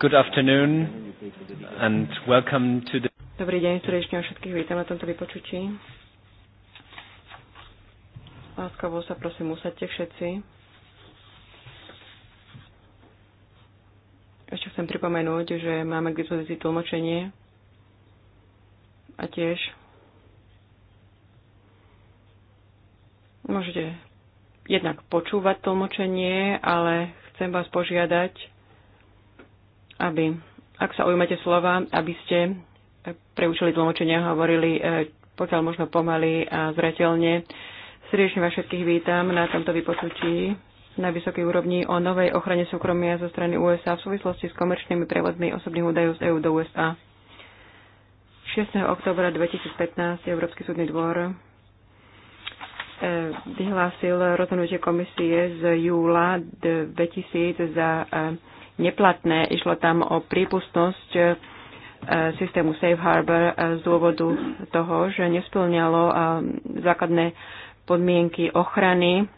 Good afternoon and welcome to the... Dobrý deň, srdečne všetkých vítam na tomto vypočutí. Láskavo sa prosím usadte všetci. Ešte chcem pripomenúť, že máme k dispozícii tlmočenie a tiež môžete jednak počúvať tlmočenie, ale chcem vás požiadať, aby, ak sa ujmete slova, aby ste pre účely tlmočenia hovorili e, pokiaľ možno pomaly a zretelne. Srdečne vás všetkých vítam na tomto vypočutí na vysokej úrovni o novej ochrane súkromia zo strany USA v súvislosti s komerčnými prevodmi osobných údajov z EÚ do USA. 6. oktobra 2015 Európsky súdny dvor e, vyhlásil rozhodnutie komisie z júla 2000 za e, neplatné. Išlo tam o prípustnosť e, systému Safe Harbor e, z dôvodu toho, že nesplňalo e, základné podmienky ochrany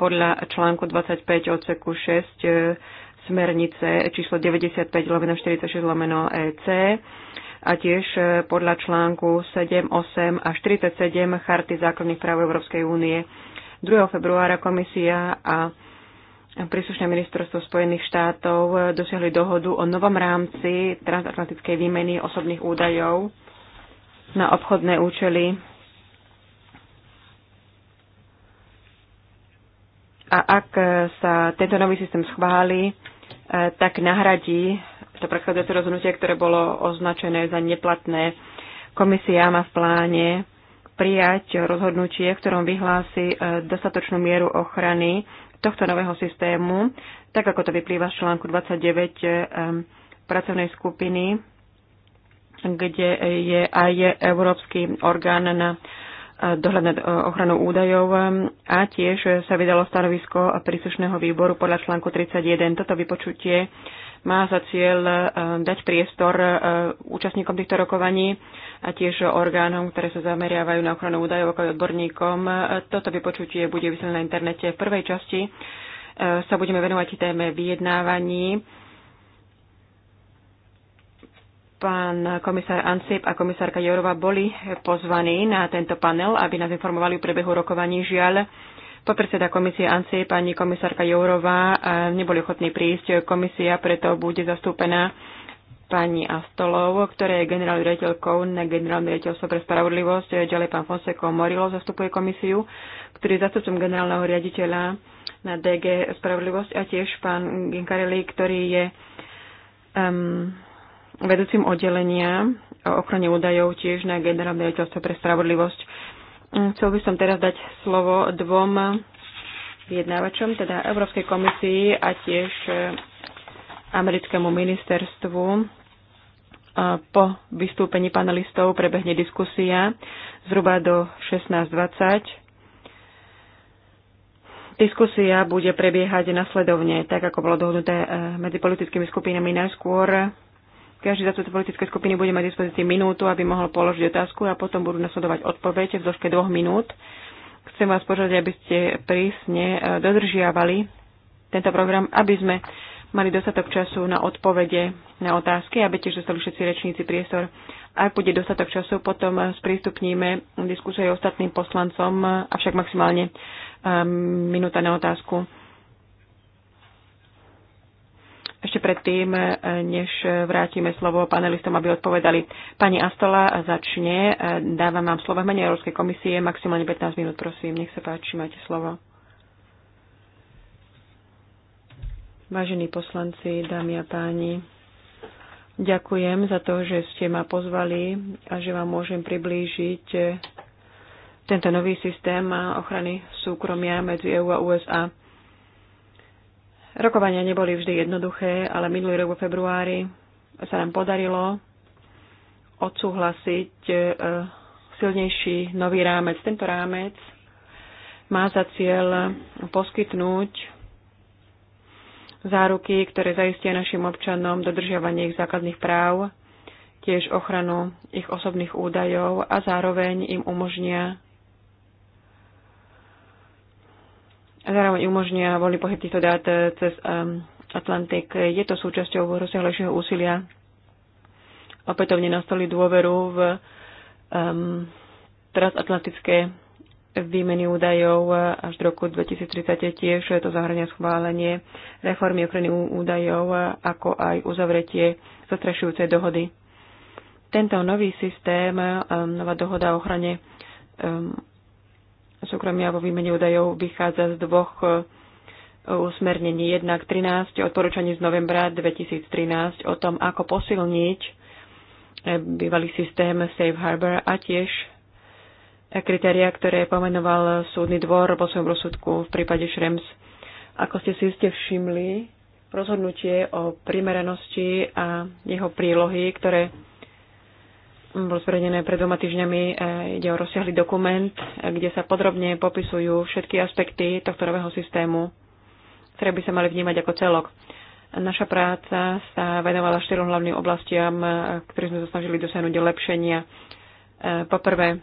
podľa článku 25 odseku 6 smernice číslo 95 lomeno 46 lomeno EC a tiež podľa článku 7, 8 a 47 Charty základných práv Európskej únie. 2. februára komisia a príslušné ministerstvo Spojených štátov eh, dosiahli dohodu o novom rámci transatlantickej výmeny osobných údajov na obchodné účely a ak eh, sa tento nový systém schváli, eh, tak nahradí to predchádzajúce rozhodnutie, ktoré bolo označené za neplatné. Komisia má v pláne prijať rozhodnutie, v ktorom vyhlási dostatočnú mieru ochrany tohto nového systému, tak ako to vyplýva z článku 29 eh, pracovnej skupiny, kde je aj Európsky orgán na eh, dohľad nad eh, ochranou údajov a tiež sa vydalo stanovisko príslušného výboru podľa článku 31. Toto vypočutie má za cieľ e, dať priestor e, účastníkom týchto rokovaní a tiež orgánom, ktoré sa zameriavajú na ochranu údajov ako aj odborníkom. E, toto vypočutie bude vysielané na internete. V prvej časti sa budeme venovať téme vyjednávaní. Pán komisár Ansip a komisárka Jorova boli pozvaní na tento panel, aby nás informovali o priebehu rokovaní. Žiaľ, Podpredseda komisie ANSI, pani komisárka Jourová, e, neboli ochotní prísť. Komisia preto bude zastúpená pani Astolov, ktorá je generálnou riaditeľkou na generálne riaditeľstvo pre spravodlivosť. Ďalej pán Fonseko Morilo zastupuje komisiu, ktorý je zastupcom generálneho riaditeľa na DG Spravodlivosť a tiež pán Ginkarelli, ktorý je um, vedúcim oddelenia o ochrane údajov tiež na generálne riaditeľstvo pre spravodlivosť. Mm, chcel by som teraz dať slovo dvom vyjednávačom, teda Európskej komisii a tiež e, americkému ministerstvu. E, po vystúpení panelistov prebehne diskusia zhruba do 16.20. Diskusia bude prebiehať nasledovne, tak ako bolo dohodnuté e, medzi politickými skupinami najskôr každý za túto politické skupiny bude mať dispozícii minútu, aby mohol položiť otázku a potom budú nasledovať odpovede v dĺžke dvoch minút. Chcem vás požiadať, aby ste prísne e, dodržiavali tento program, aby sme mali dostatok času na odpovede na otázky, aby tiež dostali všetci rečníci priestor. Ak bude dostatok času, potom sprístupníme diskusiu aj ostatným poslancom, avšak maximálne e, minúta na otázku ešte predtým, e, než vrátime slovo panelistom, aby odpovedali. Pani Astola začne. E, Dávam vám slovo mene Európskej komisie. Maximálne 15 minút, prosím. Nech sa páči, máte slovo. Vážení poslanci, dámy a páni, ďakujem za to, že ste ma pozvali a že vám môžem priblížiť e, tento nový systém ochrany súkromia medzi EU a USA. Rokovania neboli vždy jednoduché, ale minulý rok vo februári sa nám podarilo odsúhlasiť e, silnejší nový rámec. Tento rámec má za cieľ poskytnúť záruky, ktoré zaistia našim občanom dodržiavanie ich základných práv, tiež ochranu ich osobných údajov a zároveň im umožnia zároveň umožnia voľný pohyb týchto dát eh, cez ehm, Atlantik. Je to súčasťou rozsiahlejšieho úsilia opätovne nastali dôveru v um, transatlantické výmeny údajov eh, až do roku 2030 tiež je to zahrania schválenie reformy ochrany údajov, eh, ako aj uzavretie zastrašujúcej dohody. Tento nový systém, ehm, nová dohoda o ochrane súkromia vo výmene údajov vychádza z dvoch e, usmernení. Jednak 13 odporúčaní z novembra 2013 o tom, ako posilniť e, bývalý systém Safe Harbor a tiež e, kritéria, ktoré pomenoval súdny dvor vo svojom rozsudku v prípade Šrems. Ako ste si ste všimli, rozhodnutie o primeranosti a jeho prílohy, ktoré bol zverejnené pred dvoma týždňami, e, ide o rozsiahly dokument, e, kde sa podrobne popisujú všetky aspekty tohto nového systému, ktoré by sa mali vnímať ako celok. Naša práca sa venovala štyrom hlavným oblastiam, e, ktoré sme sa snažili dosiahnuť lepšenia. Poprvé,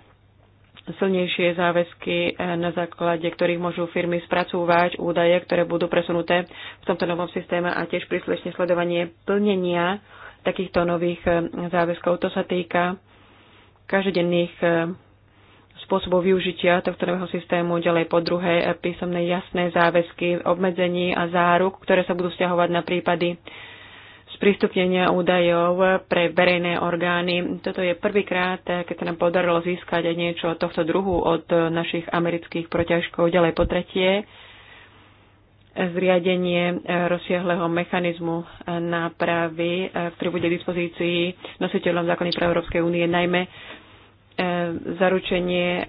silnejšie záväzky, na základe ktorých môžu firmy spracúvať údaje, ktoré budú presunuté v tomto novom systéme a tiež príslušne sledovanie plnenia takýchto nových e, záväzkov. To sa týka každodenných e, spôsobov využitia tohto nového systému, ďalej po druhé e, písomné jasné záväzky, obmedzení a záruk, ktoré sa budú vzťahovať na prípady sprístupnenia údajov pre verejné orgány. Toto je prvýkrát, keď sa nám podarilo získať aj niečo tohto druhu od našich amerických protiažkov. Ďalej po tretie, zriadenie e, rozsiahleho mechanizmu e, nápravy, e, ktorý bude k dispozícii nositeľom zákony pre Európskej únie, najmä zaručenie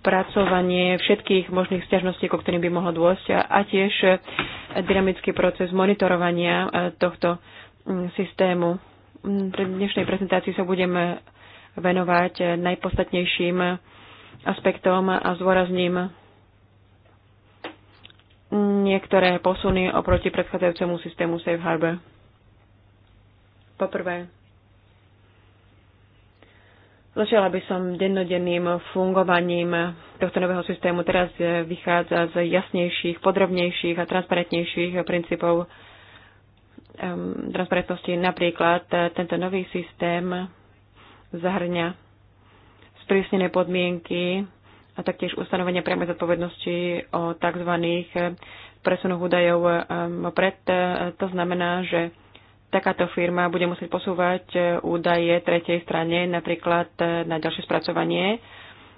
spracovanie všetkých možných stiažností, ko ktorým by mohlo dôjsť a tiež dynamický proces monitorovania tohto systému. V dnešnej prezentácii sa budeme venovať najpodstatnejším aspektom a zdôrazním niektoré posuny oproti predchádzajúcemu systému Safe Harbor. Poprvé, Začala by som dennodenným fungovaním tohto nového systému. Teraz vychádza z jasnejších, podrobnejších a transparentnejších princípov transparentnosti. Napríklad eh, tento nový systém zahrňa sprísnené podmienky a taktiež ustanovenia priamej zodpovednosti o tzv. Eh, presunoch údajov ehm, pred. Eh, to znamená, že takáto firma bude musieť posúvať eh, údaje tretej strane, napríklad na ďalšie spracovanie.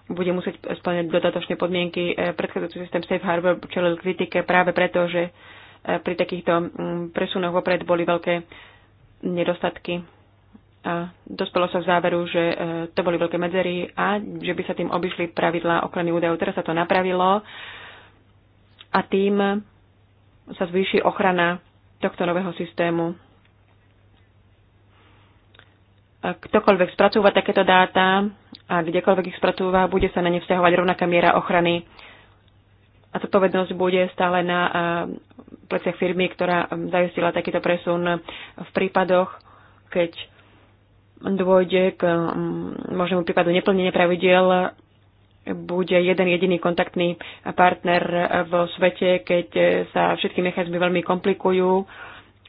Bude musieť splňať dodatočné podmienky. Predchádzajúci systém Safe Harbor čelil kritike práve preto, že pri takýchto mm, presunoch vopred boli veľké nedostatky a dospelo sa v záveru, že e, to boli veľké medzery a že by sa tým obišli pravidlá ochrany údajov. Teraz sa to napravilo a tým sa zvýši ochrana tohto nového systému. Ktokoľvek spracúva takéto dáta a kdekoľvek ich spracúva, bude sa na ne vzťahovať rovnaká miera ochrany. A zodpovednosť bude stále na e, pleciach firmy, ktorá e, zajistila takýto presun v prípadoch, keď dôjde k mm, možnému prípadu neplnenia pravidiel, bude jeden jediný kontaktný partner vo svete, keď sa všetky mechanizmy veľmi komplikujú.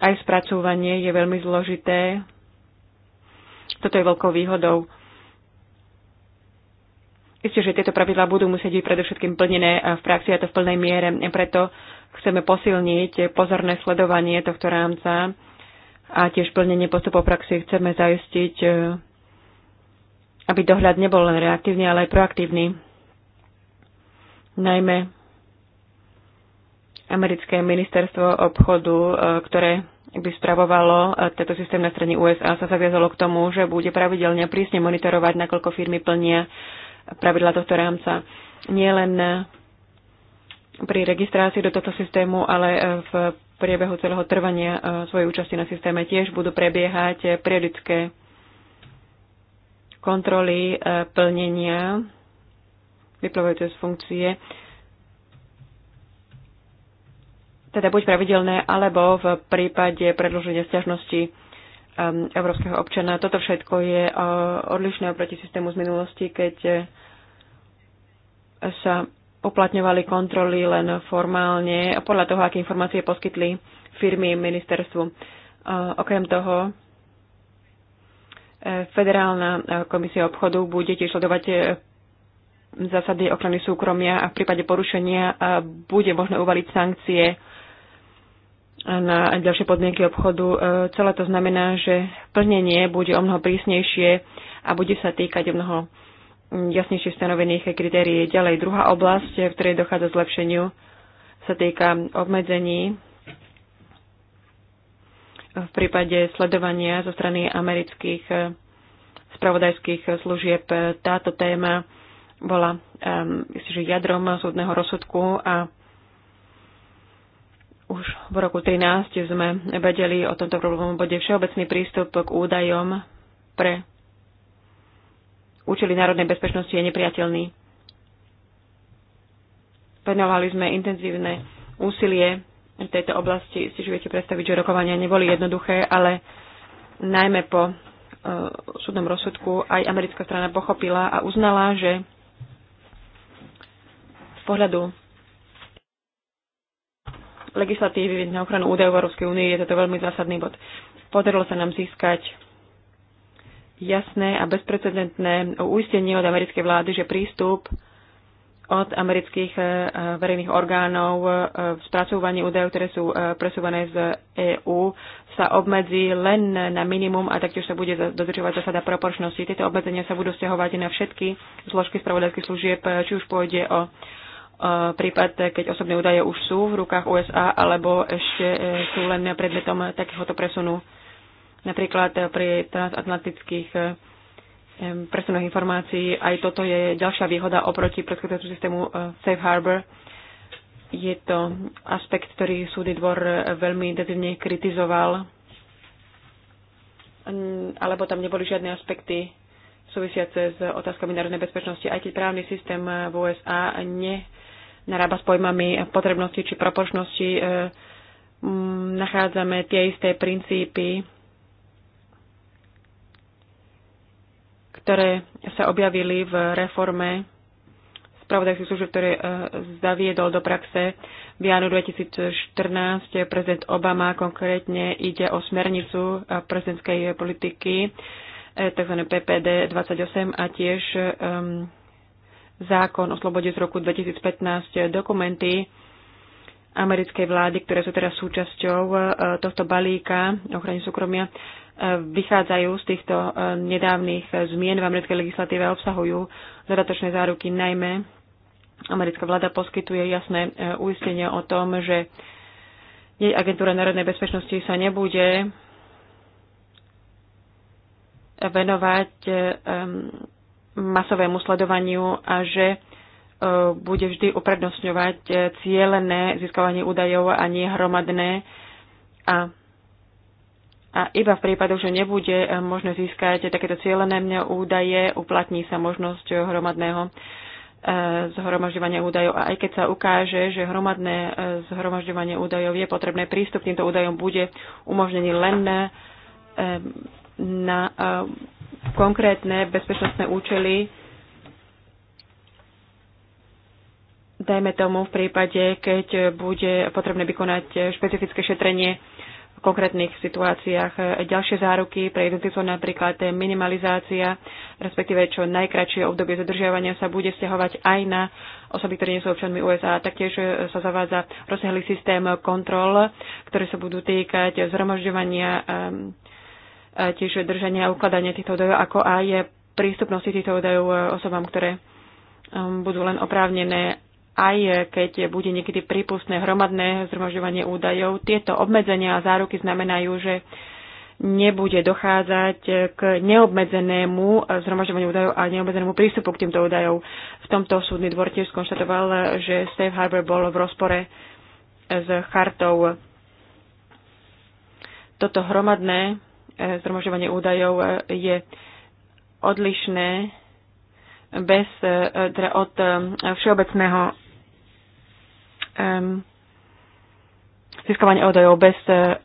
Aj spracúvanie je veľmi zložité. Toto je veľkou výhodou. Isté, že tieto pravidlá budú musieť byť predovšetkým plnené v praxi a to v plnej miere. Preto chceme posilniť pozorné sledovanie tohto rámca a tiež plnenie postupov praxi chceme zaistiť, e, aby dohľad nebol len reaktívny, ale aj proaktívny. Najmä americké ministerstvo obchodu, e, ktoré by spravovalo e, tento systém na strane USA, sa zaviazalo k tomu, že bude pravidelne prísne monitorovať, nakoľko firmy plnia pravidla tohto rámca. Nie len pri registrácii do tohto systému, ale v priebehu celého trvania e, svojej účasti na systéme tiež budú prebiehať e, periodické kontroly e, plnenia vyplývajúce z funkcie teda buď pravidelné, alebo v prípade predloženia sťažnosti európskeho občana. Toto všetko je odlišné oproti systému z minulosti, keď sa uplatňovali kontroly len formálne podľa toho, aké informácie poskytli firmy ministerstvu. E, okrem toho, e, Federálna e, komisia obchodu bude tiež sledovať zásady ochrany súkromia a v prípade porušenia bude možné uvaliť sankcie na ďalšie podmienky obchodu. Celé to znamená, že plnenie bude o mnoho prísnejšie a bude sa týkať o mnoho jasnejšie stanovených kritérií. Ďalej druhá oblasť, v ktorej dochádza zlepšeniu, sa týka obmedzení v prípade sledovania zo strany amerických eh, spravodajských služieb. Táto téma bola ehm, že jadrom súdneho rozsudku a už v roku 13 sme vedeli o tomto problémovom bode všeobecný prístup k údajom pre účely národnej bezpečnosti je nepriateľný. Venovali sme intenzívne úsilie v tejto oblasti. Si viete predstaviť, že rokovania neboli jednoduché, ale najmä po e, súdnom rozsudku aj americká strana pochopila a uznala, že z pohľadu legislatívy na ochranu údajov Európskej únie je toto veľmi zásadný bod. Podarilo sa nám získať jasné a bezprecedentné uistenie od americkej vlády, že prístup od amerických eh, verejných orgánov eh, v spracovaní údajov, ktoré sú eh, presúvané z EÚ, sa obmedzí len na minimum a taktiež sa bude dodržovať zásada proporčnosti. Tieto obmedzenia sa budú vzťahovať na všetky zložky spravodajských služieb, či už pôjde o prípad, keď osobné údaje už sú v rukách USA alebo ešte sú len predmetom takéhoto presunu Napríklad pri transatlantických presunoch informácií aj toto je ďalšia výhoda oproti predchádzajúcemu systému e, Safe Harbor. Je to aspekt, ktorý súdy dvor veľmi intenzívne kritizoval, alebo tam neboli žiadne aspekty súvisiace s otázkami národnej bezpečnosti, aj keď právny systém v USA ne narába s pojmami potrebnosti či proporčnosti, e, nachádzame tie isté princípy ktoré sa objavili v reforme spravodajských služieb, ktoré e, zaviedol do praxe v janu 2014 prezident Obama. Konkrétne ide o smernicu e, prezidentskej politiky, tzv. PPD 28 a tiež zákon o slobode z roku 2015 dokumenty americkej vlády, ktoré sú teraz súčasťou e, tohto balíka ochrany súkromia, vychádzajú z týchto e, nedávnych e, zmien v americkej legislatíve a obsahujú dodatočné záruky. Najmä americká vláda poskytuje jasné e, uistenie o tom, že jej agentúra národnej bezpečnosti sa nebude venovať masovému sledovaniu a že bude vždy uprednostňovať cieľené získavanie údajov a nie hromadné a a iba v prípadoch, že nebude eh, možné získať takéto cieľené údaje, uplatní sa možnosť hromadného eh, zhromažďovania údajov. A aj keď sa ukáže, že hromadné eh, zhromažďovanie údajov je potrebné, prístup k týmto údajom bude umožnený len na, na konkrétne bezpečnostné účely, dajme tomu v prípade, keď bude potrebné vykonať špecifické šetrenie v konkrétnych situáciách. Ďalšie záruky pre jednotlivcov napríklad minimalizácia, respektíve čo najkračšie obdobie zadržiavania sa bude stiahovať aj na osoby, ktoré nie sú občanmi USA. Taktiež sa zavádza rozsiahly systém kontrol, ktoré sa budú týkať zhromažďovania, ehm, tiež držania a ukladania týchto údajov, ako aj prístupnosti týchto údajov eh, osobám, ktoré ehm, budú len oprávnené aj keď bude niekedy prípustné hromadné zhromažďovanie údajov, tieto obmedzenia a záruky znamenajú, že nebude dochádzať k neobmedzenému zhromažďovaniu údajov a neobmedzenému prístupu k týmto údajov. V tomto súdny dvor tiež skonštatoval, že Safe Harbor bol v rozpore s chartou. Toto hromadné e, zhromažďovanie údajov e, je odlišné bez, e, teda od všeobecného um, získavanie údajov bez e,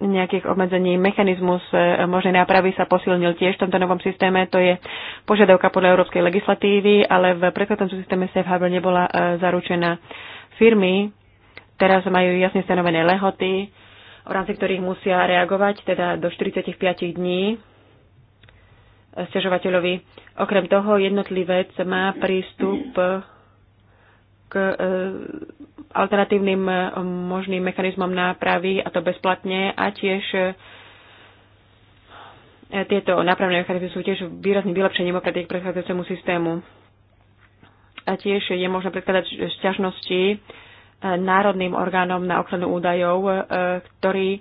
nejakých obmedzení. Mechanizmus e, možnej nápravy sa posilnil tiež v tomto novom systéme. To je požiadavka podľa európskej legislatívy, ale v predchádzajúcom systéme Safe Harbor nebola e, zaručená. Firmy teraz majú jasne stanovené lehoty, v rámci ktorých musia reagovať, teda do 45 dní stiažovateľovi. Okrem toho, jednotlivec má prístup k e, alternatívnym e, možným mechanizmom nápravy, a to bezplatne, a tiež e, tieto nápravné mechanizmy sú tiež výrazným vylepšením oproti k predchádzajúcemu systému. A tiež je možné predkladať sťažnosti národným orgánom na ochranu údajov, ktorí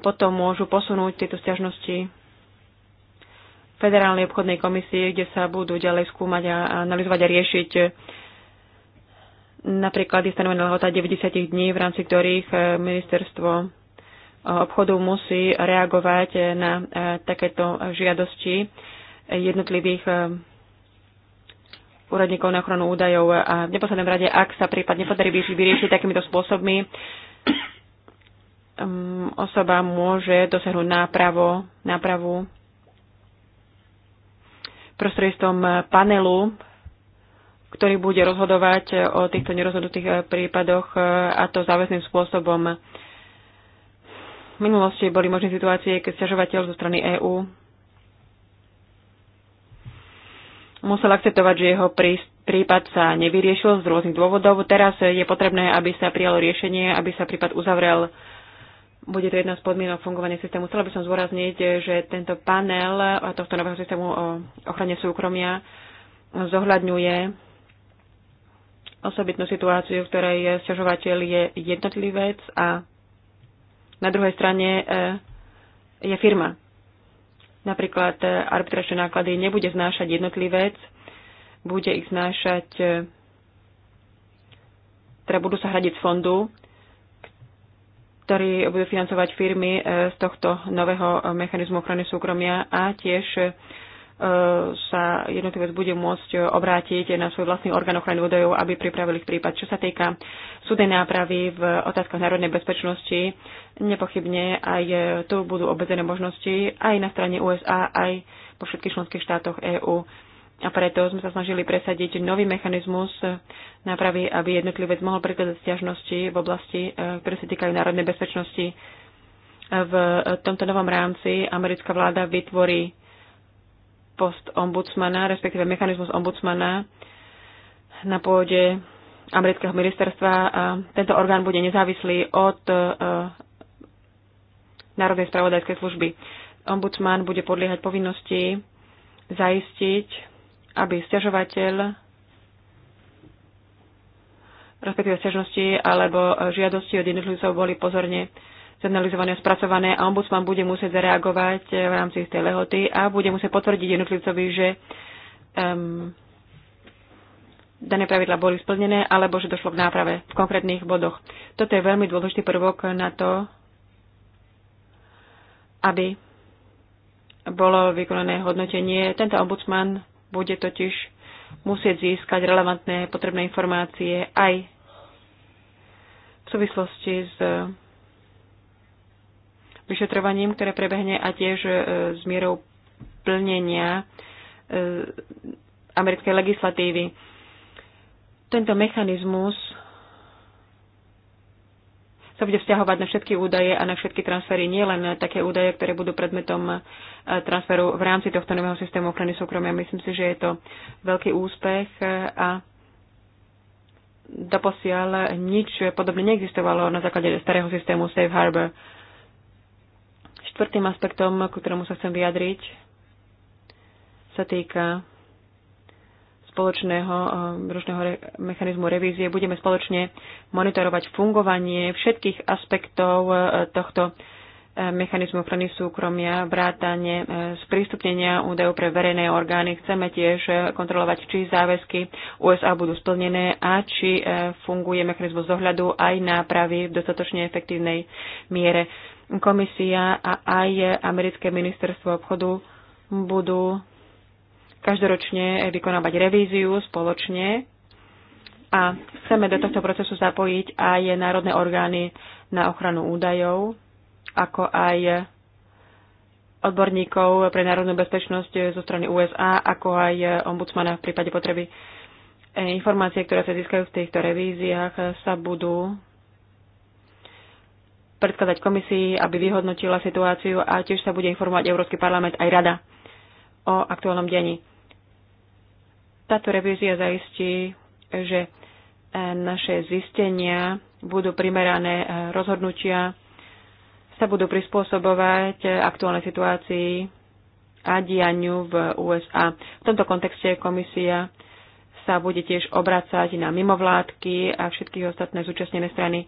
potom môžu posunúť tieto sťažnosti Federálnej obchodnej komisie, kde sa budú ďalej skúmať a analyzovať a riešiť Napríklad je stanovená lehota 90 dní, v rámci ktorých eh, ministerstvo eh, obchodu musí reagovať eh, na takéto žiadosti jednotlivých úradníkov na ochranu údajov a v neposlednom rade, ak sa prípadne podarí vyriešiť takýmito spôsobmi, ehm, osoba môže dosiahnuť nápravo, nápravu prostredstvom panelu ktorý bude rozhodovať e, o týchto nerozhodnutých e, prípadoch e, a to záväzným spôsobom. V minulosti boli možné situácie, keď sťažovateľ zo strany EÚ musel akceptovať, že jeho prípad sa nevyriešil z rôznych dôvodov. Teraz je potrebné, aby sa prijalo riešenie, aby sa prípad uzavrel. Bude to jedna z podmienok fungovania systému. Chcela by som zdôrazniť, že tento panel tohto nového systému o ochrane súkromia zohľadňuje osobitnú situáciu, v ktorej sťažovateľ je jednotlivec a na druhej strane e, je firma. Napríklad e, arbitračné náklady nebude znášať jednotlivec, bude ich znášať, e, teda budú sa hradiť z fondu, ktorý budú financovať firmy z tohto nového mechanizmu ochrany súkromia a tiež sa jednotlivec bude môcť e, obrátiť na svoj vlastný orgán ochrany údajov, aby pripravili ich prípad. Čo sa týka súdnej nápravy v otázkach národnej bezpečnosti, nepochybne aj e, tu budú obmedzené možnosti aj na strane USA, aj po všetkých členských štátoch EÚ. A preto sme sa snažili presadiť nový mechanizmus nápravy, aby jednotlivec mohol prekladať stiažnosti v oblasti, e, ktoré sa týkajú národnej bezpečnosti. V tomto novom rámci americká vláda vytvorí post ombudsmana, respektíve mechanizmus ombudsmana na pôde amerického ministerstva. Tento orgán bude nezávislý od e, Národnej spravodajskej služby. Ombudsman bude podliehať povinnosti zaistiť, aby stiažovateľ respektíve stiažnosti alebo žiadosti od jednotlivcov boli pozorne zanalizované a spracované a ombudsman bude musieť zareagovať eh, v rámci tej lehoty a bude musieť potvrdiť jednotlivcovi, že um, dané pravidla boli splnené alebo že došlo k náprave v konkrétnych bodoch. Toto je veľmi dôležitý prvok na to, aby bolo vykonané hodnotenie. Tento ombudsman bude totiž musieť získať relevantné potrebné informácie aj v súvislosti s vyšetrovaním, ktoré prebehne a tiež e, s mierou plnenia e, americkej legislatívy. Tento mechanizmus sa bude vzťahovať na všetky údaje a na všetky transfery, nielen také údaje, ktoré budú predmetom e, transferu v rámci tohto nového systému ochrany súkromia. Myslím si, že je to veľký úspech a doposiaľ nič podobne neexistovalo na základe starého systému Safe Harbor. Štvrtým aspektom, ku ktorému sa chcem vyjadriť, sa týka spoločného eh, ročného re- mechanizmu revízie. Budeme spoločne monitorovať fungovanie všetkých aspektov eh, tohto eh, mechanizmu ochrany súkromia, vrátanie sprístupnenia údajov pre verejné orgány. Chceme tiež kontrolovať, či záväzky USA budú splnené a či funguje mechanizmus zohľadu aj nápravy v dostatočne efektívnej miere. Komisia a aj americké ministerstvo obchodu budú každoročne vykonávať revíziu spoločne a chceme do tohto procesu zapojiť aj národné orgány na ochranu údajov, ako aj odborníkov pre národnú bezpečnosť zo strany USA, ako aj ombudsmana v prípade potreby. E, informácie, ktoré sa získajú v týchto revíziách, sa budú predkladať komisii, aby vyhodnotila situáciu a tiež sa bude informovať Európsky parlament aj Rada o aktuálnom dení. Táto revízia zaistí, že e, naše zistenia budú primerané e, rozhodnutia, sa budú prispôsobovať e, aktuálnej situácii a dianiu v USA. V tomto kontexte komisia sa bude tiež obracať na mimovládky a všetky ostatné zúčastnené strany.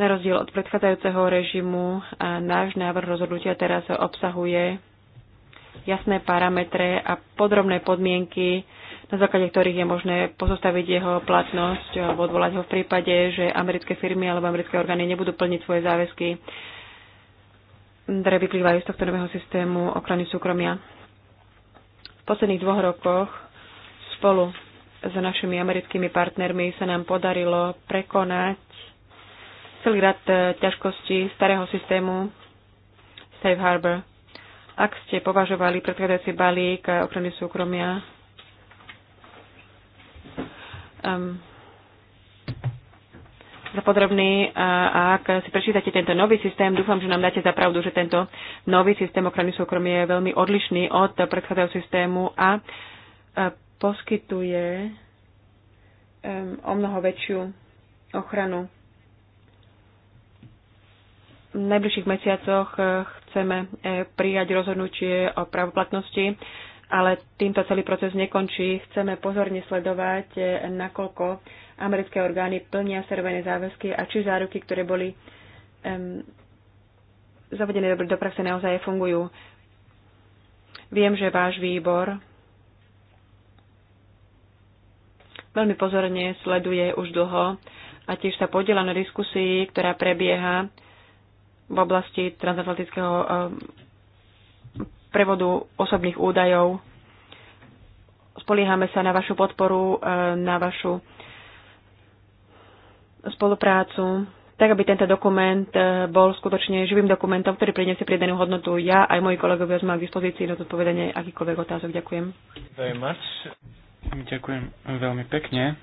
Na rozdiel od predchádzajúceho režimu náš návrh rozhodnutia teraz obsahuje jasné parametre a podrobné podmienky, na základe ktorých je možné pozostaviť jeho platnosť alebo odvolať ho v prípade, že americké firmy alebo americké orgány nebudú plniť svoje záväzky, ktoré vyplývajú z tohto nového systému ochrany súkromia. V posledných dvoch rokoch spolu s našimi americkými partnermi sa nám podarilo prekonať celý rad e, ťažkostí starého systému Safe Harbor. Ak ste považovali predchádzajúci balík e, ochrany súkromia um, za podrobný a ak si prečítate tento nový systém, dúfam, že nám dáte za pravdu, že tento nový systém ochrany súkromia je veľmi odlišný od predchádzajúceho systému a e, poskytuje um, o mnoho väčšiu ochranu v najbližších mesiacoch eh, chceme eh, prijať rozhodnutie o pravoplatnosti, ale týmto celý proces nekončí. Chceme pozorne sledovať, eh, nakoľko americké orgány plnia servené záväzky a či záruky, ktoré boli um, zavedené do praxe, naozaj fungujú. Viem, že váš výbor veľmi pozorne sleduje už dlho a tiež sa podiela na diskusii, ktorá prebieha v oblasti transatlantického eh, prevodu osobných údajov. Spoliehame sa na vašu podporu, eh, na vašu spoluprácu, tak aby tento dokument eh, bol skutočne živým dokumentom, ktorý priniesie pridanú hodnotu. Ja aj moji kolegovia sme k dispozícii na zodpovedanie akýkoľvek otázok. Ďakujem. Ďakujem veľmi pekne.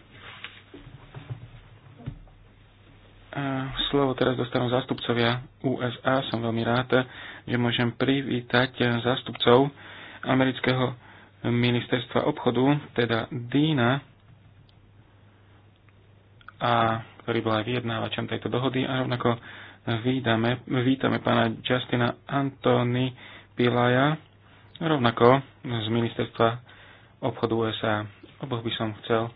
Slovo teraz dostanú zástupcovia USA. Som veľmi rád, že môžem privítať zástupcov amerického ministerstva obchodu, teda Dína, a ktorý bol aj vyjednávačom tejto dohody a rovnako vítame, vítame pána Justina Antony Pilaja, rovnako z ministerstva obchodu USA. Oboch by som chcel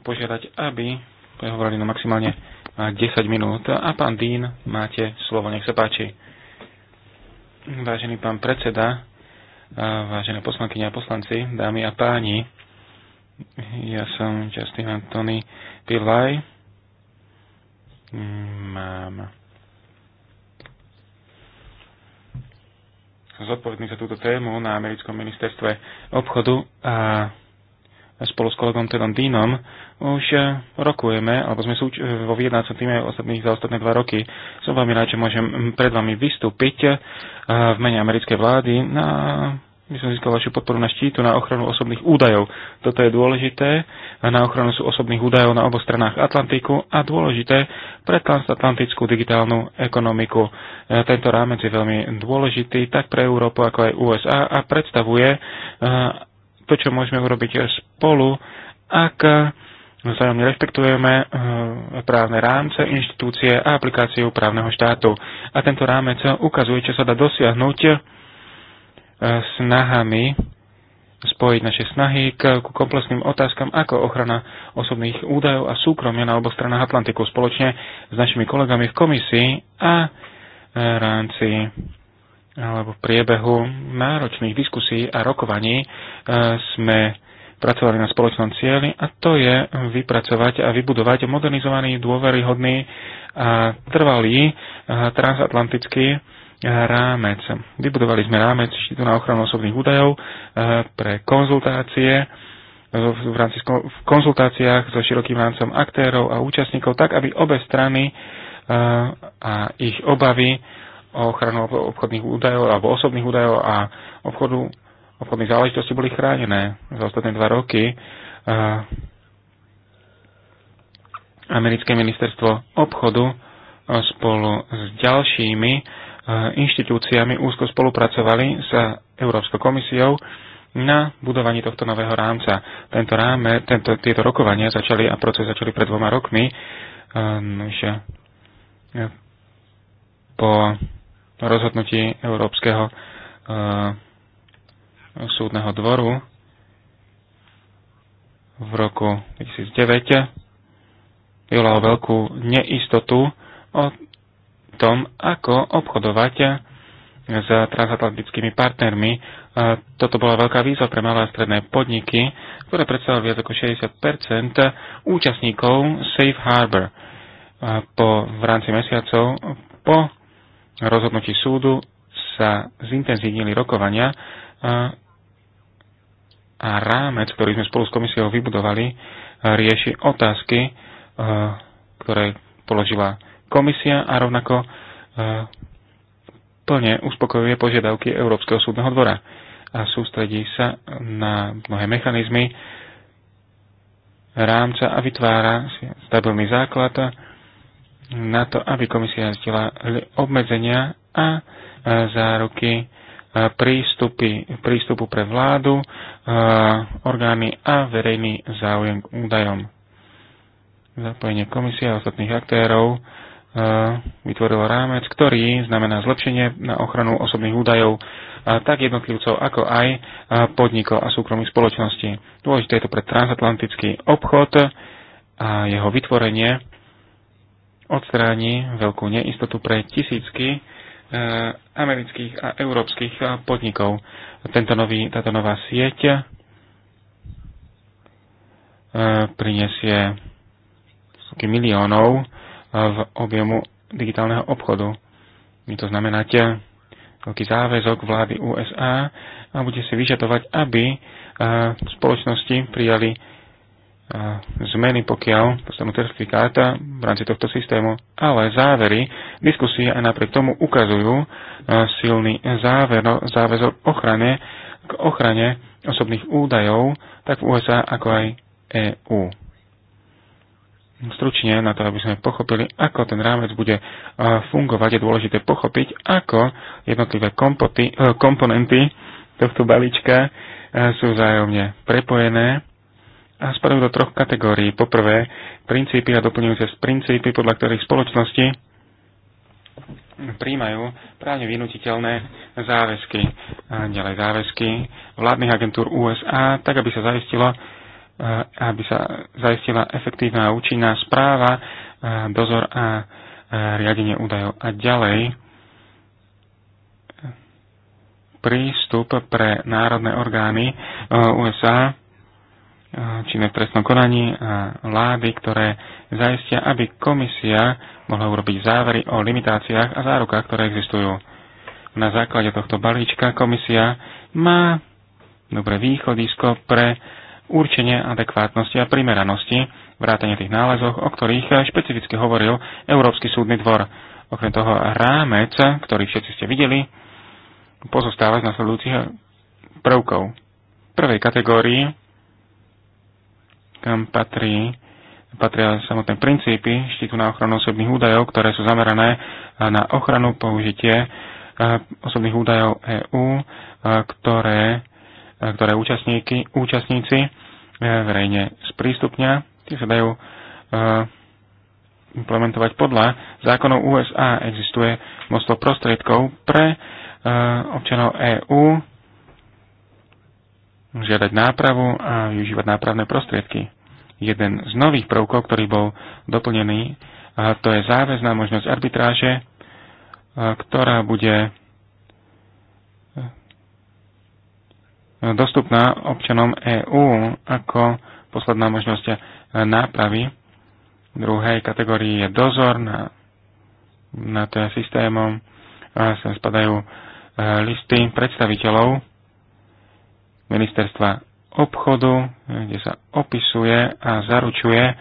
požiadať, aby prehovorili na maximálne 10 minút. A pán Dín, máte slovo, nech sa páči. Vážený pán predseda, vážené poslankyne a poslanci, dámy a páni, ja som Justin Antony Pilaj. Mám zodpovedný za túto tému na americkom ministerstve obchodu a spolu s kolegom Tedom Dínom už eh, rokujeme, alebo sme súč- eh, vo vyjednácom týme ostatných, za ostatné dva roky. Som veľmi rád, že môžem hm, pred vami vystúpiť eh, v mene americkej vlády na by som získal vašu podporu na štítu na ochranu osobných údajov. Toto je dôležité na ochranu sú osobných údajov na oboch stranách Atlantiku a dôležité pre transatlantickú digitálnu ekonomiku. Tento rámec je veľmi dôležitý tak pre Európu ako aj USA a predstavuje to, čo môžeme urobiť spolu, ak Vzájomne rešpektujeme eh, právne rámce, inštitúcie a aplikáciu právneho štátu. A tento rámec ukazuje, čo sa dá dosiahnuť eh, snahami spojiť naše snahy k, k komplexným otázkam ako ochrana osobných údajov a súkromia na oboch stranách Atlantiku spoločne s našimi kolegami v komisii a eh, rámci alebo v priebehu náročných diskusí a rokovaní sme pracovali na spoločnom cieli a to je vypracovať a vybudovať modernizovaný, dôveryhodný a trvalý transatlantický rámec. Vybudovali sme rámec štítu na ochranu osobných údajov pre konzultácie v rámci v konzultáciách so širokým rámcom aktérov a účastníkov, tak aby obe strany a ich obavy o ochranu obchodných údajov alebo osobných údajov a obchodu obchodné záležitosti boli chránené za ostatné dva roky. Americké ministerstvo obchodu spolu s ďalšími e, inštitúciami úzko spolupracovali s Európskou komisiou na budovaní tohto nového rámca. Tento ráme, tento, tieto rokovania začali a proces začali pred dvoma rokmi. Že e, po rozhodnutí Európskeho e, súdneho dvoru v roku 2009 vyvolalo veľkú neistotu o tom, ako obchodovať s transatlantickými partnermi. E, toto bola veľká výzva pre malé a stredné podniky, ktoré predstavovali viac ako 60 účastníkov Safe Harbor. E, po, v rámci mesiacov po rozhodnutí súdu sa zintenzívnili rokovania e, a rámec, ktorý sme spolu s komisiou vybudovali, eh, rieši otázky, eh, ktoré položila komisia a rovnako eh, plne uspokojuje požiadavky Európskeho súdneho dvora a sústredí sa na mnohé mechanizmy rámca a vytvára stabilný základ na to, aby komisia zdieľa obmedzenia a záruky prístupy, prístupu pre vládu, orgány a verejný záujem k údajom. Zapojenie komisie a ostatných aktérov vytvorilo rámec, ktorý znamená zlepšenie na ochranu osobných údajov tak jednotlivcov, ako aj podnikov a súkromných spoločností. Dôležité je to pre transatlantický obchod a jeho vytvorenie odstráni veľkú neistotu pre tisícky Eh, amerických a európskych eh, podnikov. Tento nový, táto nová sieť eh, prinesie miliónov v objemu digitálneho obchodu. My to znamená veľký záväzok vlády USA a bude si vyžadovať, aby spoločnosti prijali zmeny, pokiaľ dostanú certifikáta v rámci tohto systému, ale závery diskusie aj napriek tomu ukazujú e, silný záver, no, záväzok ochrane k ochrane osobných údajov tak v USA ako aj EÚ. Stručne na to, aby sme pochopili, ako ten rámec bude e, fungovať, je dôležité pochopiť, ako jednotlivé kompoty, e, komponenty tohto balíčka sú vzájomne prepojené a spadajú do troch kategórií. Poprvé, princípy a doplňujúce princípy, podľa ktorých spoločnosti príjmajú právne vynutiteľné záväzky. A ďalej záväzky vládnych agentúr USA, tak aby sa zaistilo, aby sa zaistila efektívna a účinná správa, dozor a riadenie údajov. A ďalej prístup pre národné orgány USA Čine v trestnom konaní a vlády, ktoré zaistia, aby komisia mohla urobiť závery o limitáciách a zárukách, ktoré existujú. Na základe tohto balíčka komisia má dobré východisko pre určenie adekvátnosti a primeranosti, vrátane tých nálezoch, o ktorých špecificky hovoril Európsky súdny dvor. Okrem toho rámec, ktorý všetci ste videli, pozostáva z nasledujúcich prvkov. V prvej kategórii kam patrí, patria samotné princípy štítu na ochranu osobných údajov, ktoré sú zamerané eh, na ochranu použitie eh, osobných údajov EÚ, eh, ktoré, ktoré účastníky, účastníci verejne sprístupnia. Tie sa dajú implementovať podľa zákonov USA. Existuje množstvo prostriedkov pre občanov EÚ, žiadať nápravu a využívať nápravné prostriedky. Jeden z nových prvkov, ktorý bol doplnený, to je záväzná možnosť arbitráže, ktorá bude dostupná občanom EÚ ako posledná možnosť nápravy. druhej kategórii je dozor na, to systémom. A sem spadajú listy predstaviteľov ministerstva obchodu, kde sa opisuje a zaručuje e,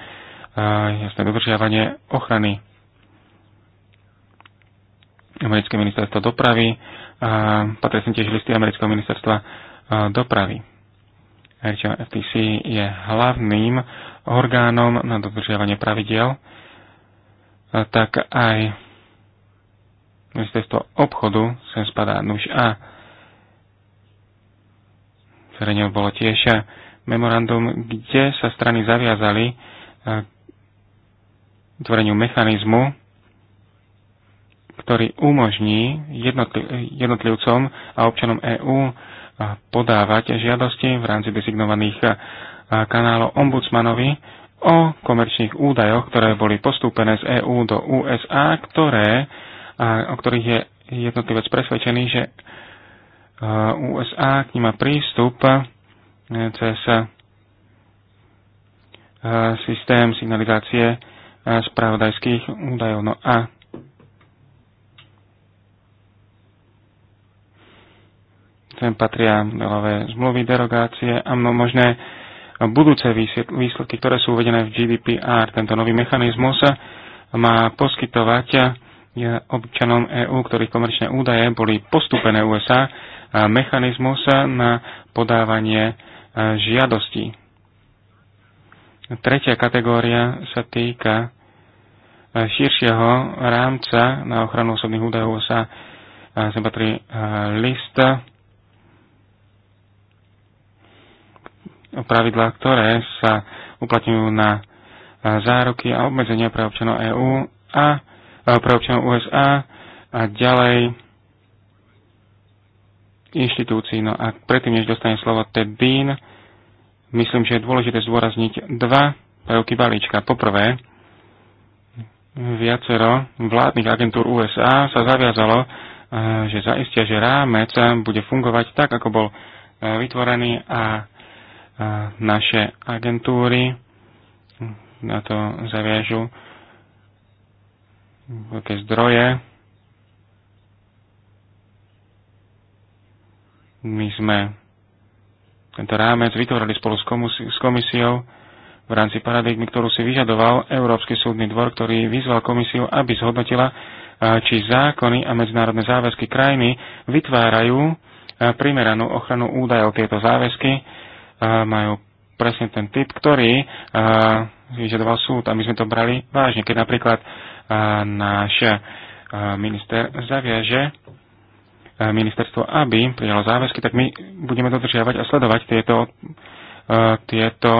jasné dodržiavanie ochrany. Americké ministerstvo dopravy, a patrí sem tiež listy Amerického ministerstva e, dopravy. FTC je hlavným orgánom na dodržiavanie pravidel, e, tak aj ministerstvo obchodu sem spadá nuž a zverejnil bolo tiež memorandum, kde sa strany zaviazali k e, tvoreniu mechanizmu, ktorý umožní jednotlivcom a občanom EÚ e, podávať žiadosti v rámci designovaných e, kanálov ombudsmanovi o komerčných údajoch, ktoré boli postúpené z EÚ do USA, ktoré, o ktorých je jednotlivec presvedčený, že USA k nima prístup e, cez systém signalizácie e, spravodajských údajov. No a sem patria modelové zmluvy, derogácie a možné budúce výsledky, ktoré sú uvedené v GDPR. Tento nový mechanizmus má poskytovať občanom EÚ, ktorých komerčné údaje boli postúpené USA, mechanizmus na podávanie e, žiadostí. Tretia kategória sa týka e, širšieho rámca na ochranu osobných údajov sa, zapatrí e, patrí list pravidla, ktoré sa uplatňujú na záruky a obmedzenia pre občanov EÚ a pre občanov USA a ďalej inštitúcií. No a predtým, než dostane slovo Ted Dean, myslím, že je dôležité zdôrazniť dva prvky balíčka. Poprvé, viacero vládnych agentúr USA sa zaviazalo, eh, že zaistia, že rámec bude fungovať tak, ako bol eh, vytvorený a eh, naše agentúry na to zaviažu veľké zdroje My sme tento rámec vytvorili spolu s, komusi- s komisiou v rámci paradigmy, ktorú si vyžadoval Európsky súdny dvor, ktorý vyzval komisiu, aby zhodnotila, eh, či zákony a medzinárodné záväzky krajiny vytvárajú eh, primeranú ochranu údajov. Tieto záväzky eh, majú presne ten typ, ktorý vyžadoval súd a my sme to brali vážne. Keď napríklad náš minister zaviaže Eh, ministerstvo, aby prijalo záväzky, tak my budeme dodržiavať a sledovať tieto, eh, tieto,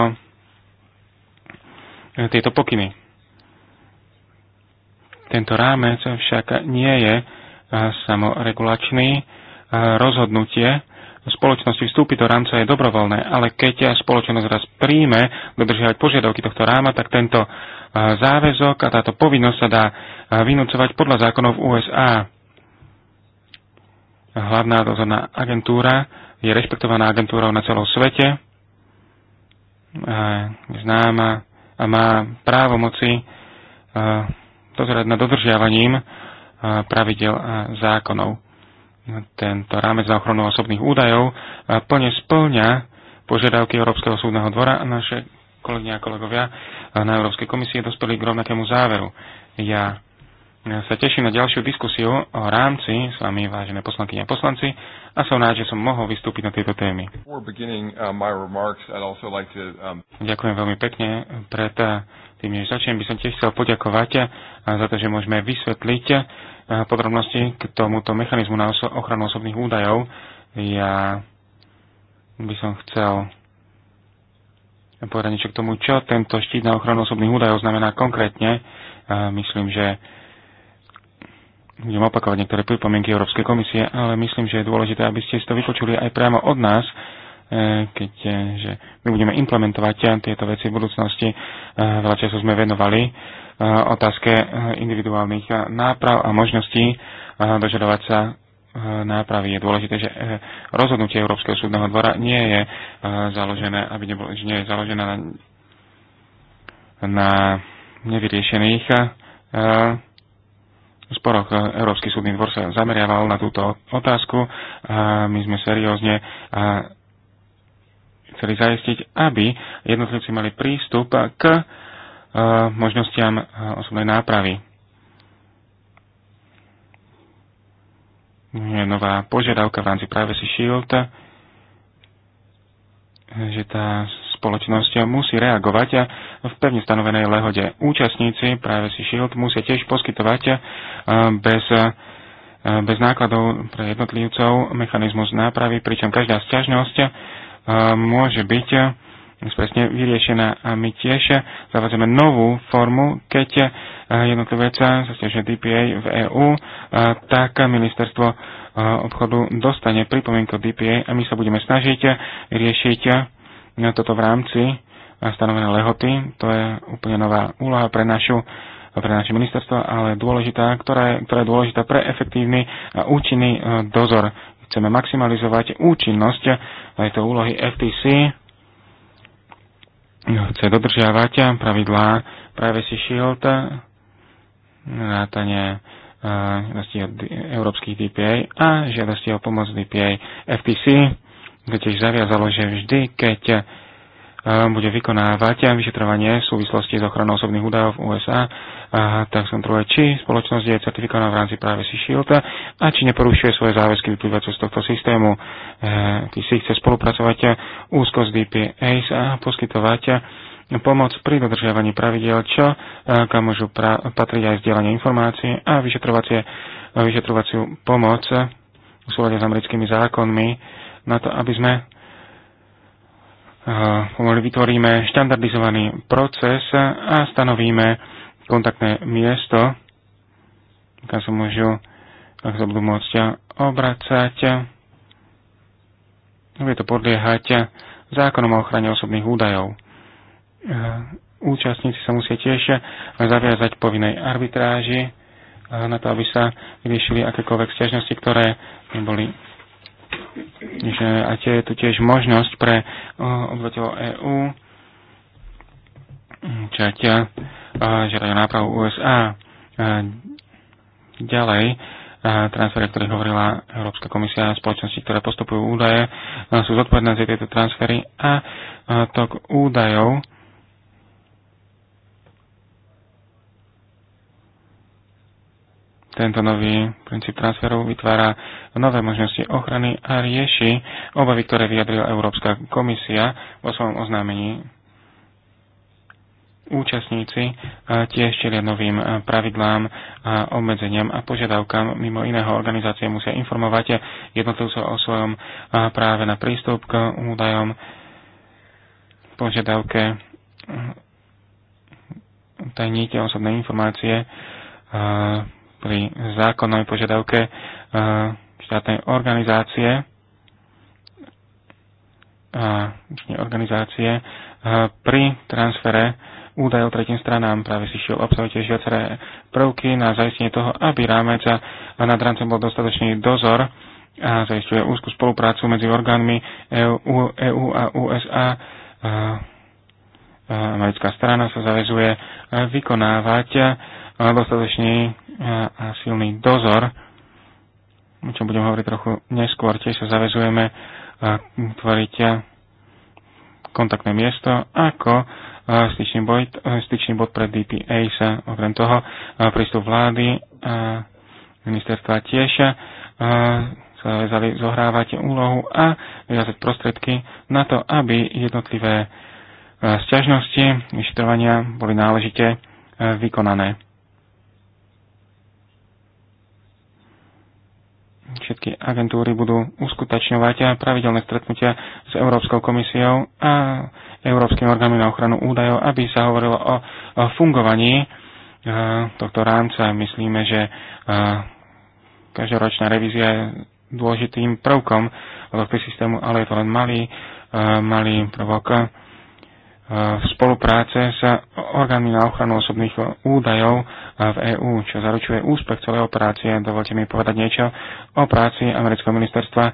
eh, tieto pokyny. Tento rámec však nie je samoregulačný. Rozhodnutie spoločnosti vstúpiť do rámca je dobrovoľné, ale keď spoločnosť raz príjme dodržiavať požiadavky tohto ráma, tak tento záväzok a táto povinnosť sa dá vynúcovať podľa zákonov USA hlavná dozorná agentúra je rešpektovaná agentúrou na celom svete, je známa a má právo moci dozerať e, nad dodržiavaním e, pravidel a zákonov. Tento rámec na ochranu osobných údajov e, plne splňa požiadavky Európskeho súdneho dvora a naše kolegyne a kolegovia na Európskej komisie dospeli k rovnakému záveru. Ja ja sa teším na ďalšiu diskusiu o rámci s vami, vážené poslanky a poslanci, a som rád, že som mohol vystúpiť na tejto témy. Uh, um, Ďakujem veľmi pekne. Pred uh, tým, než začnem, by som tiež chcel poďakovať uh, za to, že môžeme vysvetliť podrobnosti k tomuto mechanizmu na ochranu osobných údajov. Ja by som chcel povedať niečo k tomu, čo tento štít na ochranu osobných údajov znamená konkrétne. Myslím, že budem opakovať niektoré pripomienky Európskej komisie, ale myslím, že je dôležité, aby ste si to vypočuli aj priamo od nás, e, keď e, že my budeme implementovať tieto veci v budúcnosti. E, veľa času sme venovali otázke individuálnych náprav a možností dožadovať sa nápravy. Je dôležité, že rozhodnutie Európskeho súdneho dvora nie je založené, aby nebolo, že nie je založené na, na nevyriešených sporoch eh, Európsky súdny dvor sa zameriaval na túto otázku. A my sme seriózne eh, chceli zajistiť, aby jednotlivci mali prístup k eh, možnostiam osobnej nápravy. Je nová požiadavka v rámci Privacy Shield, že tá spoločnosť musí reagovať v pevne stanovenej lehode. Účastníci práve Si Shield musia tiež poskytovať eh, bez, eh, bez nákladov pre jednotlivcov mechanizmus nápravy, pričom každá sťažnosť eh, môže byť spresne vyriešená. A my tiež zavadzeme novú formu, keď jednotlivec sa stiažuje DPA v EÚ, tak ministerstvo obchodu dostane pripomienku DPA a my sa budeme snažiť riešiť na toto v rámci e, stanovené lehoty. To je úplne nová úloha pre našu pre naše ministerstvo, ale dôležitá, ktorá je, ktorá je dôležitá pre efektívny a účinný e, dozor. Chceme maximalizovať účinnosť e, tejto úlohy FTC. Chce dodržiavať pravidlá Privacy Shield, rátanie žiadosti od európskych DPA a žiadosti o pomoc DPA FTC tiež zaviazalo, že vždy, keď eh, bude vykonávať vyšetrovanie v súvislosti s ochranou osobných údajov v USA, eh, tak tak skontroluje, či spoločnosť je certifikovaná v rámci Privacy Shield a či neporušuje svoje záväzky vyplývajúce z tohto systému. keď eh, si chce spolupracovať úzko s DPA a poskytovať pomoc pri dodržiavaní pravidel, čo kam môžu pra- patriť aj zdieľanie informácií a vyšetrovaciu pomoc v súlade s americkými zákonmi na to, aby sme eh, pomaly vytvoríme štandardizovaný proces a stanovíme kontaktné miesto, kam sa môžu, ak sa budú môcť obracať. Bude to podliehať zákonom o ochrane osobných údajov. Eh, účastníci sa musia tiež zaviazať povinnej arbitráži eh, na to, aby sa vyriešili akékoľvek stiažnosti, ktoré boli že a tie je tu tiež možnosť pre uh, obyvateľov EÚ čať uh, žiadať nápravu USA. Uh, ďalej, transfery, o ktorých hovorila Európska komisia a spoločnosti, ktoré postupujú údaje, sú zodpovedné za tieto transfery a tok údajov Tento nový princíp transferu vytvára nové možnosti ochrany a rieši obavy, ktoré vyjadrila Európska komisia vo svojom oznámení. Účastníci tiež čelia novým pravidlám a obmedzeniam a požiadavkám. Mimo iného organizácie musia informovať jednotlivcov o svojom práve na prístup k údajom, požiadavke tajníte osobné informácie, pri zákonnej požiadavke eh, štátnej organizácie a eh, organizácie eh, pri transfere údajov tretím stranám. Práve si šiel obsahuje viaceré prvky na zaistenie toho, aby rámec a nad rámcom bol dostatočný dozor a zaistuje úzku spoluprácu medzi orgánmi EU, EU a USA. Americká strana sa zavezuje vykonávať dostatočný a silný dozor, o čom budem hovoriť trochu neskôr, tiež sa zavezujeme tvoriť kontaktné miesto ako styčný, boj, e, styčný bod pre DPA sa okrem toho prístup vlády a ministerstva tiež sa zavezali zohrávať úlohu a vyrazať prostriedky na to, aby jednotlivé sťažnosti vyšetrovania boli náležite vykonané všetky agentúry budú uskutočňovať pravidelné stretnutia s Európskou komisiou a Európskym orgánom na ochranu údajov, aby sa hovorilo o, o fungovaní e, tohto rámca. Myslíme, že e, každoročná revízia je dôležitým prvkom tohto systému, ale je to len malý, e, malý prvok v spolupráce s orgánmi na ochranu osobných údajov v EÚ, čo zaručuje úspech celej operácie. Dovolte mi povedať niečo o práci Amerického ministerstva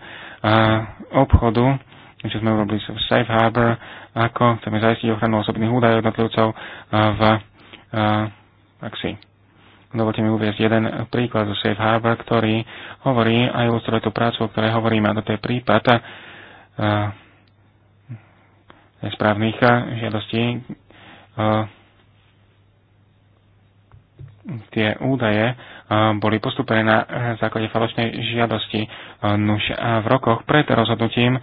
obchodu, čo sme urobili v Safe Harbor, ako chceme zaistiť ochranu osobných údajov jednotlivcov v praxi. Dovolte mi uviezť jeden príklad zo Safe Harbor, ktorý hovorí a ilustruje tú prácu, o ktorej hovoríme. A to je prípad správnych eh, žiadostí. Eh, tie údaje eh, boli postupené na základe falošnej žiadosti nuž a v rokoch pred rozhodnutím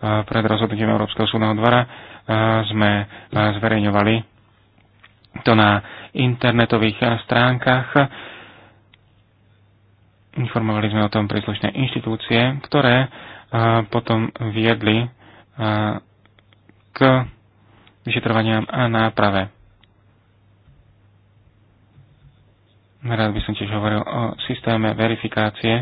pred rozhodnutím Európskeho súdneho dvora sme zverejňovali to na internetových stránkach. Informovali sme o tom príslušné inštitúcie, ktoré potom viedli k vyšetrovaniam a náprave. Rád by som tiež hovoril o systéme verifikácie,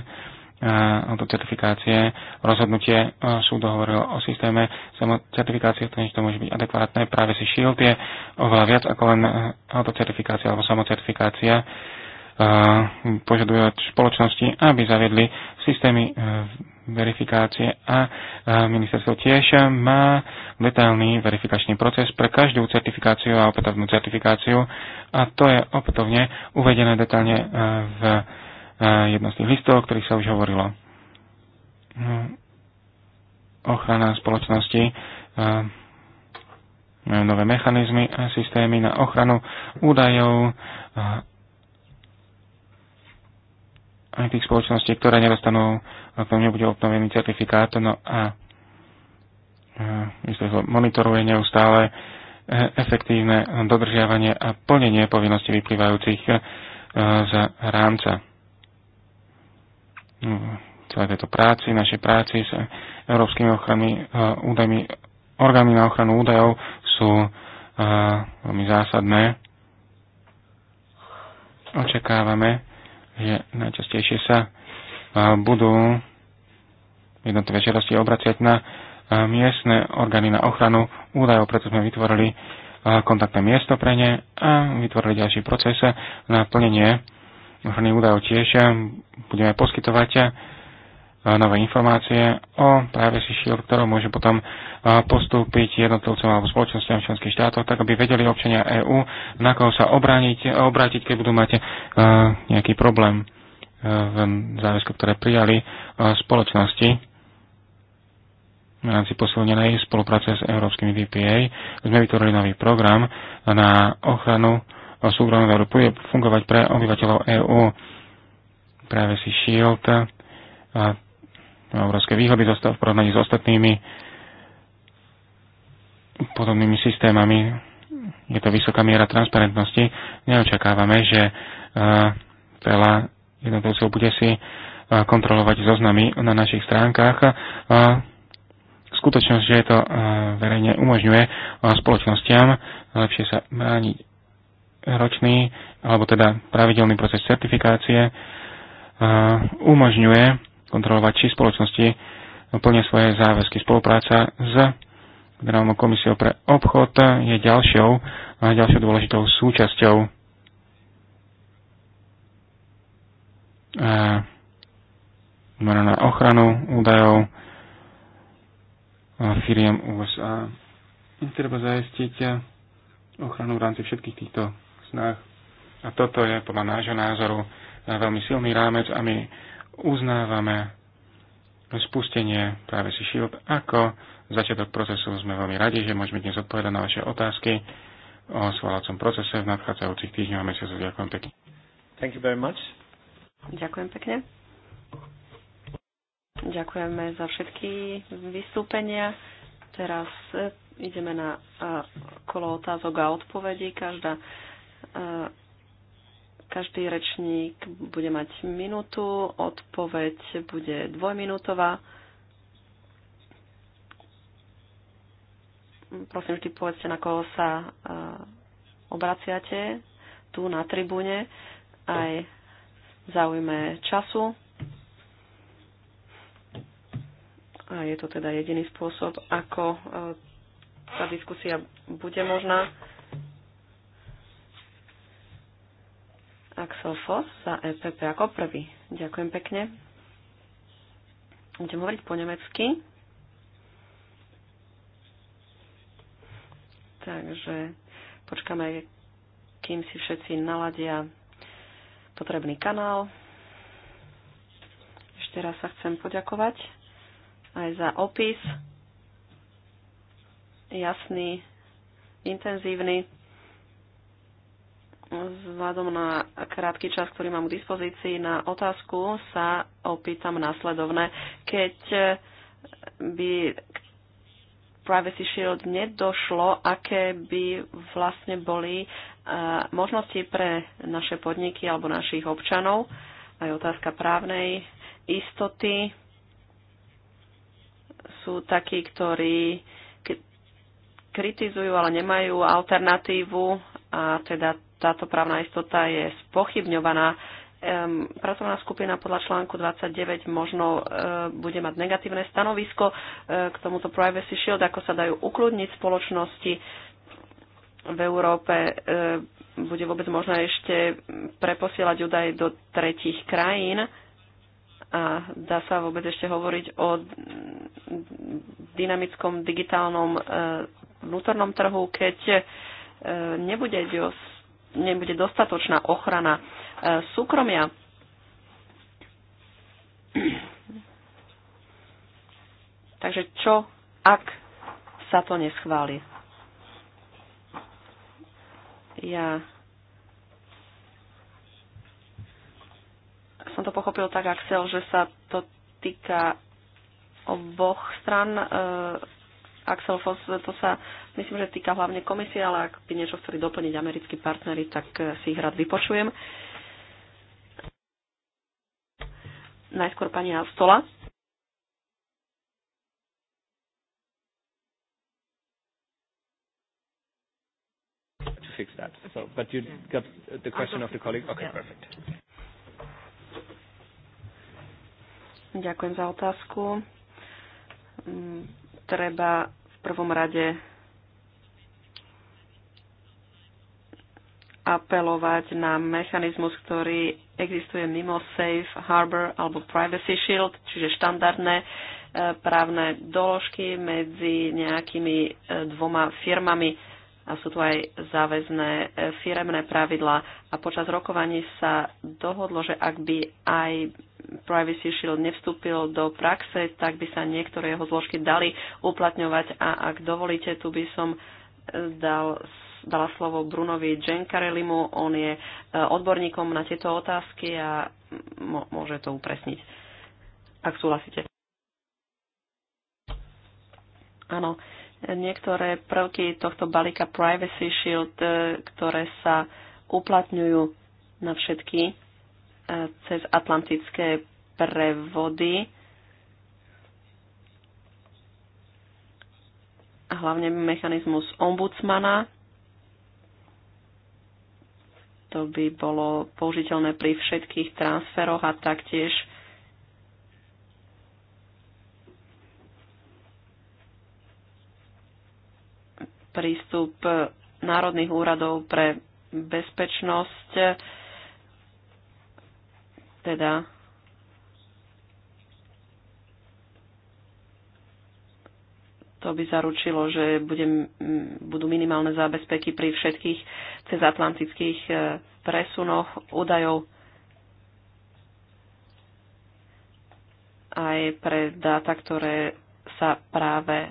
autocertifikácie, rozhodnutie sú hovorilo o systéme samocertifikácie, ktoré to môže byť adekvátne. Práve si Shield je oveľa viac ako len e, autocertifikácia alebo samocertifikácia. Požadujú od spoločnosti, aby zaviedli systémy e, verifikácie a ministerstvo tiež má detailný verifikačný proces pre každú certifikáciu a opätovnú certifikáciu a to je opätovne uvedené detailne e, v e, jednom z tých listov, o ktorých sa už hovorilo. No, ochrana spoločnosti e, majú nové mechanizmy a systémy na ochranu údajov aj tých spoločností, ktoré nedostanú, k nebude obnovený certifikát. No a ministerstvo monitoruje neustále e, efektívne dodržiavanie a plnenie povinností vyplývajúcich e, z rámca. No, celé tejto práci, našej práci s európskymi ochrany, e, údajmi, orgánmi na ochranu údajov sú veľmi zásadné. Očakávame, že najčastejšie sa budú jednotlivé žiadosti obraciať na miestne orgány na ochranu údajov, preto sme vytvorili kontaktné miesto pre ne a vytvorili ďalší proces na plnenie ochrany údajov tiež budeme poskytovať nové informácie o Privacy Shield, ktorú môžu potom postúpiť jednotlivcom alebo spoločnosťam členských štátov, tak aby vedeli občania EÚ, na koho sa obrániť, obrátiť, keď budú mať nejaký problém v záväzku, ktoré prijali spoločnosti v rámci posilnenej spolupráce s európskymi VPA. sme vytvorili nový program na ochranu súkromného Európy fungovať pre obyvateľov EÚ. Práve si Shield obrovské výhody v porovnaní s ostatnými podobnými systémami. Je to vysoká miera transparentnosti. Neočakávame, že e, veľa jednotlivcov bude si e, kontrolovať zoznamy na našich stránkach. E, skutočnosť, že to verejne umožňuje spoločnostiam lepšie sa brániť ročný, alebo teda pravidelný proces certifikácie umožňuje kontrolovať, či spoločnosti plnia svoje záväzky. Spolupráca s Generálnou komisiou pre obchod je ďalšou, ďalšou dôležitou súčasťou na ochranu údajov firiem USA. Treba zajistiť ochranu v rámci všetkých týchto snách. A toto je podľa nášho názoru veľmi silný rámec a my uznávame spustenie práve si Shield ako začiatok procesu. Sme veľmi radi, že môžeme dnes odpovedať na vaše otázky o svolacom procese v nadchádzajúcich týždňoch a mesiacoch. Ďakujem pekne. Thank you very much. Ďakujem pekne. Ďakujeme za všetky vystúpenia. Teraz eh, ideme na eh, kolo otázok a odpovedí. Každá eh, každý rečník bude mať minútu, odpoveď bude dvojminútová. Prosím, vždy povedzte, na koho sa e, obraciate tu na tribúne aj v záujme času. A je to teda jediný spôsob, ako e, tá diskusia bude možná. Axel Foss za EPP ako prvý. Ďakujem pekne. Budem hovoriť po nemecky. Takže počkáme, kým si všetci naladia potrebný kanál. Ešte raz sa chcem poďakovať aj za opis. Jasný, intenzívny vzhľadom na krátky čas, ktorý mám k dispozícii na otázku, sa opýtam následovné. Keď by Privacy Shield nedošlo, aké by vlastne boli e, možnosti pre naše podniky alebo našich občanov, aj otázka právnej istoty. Sú takí, ktorí kritizujú, ale nemajú alternatívu a teda táto právna istota je spochybňovaná. Pracovná skupina podľa článku 29 možno e, bude mať negatívne stanovisko e, k tomuto Privacy Shield, ako sa dajú ukludniť spoločnosti v Európe. E, bude vôbec možné ešte preposielať údaje do tretich krajín a dá sa vôbec ešte hovoriť o dynamickom digitálnom vnútornom trhu, keď nebude o nebude dostatočná ochrana e, súkromia. Takže čo, ak sa to neschváli? Ja som to pochopil tak, Axel, že sa to týka oboch stran e, Axel Foss, to sa myslím, že týka hlavne komisie, ale ak by niečo chceli doplniť americkí partnery, tak eh, si ich rád vypočujem. Najskôr pani Astola. fix that. So, but you got the question of the colleague? Okay, perfect. Ďakujem za otázku. Mm, treba v prvom rade apelovať na mechanizmus, ktorý existuje mimo Safe Harbor alebo Privacy Shield, čiže štandardné e, právne doložky medzi nejakými e, dvoma firmami a sú tu aj záväzné e, firemné pravidlá. A počas rokovaní sa dohodlo, že ak by aj Privacy Shield nevstúpil do praxe, tak by sa niektoré jeho zložky dali uplatňovať. A ak dovolíte, tu by som e, dal dala slovo Brunovi Jenkarelimu. On je e, odborníkom na tieto otázky a môže to upresniť, ak súhlasíte. Áno, niektoré prvky tohto balíka Privacy Shield, e, ktoré sa uplatňujú na všetky e, cez atlantické prevody. A hlavne mechanizmus ombudsmana. To by bolo použiteľné pri všetkých transferoch a taktiež prístup národných úradov pre bezpečnosť, teda to by zaručilo, že bude, budú minimálne zábezpeky pri všetkých cezatlantických e, presunoch údajov aj pre dáta, ktoré sa práve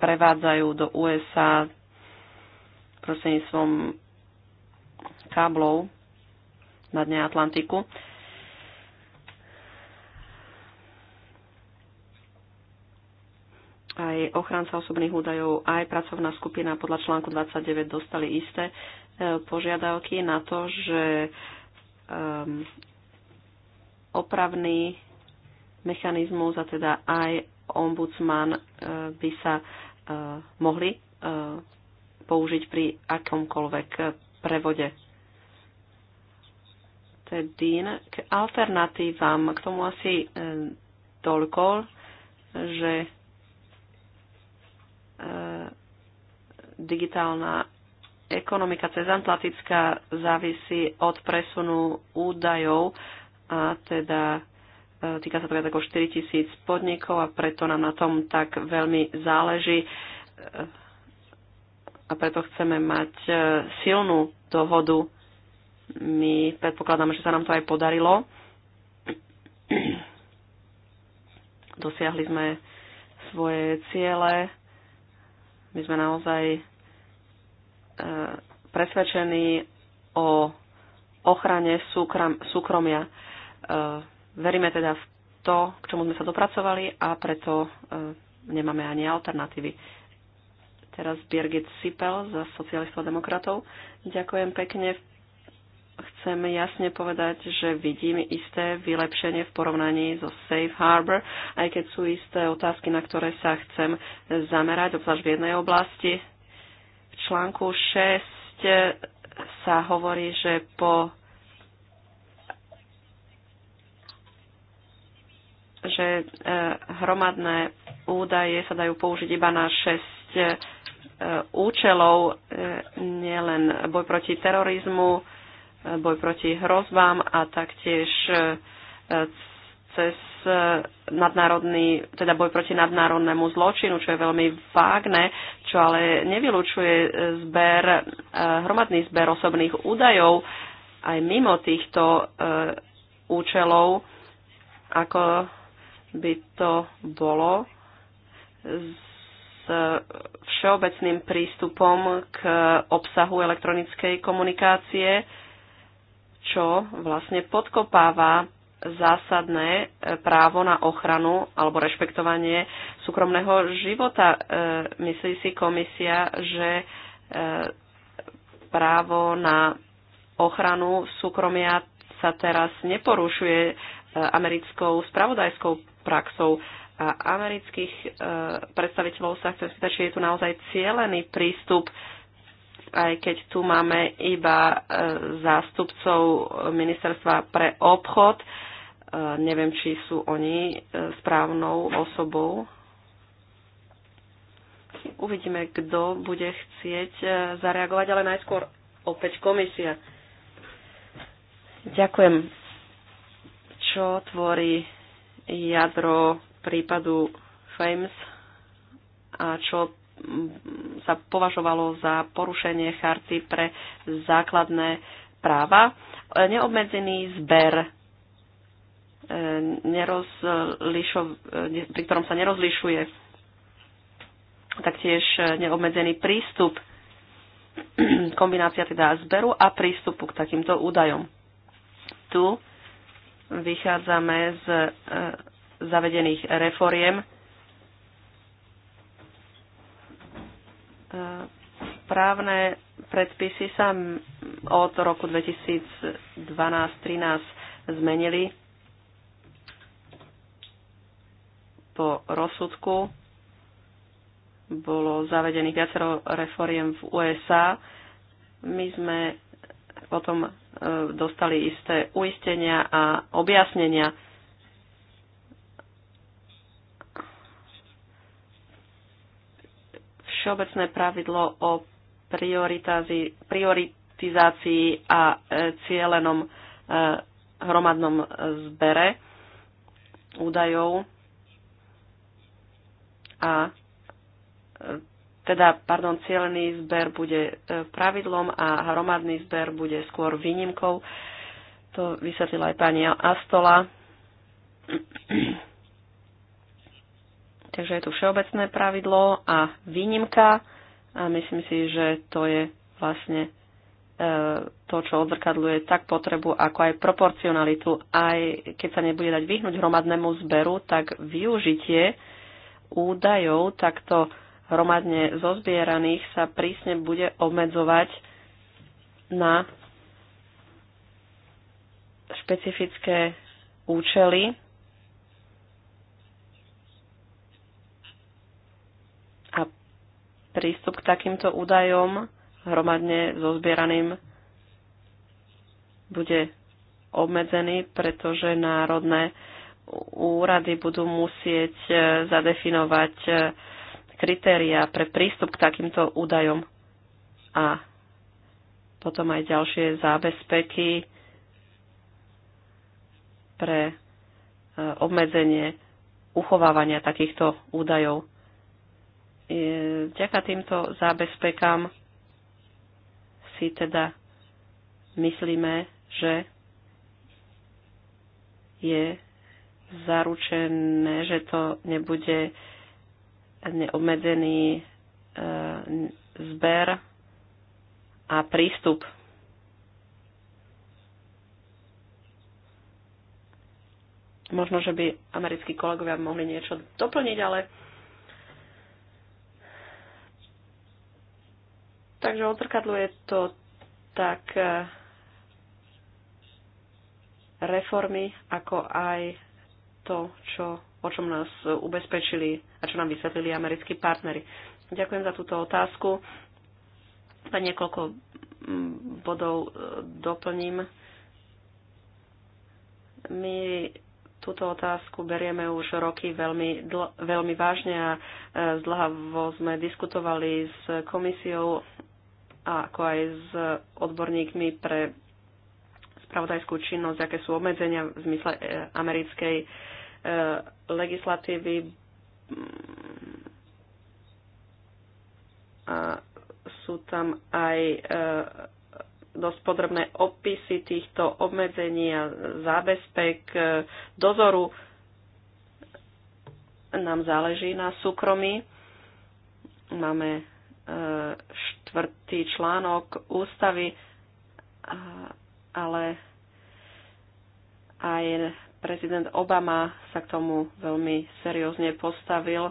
prevádzajú do USA prostredníctvom káblov na dne Atlantiku. Aj ochranca osobných údajov, aj pracovná skupina podľa článku 29 dostali isté e, požiadavky na to, že ehm, opravný mechanizmus a teda aj ombudsman e, by sa Eh, mohli eh, použiť pri akomkoľvek prevode. Tedy k alternatívam, k tomu asi eh, toľko, že digitálna ekonomika cezantlatická závisí od presunu údajov a teda Týka sa to viac ako 4 tisíc podnikov a preto nám na tom tak veľmi záleží a preto chceme mať e, silnú dohodu. My predpokladáme, že sa nám to aj podarilo. Dosiahli sme svoje ciele. My sme naozaj e, presvedčení o ochrane súkromia. E, Veríme teda v to, k čomu sme sa dopracovali a preto e, nemáme ani alternatívy. Teraz Birgit Sipel za socialistov a demokratov. Ďakujem pekne. Chcem jasne povedať, že vidím isté vylepšenie v porovnaní so Safe Harbor, aj keď sú isté otázky, na ktoré sa chcem zamerať, obzvlášť v jednej oblasti. V článku 6 sa hovorí, že po že e, hromadné údaje sa dajú použiť iba na 6 e, účelov, e, nielen boj proti terorizmu, boj proti hrozbám a taktiež cez nadnárodný, teda boj proti nadnárodnému zločinu, čo je veľmi vágne, čo ale nevylučuje zber, hromadný zber osobných údajov aj mimo týchto účelov, ako by to bolo s všeobecným prístupom k obsahu elektronickej komunikácie, čo vlastne podkopáva zásadné právo na ochranu alebo rešpektovanie súkromného života. E, myslí si komisia, že e, právo na ochranu súkromia sa teraz neporušuje e, americkou spravodajskou praxou amerických e, predstaviteľov sa chcem spýtať, či je tu naozaj cielený prístup, aj keď tu máme iba e, zástupcov ministerstva pre obchod. E, neviem, či sú oni správnou osobou. Uvidíme, kto bude chcieť zareagovať, ale najskôr opäť komisia. Ďakujem. Čo tvorí jadro prípadu FAMES a čo sa považovalo za porušenie charty pre základné práva. Neobmedzený zber, e, pri ktorom sa nerozlišuje taktiež e, neobmedzený prístup, kombinácia teda zberu a prístupu k takýmto údajom. Tu Vychádzame z e, zavedených reforiem. E, právne predpisy sa od roku 2012 2013 zmenili po rozsudku. Bolo zavedených viacero reforiem v USA. My sme potom e, dostali isté uistenia a objasnenia. Všeobecné pravidlo o prioritizácii a e, cielenom e, hromadnom zbere údajov a teda, pardon, cieľený zber bude e, pravidlom a hromadný zber bude skôr výnimkou. To vysvetlila aj pani Astola. Takže je tu všeobecné pravidlo a výnimka a myslím si, že to je vlastne e, to, čo odzrkadľuje tak potrebu, ako aj proporcionalitu. Aj keď sa nebude dať vyhnúť hromadnému zberu, tak využitie údajov takto hromadne zozbieraných sa prísne bude obmedzovať na špecifické účely a prístup k takýmto údajom hromadne zozbieraným bude obmedzený, pretože národné úrady budú musieť eh, zadefinovať eh, kritériá pre prístup k takýmto údajom a potom aj ďalšie zábezpeky pre e, obmedzenie uchovávania takýchto údajov. E, vďaka týmto zábezpekám si teda myslíme, že je zaručené, že to nebude neobmedzený e, zber a prístup. Možno, že by americkí kolegovia mohli niečo doplniť, ale takže odzrkadluje to tak e, reformy, ako aj to, čo, o čom nás ubezpečili a čo nám vysvetlili americkí partnery. Ďakujem za túto otázku. A niekoľko mm, bodov e, doplním. My túto otázku berieme už roky veľmi, dl- veľmi vážne a e, zdlhavo sme diskutovali s komisiou a ako aj s odborníkmi pre spravodajskú činnosť, aké sú obmedzenia v zmysle e, americkej e, legislatívy. A sú tam aj e, dosť podrobné opisy týchto obmedzení a zábezpek e, dozoru. Nám záleží na súkromí. Máme e, štvrtý článok ústavy, ale aj prezident Obama sa k tomu veľmi seriózne postavil.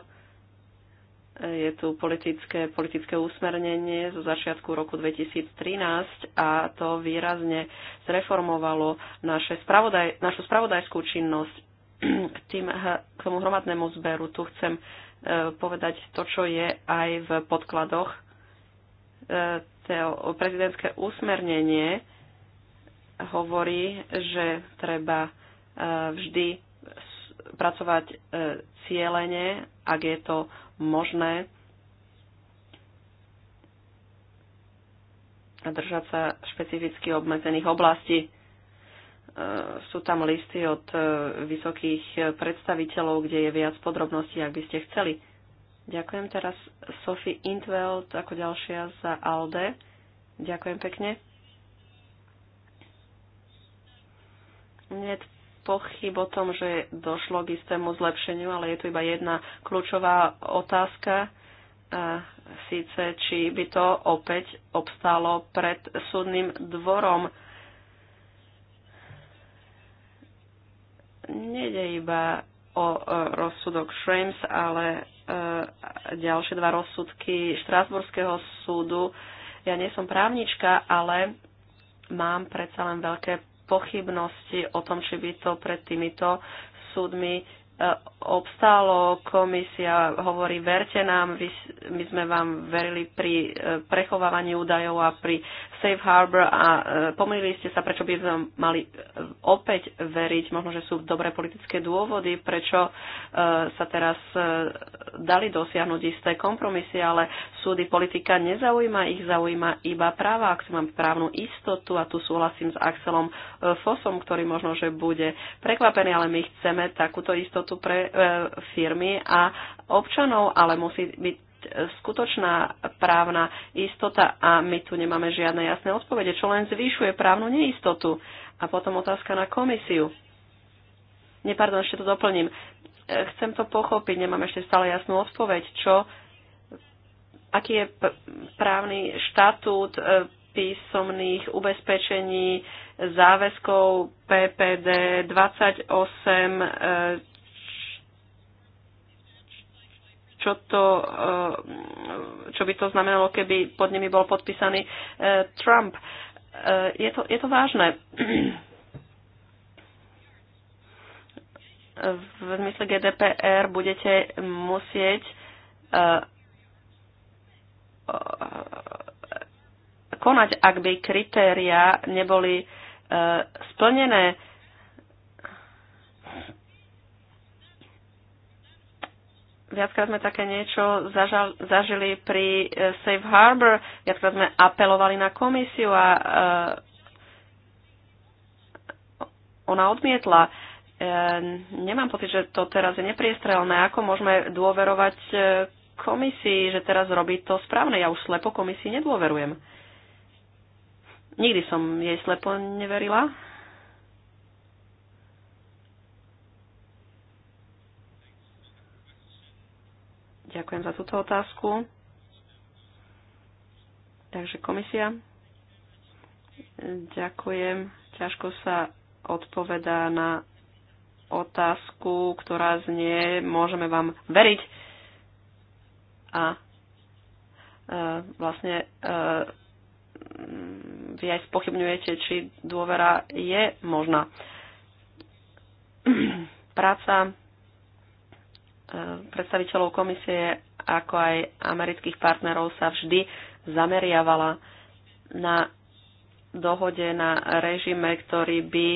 Je tu politické, politické usmernenie zo začiatku roku 2013 a to výrazne zreformovalo naše spravodaj, našu spravodajskú činnosť k, tým, k tomu hromadnému zberu. Tu chcem e, povedať to, čo je aj v podkladoch. E, prezidentské usmernenie hovorí, že treba vždy pracovať e, cieľene, ak je to možné, a držať sa špecificky obmedzených oblastí. E, sú tam listy od e, vysokých predstaviteľov, kde je viac podrobností, ak by ste chceli. Ďakujem teraz Sophie Intveld ako ďalšia za ALDE. Ďakujem pekne. Mne pochyb o tom, že došlo k istému zlepšeniu, ale je tu iba jedna kľúčová otázka, síce či by to opäť obstálo pred súdnym dvorom. Nede iba o e, rozsudok Schrems, ale e, ďalšie dva rozsudky Štrásburského súdu. Ja nie som právnička, ale mám predsa len veľké pochybnosti o tom, či by to pred týmito súdmi e, obstálo. Komisia hovorí, verte nám, my sme vám verili pri e, prechovávaní údajov a pri Safe Harbor a e, pomýlili ste sa, prečo by sme mali e, opäť veriť, možno, že sú dobré politické dôvody, prečo e, sa teraz dali dosiahnuť isté kompromisy, ale súdy politika nezaujíma, ich zaujíma iba práva, ak si mám právnu istotu a tu súhlasím s Axelom Fosom, ktorý možno, že bude prekvapený, ale my chceme takúto istotu pre firmy a občanov, ale musí byť skutočná právna istota a my tu nemáme žiadne jasné odpovede, čo len zvyšuje právnu neistotu. A potom otázka na komisiu. Nie, pardon, ešte to doplním. E, chcem to pochopiť, nemám ešte stále jasnú odpoveď, čo, aký je právny štatút e, písomných ubezpečení záväzkov PPD 28 čo, to, eh, čo by to znamenalo, keby pod nimi bol podpísaný eh, Trump. Eh, je to, je to vážne. V zmysle GDPR budete musieť konať, ak by kritéria neboli splnené Viackrát sme také niečo zažal, zažili pri e, Safe Harbor, viackrát sme apelovali na komisiu a e, ona odmietla. E, nemám pocit, že to teraz je nepriestrelné. Ako môžeme dôverovať komisii, že teraz robí to správne? Ja už slepo komisii nedôverujem. Nikdy som jej slepo neverila Ďakujem za túto otázku. Takže komisia. Ďakujem. Ťažko sa odpovedá na otázku, ktorá znie, môžeme vám veriť. A e, vlastne e, vy aj spochybňujete, či dôvera je možná. Práca Eh, predstaviteľov komisie, ako aj amerických partnerov sa vždy zameriavala na dohode, na režime, ktorý by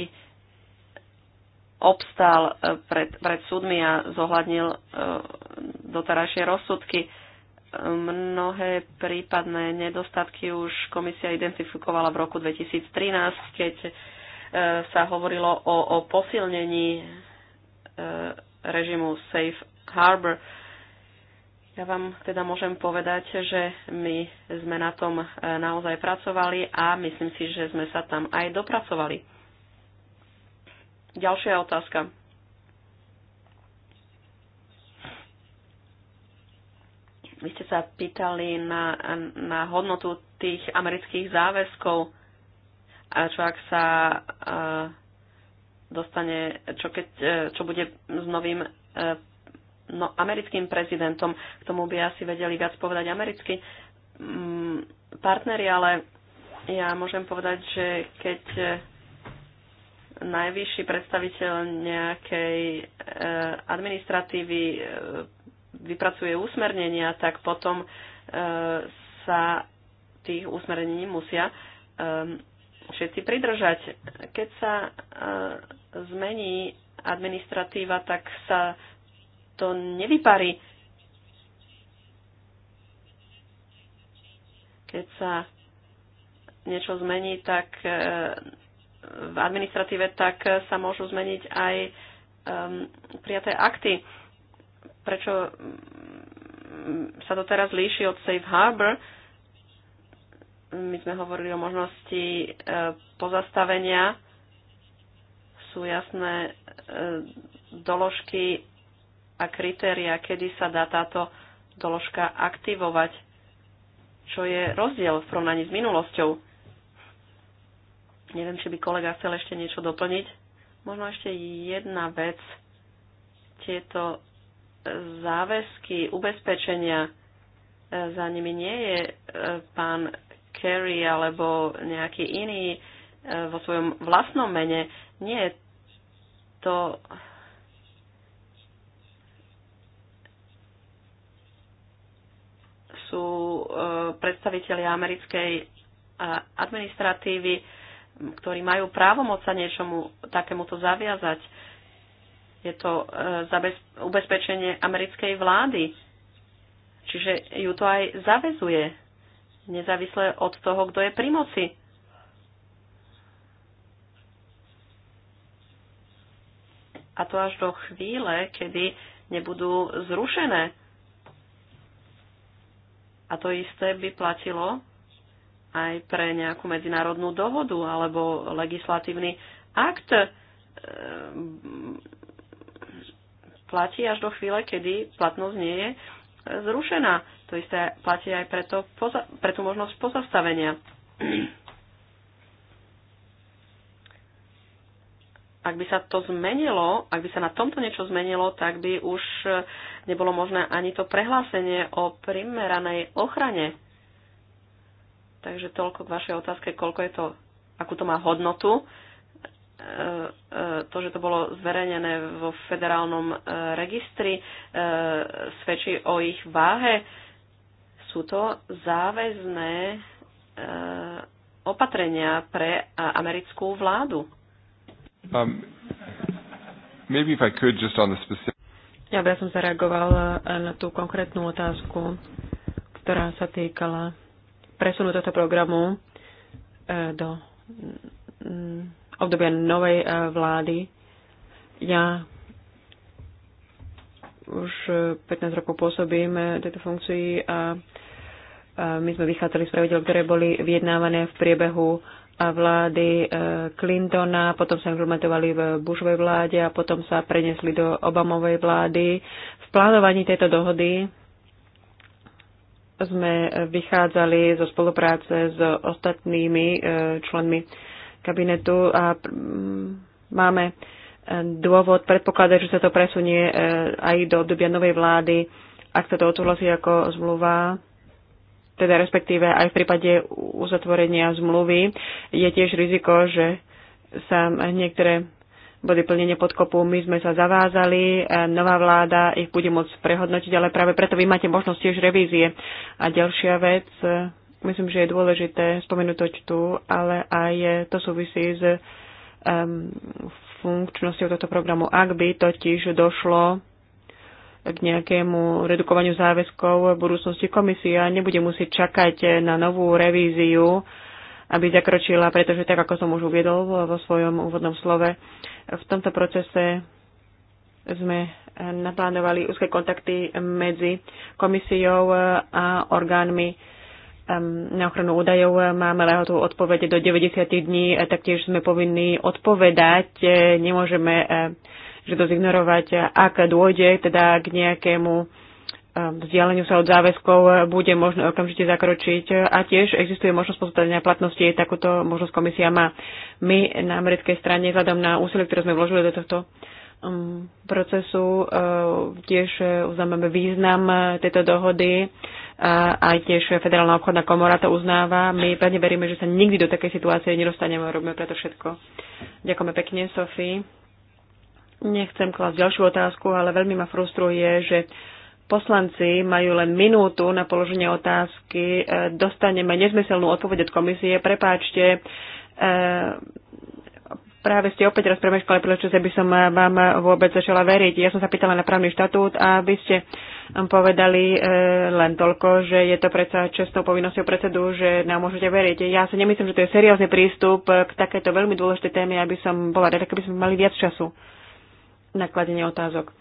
obstál eh, pred, pred súdmi a zohľadnil eh, doterajšie rozsudky. Mnohé prípadné nedostatky už komisia identifikovala v roku 2013, keď sa hovorilo o, o posilnení režimu Safe Harbor. Ja vám teda môžem povedať, že my sme na tom e, naozaj pracovali a myslím si, že sme sa tam aj dopracovali. Ďalšia otázka. Vy ste sa pýtali na, na hodnotu tých amerických záväzkov a čo ak sa uh, dostane, čo, keď, e, čo bude s novým e, no, americkým prezidentom. K tomu by asi vedeli viac povedať americkí mm, partneri, ale ja môžem povedať, že keď e, najvyšší predstaviteľ nejakej administratívy vypracuje úsmernenia, tak potom sa tých úsmernení musia všetci pridržať. Keď sa e, zmení administratíva, tak sa to nevyparí. Keď sa niečo zmení, tak e, v administratíve, tak sa môžu zmeniť aj e, prijaté akty. Prečo mm, sa to teraz líši od Safe Harbor? My sme hovorili o možnosti e, pozastavenia. Sú jasné e, doložky a kritéria, kedy sa dá táto doložka aktivovať, čo je rozdiel v porovnaní s minulosťou. Neviem, či by kolega chcel ešte niečo doplniť. Možno ešte jedna vec. Tieto e, záväzky, ubezpečenia, za nimi nie je pán Kerry alebo nejaký iný e, vo svojom vlastnom mene. Nie je to sú e, predstavitelia americkej e, administratívy, ktorí majú právomoc sa niečomu takémuto zaviazať. Je to ubezpečenie americkej vlády, čiže ju to aj zavezuje nezávisle od toho, kto je pri moci. A to až do chvíle, kedy nebudú zrušené. A to isté by platilo aj pre nejakú medzinárodnú dohodu alebo legislatívny akt. Ehm, platí až do chvíle, kedy platnosť nie je e, zrušená. To isté platí aj pre, to, pre tú možnosť pozastavenia. Ak by sa to zmenilo, ak by sa na tomto niečo zmenilo, tak by už nebolo možné ani to prehlásenie o primeranej ochrane. Takže toľko k vašej otázke, koľko je to, akú to má hodnotu e, e, to, že to bolo zverejnené vo federálnom e, registri, svedčí o ich váhe sú to záväzné e, opatrenia pre americkú vládu. Um, maybe if I could just on the specific... Ja by som zareagoval e, na tú konkrétnu otázku, ktorá sa týkala presunu tohto programu e, do mm, obdobia novej vlády. Ja už 15 rokov pôsobím tejto funkcii a my sme vychádzali z pravidel, ktoré boli vyjednávané v priebehu vlády e, Clintona, potom sa implementovali v Bushovej vláde a potom sa prenesli do Obamovej vlády. V plánovaní tejto dohody sme vychádzali zo spolupráce s ostatnými e, členmi kabinetu a mm, máme e, dôvod predpokladať, že sa to presunie aj do obdobia novej vlády, ak sa to odsúhlasí ako zmluva teda respektíve aj v prípade uzatvorenia zmluvy, je tiež riziko, že sa niektoré body plnenia podkopu. My sme sa zavázali, nová vláda ich bude môcť prehodnotiť, ale práve preto vy máte možnosť tiež revízie. A ďalšia vec, e, myslím, že je dôležité spomenúť toť tu, ale aj e, to súvisí s um, funkčnosťou tohto programu. Ak by totiž došlo k nejakému redukovaniu záväzkov v budúcnosti komisia nebude musieť čakať na novú revíziu, aby zakročila, pretože tak, ako som už uviedol vo svojom úvodnom slove, v tomto procese sme naplánovali úzke kontakty medzi komisiou a orgánmi na ochranu údajov. Máme lehotu odpovede do 90 dní, taktiež sme povinní odpovedať. Nemôžeme že to zignorovať. Ak dôjde teda k nejakému um, vzdialeniu sa od záväzkov, bude možné okamžite zakročiť a tiež existuje možnosť pozostavenia platnosti. Takúto možnosť komisia má. My na americkej strane, vzhľadom na úsilie, ktoré sme vložili do tohto um, procesu uh, tiež uznávame význam tejto dohody a aj tiež Federálna obchodná komora to uznáva. My pevne veríme, že sa nikdy do takej situácie nedostaneme, robíme preto všetko. Ďakujeme pekne, Sofii. Nechcem klásť ďalšiu otázku, ale veľmi ma frustruje, že poslanci majú len minútu na položenie otázky, e, dostaneme nezmyselnú odpoveď od komisie, prepáčte, e, práve ste opäť raz premeškali príležitosť, by som e, vám vôbec začala veriť. Ja som sa pýtala na právny štatút a vy ste povedali len toľko, že je to predsa čestnou povinnosťou predsedu, že nám môžete veriť. Ja si nemyslím, že to je seriózny prístup k takéto veľmi dôležitej téme, aby som bola rada, keby sme mali viac času na kladenie otázok.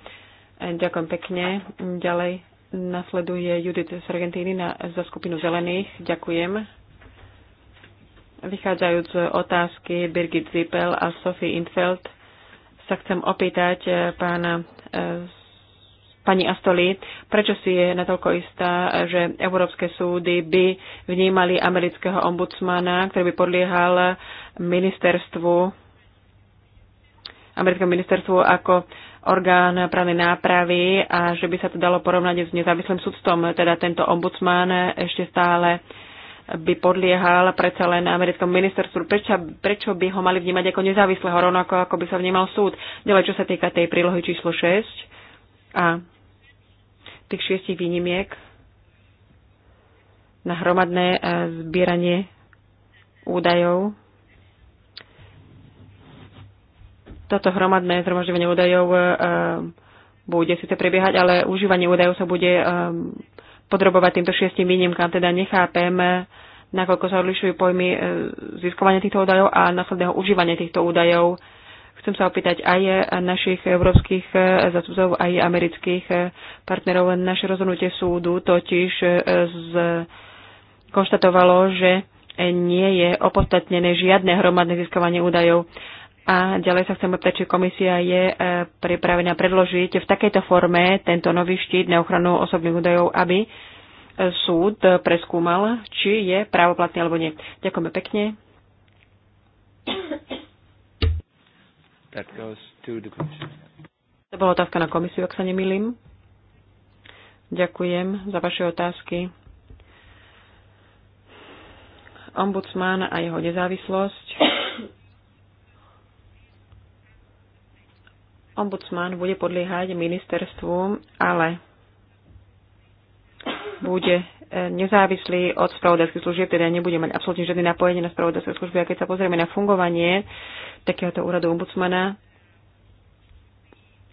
Ďakujem pekne. Ďalej nasleduje Judith z Argentíny na, za skupinu Zelených. Ďakujem. Vychádzajúc z otázky Birgit Zippel a Sophie Infeld, sa chcem opýtať eh, pána eh, pani Astoli, prečo si je natoľko istá, že európske súdy by vnímali amerického ombudsmana, ktorý by podliehal ministerstvu americké ministerstvo ako orgán právnej nápravy a že by sa to dalo porovnať s nezávislým sudstvom. Teda tento ombudsman ešte stále by podliehal predsa len americkom ministerstvu. Prečo, prečo by ho mali vnímať ako nezávislého, rovnako ako by sa vnímal súd? Ďalej, čo sa týka tej prílohy číslo 6 a tých šiestich výnimiek na hromadné eh, zbieranie údajov Toto hromadné zhromažďovanie údajov e, bude síce prebiehať, ale užívanie údajov sa bude e, podrobovať týmto šiestim výnimkám. Teda nechápem, nakoľko sa odlišujú pojmy e, získovania týchto údajov a následného užívania týchto údajov. Chcem sa opýtať aj našich európskych zastupcov, aj amerických partnerov. Naše rozhodnutie súdu totiž z... konštatovalo, že nie je opodstatnené žiadne hromadné získovanie údajov. A ďalej sa chcem opýtať, či komisia je e, pripravená predložiť v takejto forme tento nový štít na ochranu osobných údajov, aby e, súd preskúmal, či je právoplatný alebo nie. Ďakujeme pekne. That goes to, the to bola otázka na komisiu, ak sa nemýlim. Ďakujem za vaše otázky. Ombudsman a jeho nezávislosť. Ombudsman bude podliehať ministerstvu, ale bude e, nezávislý od spravodajských služieb, teda nebude mať absolútne žiadne napojenie na spravodajské služby. A keď sa pozrieme na fungovanie takéhoto úradu ombudsmana,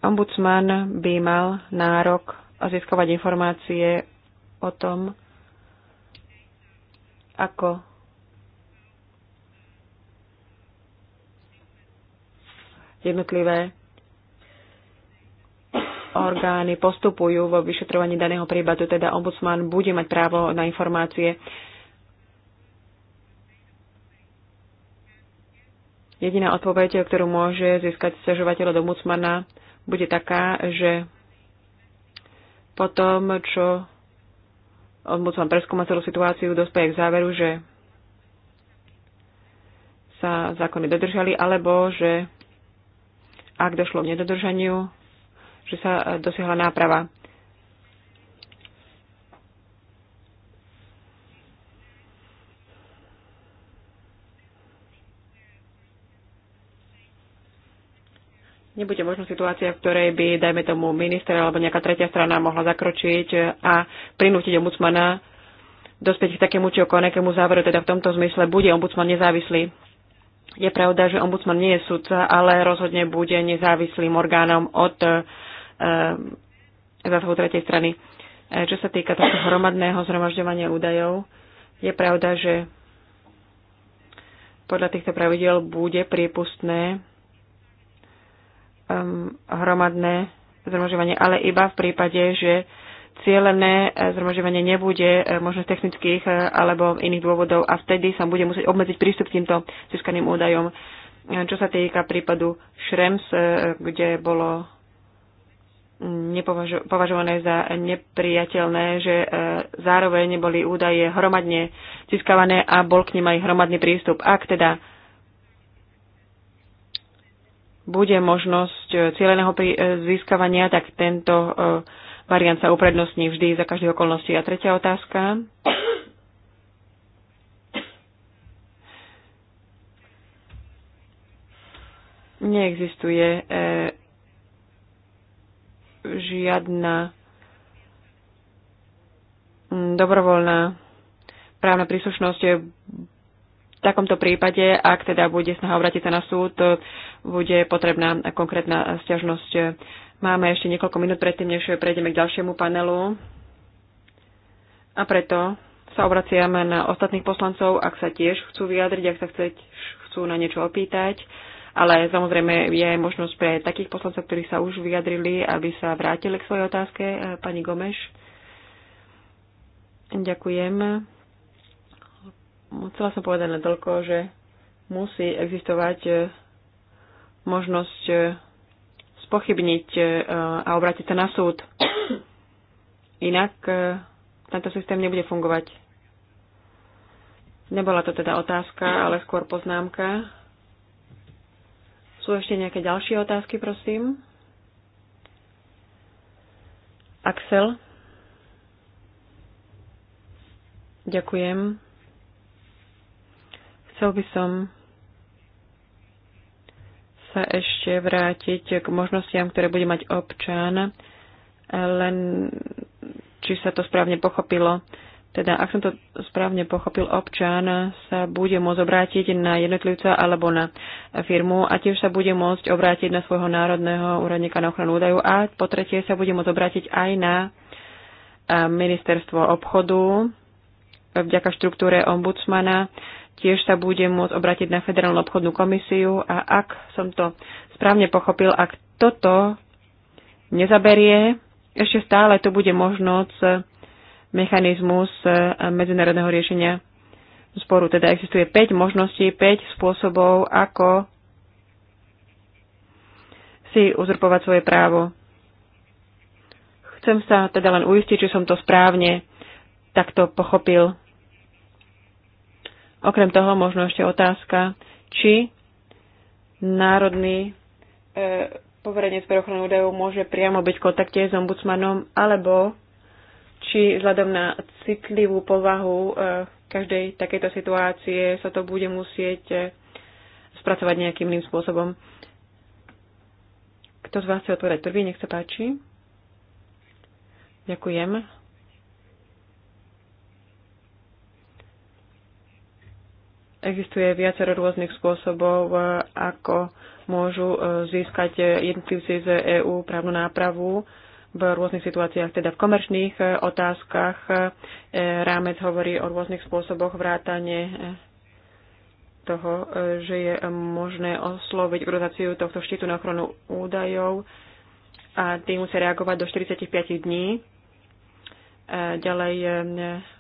ombudsman by mal nárok získovať informácie o tom, ako jednotlivé orgány postupujú vo vyšetrovaní daného prípadu, teda ombudsman bude mať právo na informácie. Jediná odpoveď, ktorú môže získať stiažovateľ od ombudsmana, bude taká, že po tom, čo ombudsman preskúma celú situáciu, dospeje k záveru, že sa zákony dodržali, alebo že ak došlo k nedodržaniu, že sa e, dosiahla náprava. nebude možno situácia, v ktorej by, dajme tomu, minister alebo nejaká tretia strana mohla zakročiť a prinútiť ombudsmana dospieť k takému či okonému záveru, teda v tomto zmysle bude ombudsman nezávislý. Je pravda, že ombudsman nie je sudca, ale rozhodne bude nezávislým orgánom od Ehm, zásahov tretej strany. Ehm, čo sa týka tohto hromadného zhromažďovania údajov, je pravda, že podľa týchto pravidel bude prípustné um, ehm, hromadné zhromažďovanie, ale iba v prípade, že cieľené zhromažďovanie nebude možno z technických alebo iných dôvodov a vtedy sa bude musieť obmedziť prístup k týmto získaným údajom. Čo sa týka prípadu Šrems, kde bolo považované za nepriateľné, že e, zároveň boli údaje hromadne získavané a bol k nim aj hromadný prístup. Ak teda bude možnosť e, cieľeného e, získavania, tak tento variant sa uprednostní vždy za každých okolností. A tretia otázka. Neexistuje žiadna mm, dobrovoľná právna príslušnosť v takomto prípade, ak teda bude snaha obrátiť sa na súd, bude potrebná konkrétna stiažnosť. Máme ešte niekoľko minút predtým, než prejdeme k ďalšiemu panelu. A preto sa obraciame na ostatných poslancov, ak sa tiež chcú vyjadriť, ak sa chcú na niečo opýtať ale samozrejme je možnosť pre takých poslancov, ktorí sa už vyjadrili, aby sa vrátili k svojej otázke. E, pani Gomeš. Ďakujem. Chcela som povedať na toľko, že musí existovať e, možnosť e, spochybniť a obrátiť sa na súd. Inak tento systém nebude fungovať. Nebola to teda otázka, ale skôr poznámka. Sú ešte nejaké ďalšie otázky, prosím? Axel? Ďakujem. Chcel by som sa ešte vrátiť k možnostiam, ktoré bude mať občan, len či sa to správne pochopilo teda, ak som to správne pochopil, občan sa bude môcť obrátiť na jednotlivca alebo na firmu a tiež sa bude môcť obrátiť na svojho národného úradníka na ochranu údajov a po tretie sa bude môcť obrátiť aj na ministerstvo obchodu vďaka štruktúre ombudsmana. Tiež sa bude môcť obrátiť na Federálnu obchodnú komisiu a ak som to správne pochopil, ak toto nezaberie, ešte stále tu bude možnosť mechanizmus e, medzinárodného riešenia sporu. Teda existuje 5 možností, 5 spôsobov, ako si uzurpovať svoje právo. Chcem sa teda len uistiť, či som to správne takto pochopil. Okrem toho možno ešte otázka, či národný e, poverenec pre ochranu údajov môže priamo byť v kontakte s ombudsmanom alebo či vzhľadom na citlivú povahu e, každej takejto situácie sa to bude musieť e, spracovať nejakým iným spôsobom. Kto z vás chce otvorať prvý? Nech sa páči. Ďakujem. Existuje viacero rôznych spôsobov, e, ako môžu získať jednotlivci z EÚ právnu nápravu v rôznych situáciách, teda v komerčných eh, otázkach. Eh, rámec hovorí o rôznych spôsoboch vrátane eh, toho, že je možné osloviť organizáciu tohto štítu na ochranu údajov a tým musia reagovať do 45 dní. Ďalej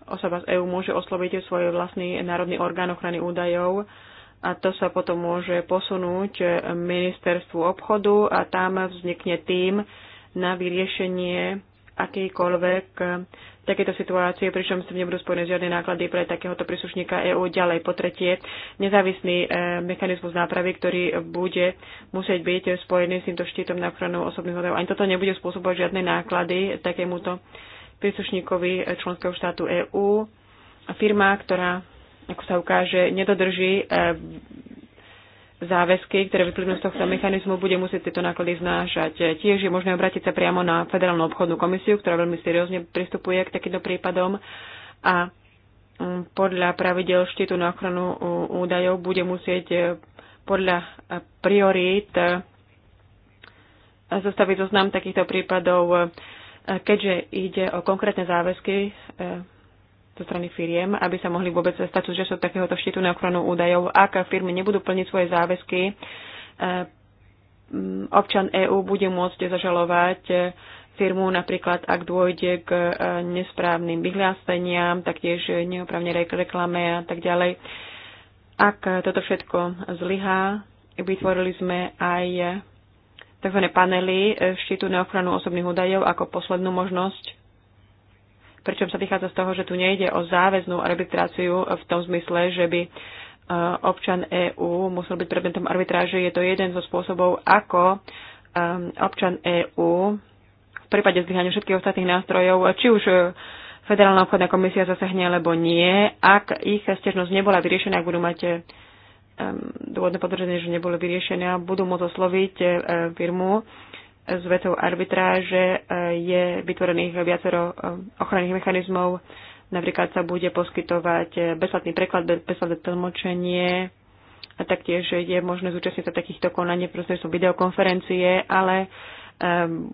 osoba z EÚ môže osloviť svoj vlastný národný orgán ochrany údajov a to sa potom môže posunúť ministerstvu obchodu a tam vznikne tým, na vyriešenie akýkoľvek takéto situácie, pričom sa nebudú spojené žiadne náklady pre takéhoto príslušníka EÚ. Ďalej po tretie, nezávislý e, mechanizmus nápravy, ktorý bude musieť byť spojený s týmto štítom na ochranu osobných údajov. Ani toto nebude spôsobovať žiadne náklady takémuto príslušníkovi e, členského štátu EÚ. Firma, ktorá, ako sa ukáže, nedodrží e, záväzky, ktoré vyplynú z tohto mechanizmu, bude musieť tieto náklady znášať. Tiež je možné obrátiť sa priamo na Federálnu obchodnú komisiu, ktorá veľmi seriózne pristupuje k takýmto prípadom a mm, podľa pravidel štítu na ochranu údajov bude musieť e, podľa e, priorít e, zostaviť zoznam takýchto prípadov, keďže ide o konkrétne záväzky zo strany firiem, aby sa mohli vôbec stať súčasťou takéhoto štítu na ochranu údajov. Ak firmy nebudú plniť svoje záväzky, eh, mm, občan EÚ bude môcť zažalovať eh, firmu napríklad, ak dôjde k eh, nesprávnym vyhláseniam, taktiež neopravne reklame a tak ďalej. Ak toto všetko zlyhá, vytvorili sme aj tzv. panely štítu na ochranu osobných údajov ako poslednú možnosť pričom sa vychádza z toho, že tu nejde o záväznú arbitráciu v tom zmysle, že by e, občan EÚ musel byť predmetom arbitráže. Je to jeden zo spôsobov, ako ehm, občan EÚ v prípade zlyhania všetkých ostatných nástrojov, či už e, Federálna obchodná komisia zasahne alebo nie, ak ich stiažnosť nebola vyriešená, ak budú mať e, ehm, dôvodné podozrenie, že nebolo vyriešené, budú môcť osloviť firmu s vetou arbitráže e, je vytvorených viacero e, ochranných mechanizmov. Napríklad sa bude poskytovať e, bezplatný preklad, bezplatné tlmočenie a taktiež je možné zúčastniť sa takýchto konaní sú videokonferencie, ale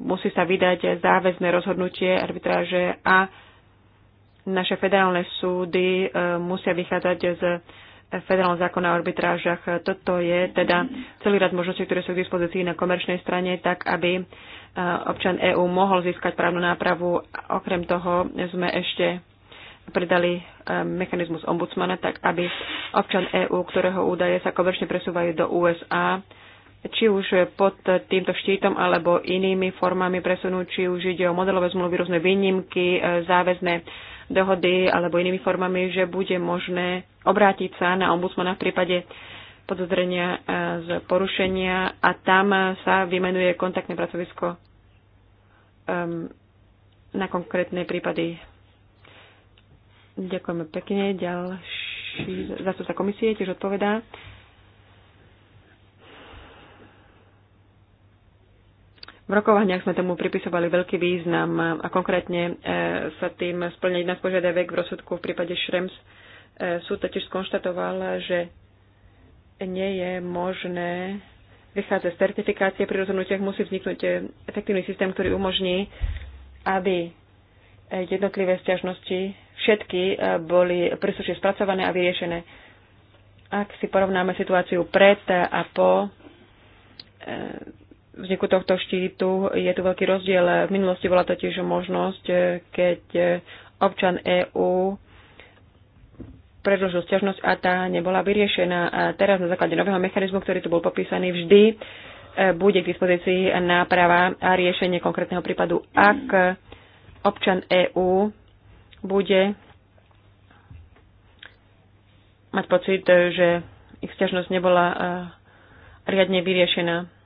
musí sa vydať záväzné rozhodnutie arbitráže a naše federálne súdy musia vychádzať z federálnom zákona o arbitrážach. Toto je teda celý rad možností, ktoré sú k dispozícii na komerčnej strane, tak aby e, občan EÚ mohol získať právnu nápravu. Okrem toho sme ešte predali e, mechanizmus ombudsmana, tak aby občan EÚ, ktorého údaje sa komerčne presúvajú do USA, či už pod týmto štítom alebo inými formami presunú, či už ide o modelové zmluvy, rôzne výnimky, e, záväzné dohody alebo inými formami, že bude možné obrátiť sa na ombudsmana v prípade podozrenia e, z porušenia a tam sa vymenuje kontaktné pracovisko na konkrétne prípady. Ďakujeme pekne. Ďalší zastupca komisie tiež odpovedá. V rokovaniach sme tomu pripisovali veľký význam a konkrétne e, sa tým splňa jedna z v rozsudku v prípade Šrems. E, súd totiž skonštatoval, že nie je možné vychádzať z certifikácie. Pri rozhodnutiach musí vzniknúť e, efektívny systém, ktorý umožní, aby jednotlivé stiažnosti všetky boli príslušne spracované a vyriešené. Ak si porovnáme situáciu pred a po vzniku tohto štítu je tu veľký rozdiel. V minulosti bola totiž možnosť, eh, keď eh, občan EÚ predložil sťažnosť a tá nebola vyriešená. A teraz na základe nového mechanizmu, ktorý tu bol popísaný vždy, eh, bude k dispozícii náprava a riešenie konkrétneho prípadu, ak občan EÚ bude mať pocit, že ich sťažnosť nebola riadne vyriešená.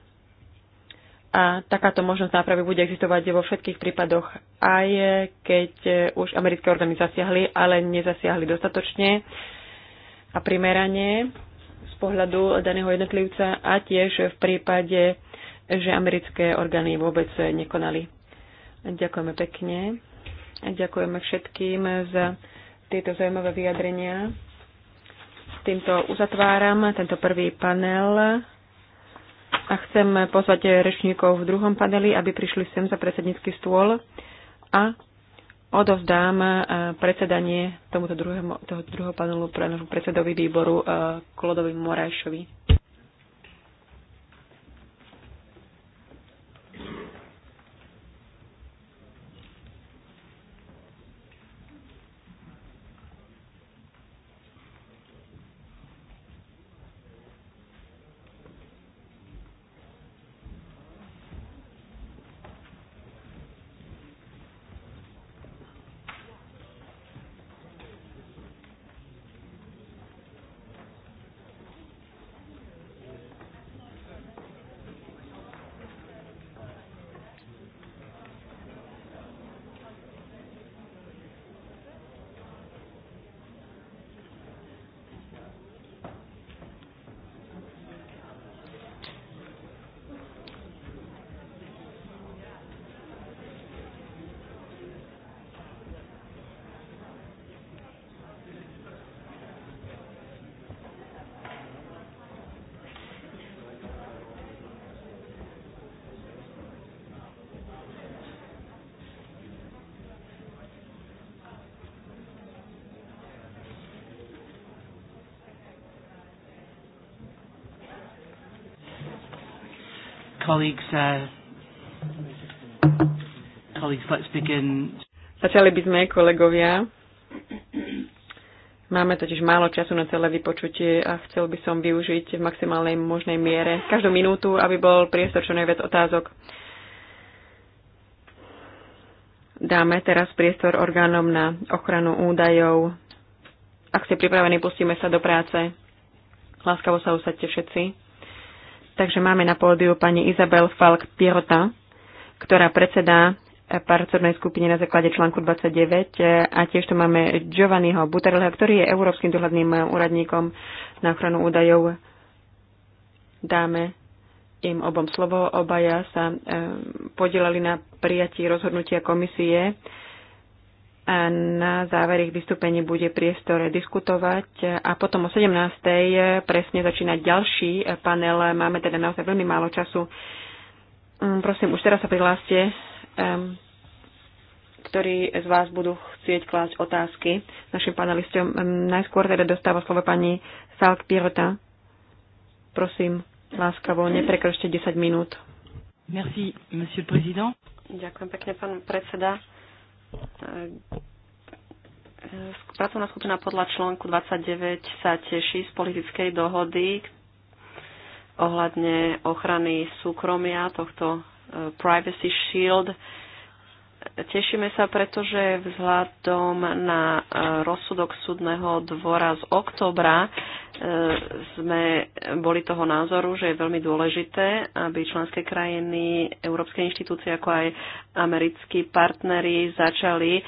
A takáto možnosť nápravy bude existovať vo všetkých prípadoch, aj keď už americké orgány zasiahli, ale nezasiahli dostatočne a primerane z pohľadu daného jednotlivca a tiež v prípade, že americké orgány vôbec nekonali. Ďakujeme pekne. Ďakujeme všetkým za tieto zaujímavé vyjadrenia. Týmto uzatváram tento prvý panel a chcem pozvať rečníkov v druhom paneli, aby prišli sem za predsednícky stôl a odovzdám e, predsedanie tomuto druhému, toho druhého panelu pre predsedovi výboru e, Klodovi Morajšovi. Colleagues, uh, colleagues, let's begin. Začali by sme, kolegovia. Máme totiž málo času na celé vypočutie a chcel by som využiť v maximálnej možnej miere každú minútu, aby bol priestor čo najviac otázok. Dáme teraz priestor orgánom na ochranu údajov. Ak ste pripravení, pustíme sa do práce. Láskavo sa usadte všetci. Takže máme na pódiu pani Izabel Falk pirota ktorá predsedá eh, pracovnej skupine na základe článku 29 eh, a tiež tu máme Giovanniho Buterleho, ktorý je európskym dohľadným eh, úradníkom na ochranu údajov. Dáme im obom slovo. Obaja sa podielali na prijatí rozhodnutia komisie a na záver ich vystúpení bude priestor diskutovať a potom o 17. presne začína ďalší panel. Máme teda naozaj veľmi málo času. Mm, prosím, už teraz sa prihláste, ktorí z vás budú chcieť klásť otázky našim panelistom. Najskôr teda dostáva slovo pani Salk Pirota. Prosím, láskavo, neprekročte 10 minút. Merci, monsieur le président. Ďakujem pekne, pán predseda. E, pracovná skupina podľa článku 29 sa teší z politickej dohody ohľadne ochrany súkromia tohto e, Privacy Shield Tešíme sa, pretože vzhľadom na e, rozsudok súdneho dvora z oktobra e, sme boli toho názoru, že je veľmi dôležité, aby členské krajiny, európske inštitúcie, ako aj americkí partneri začali e,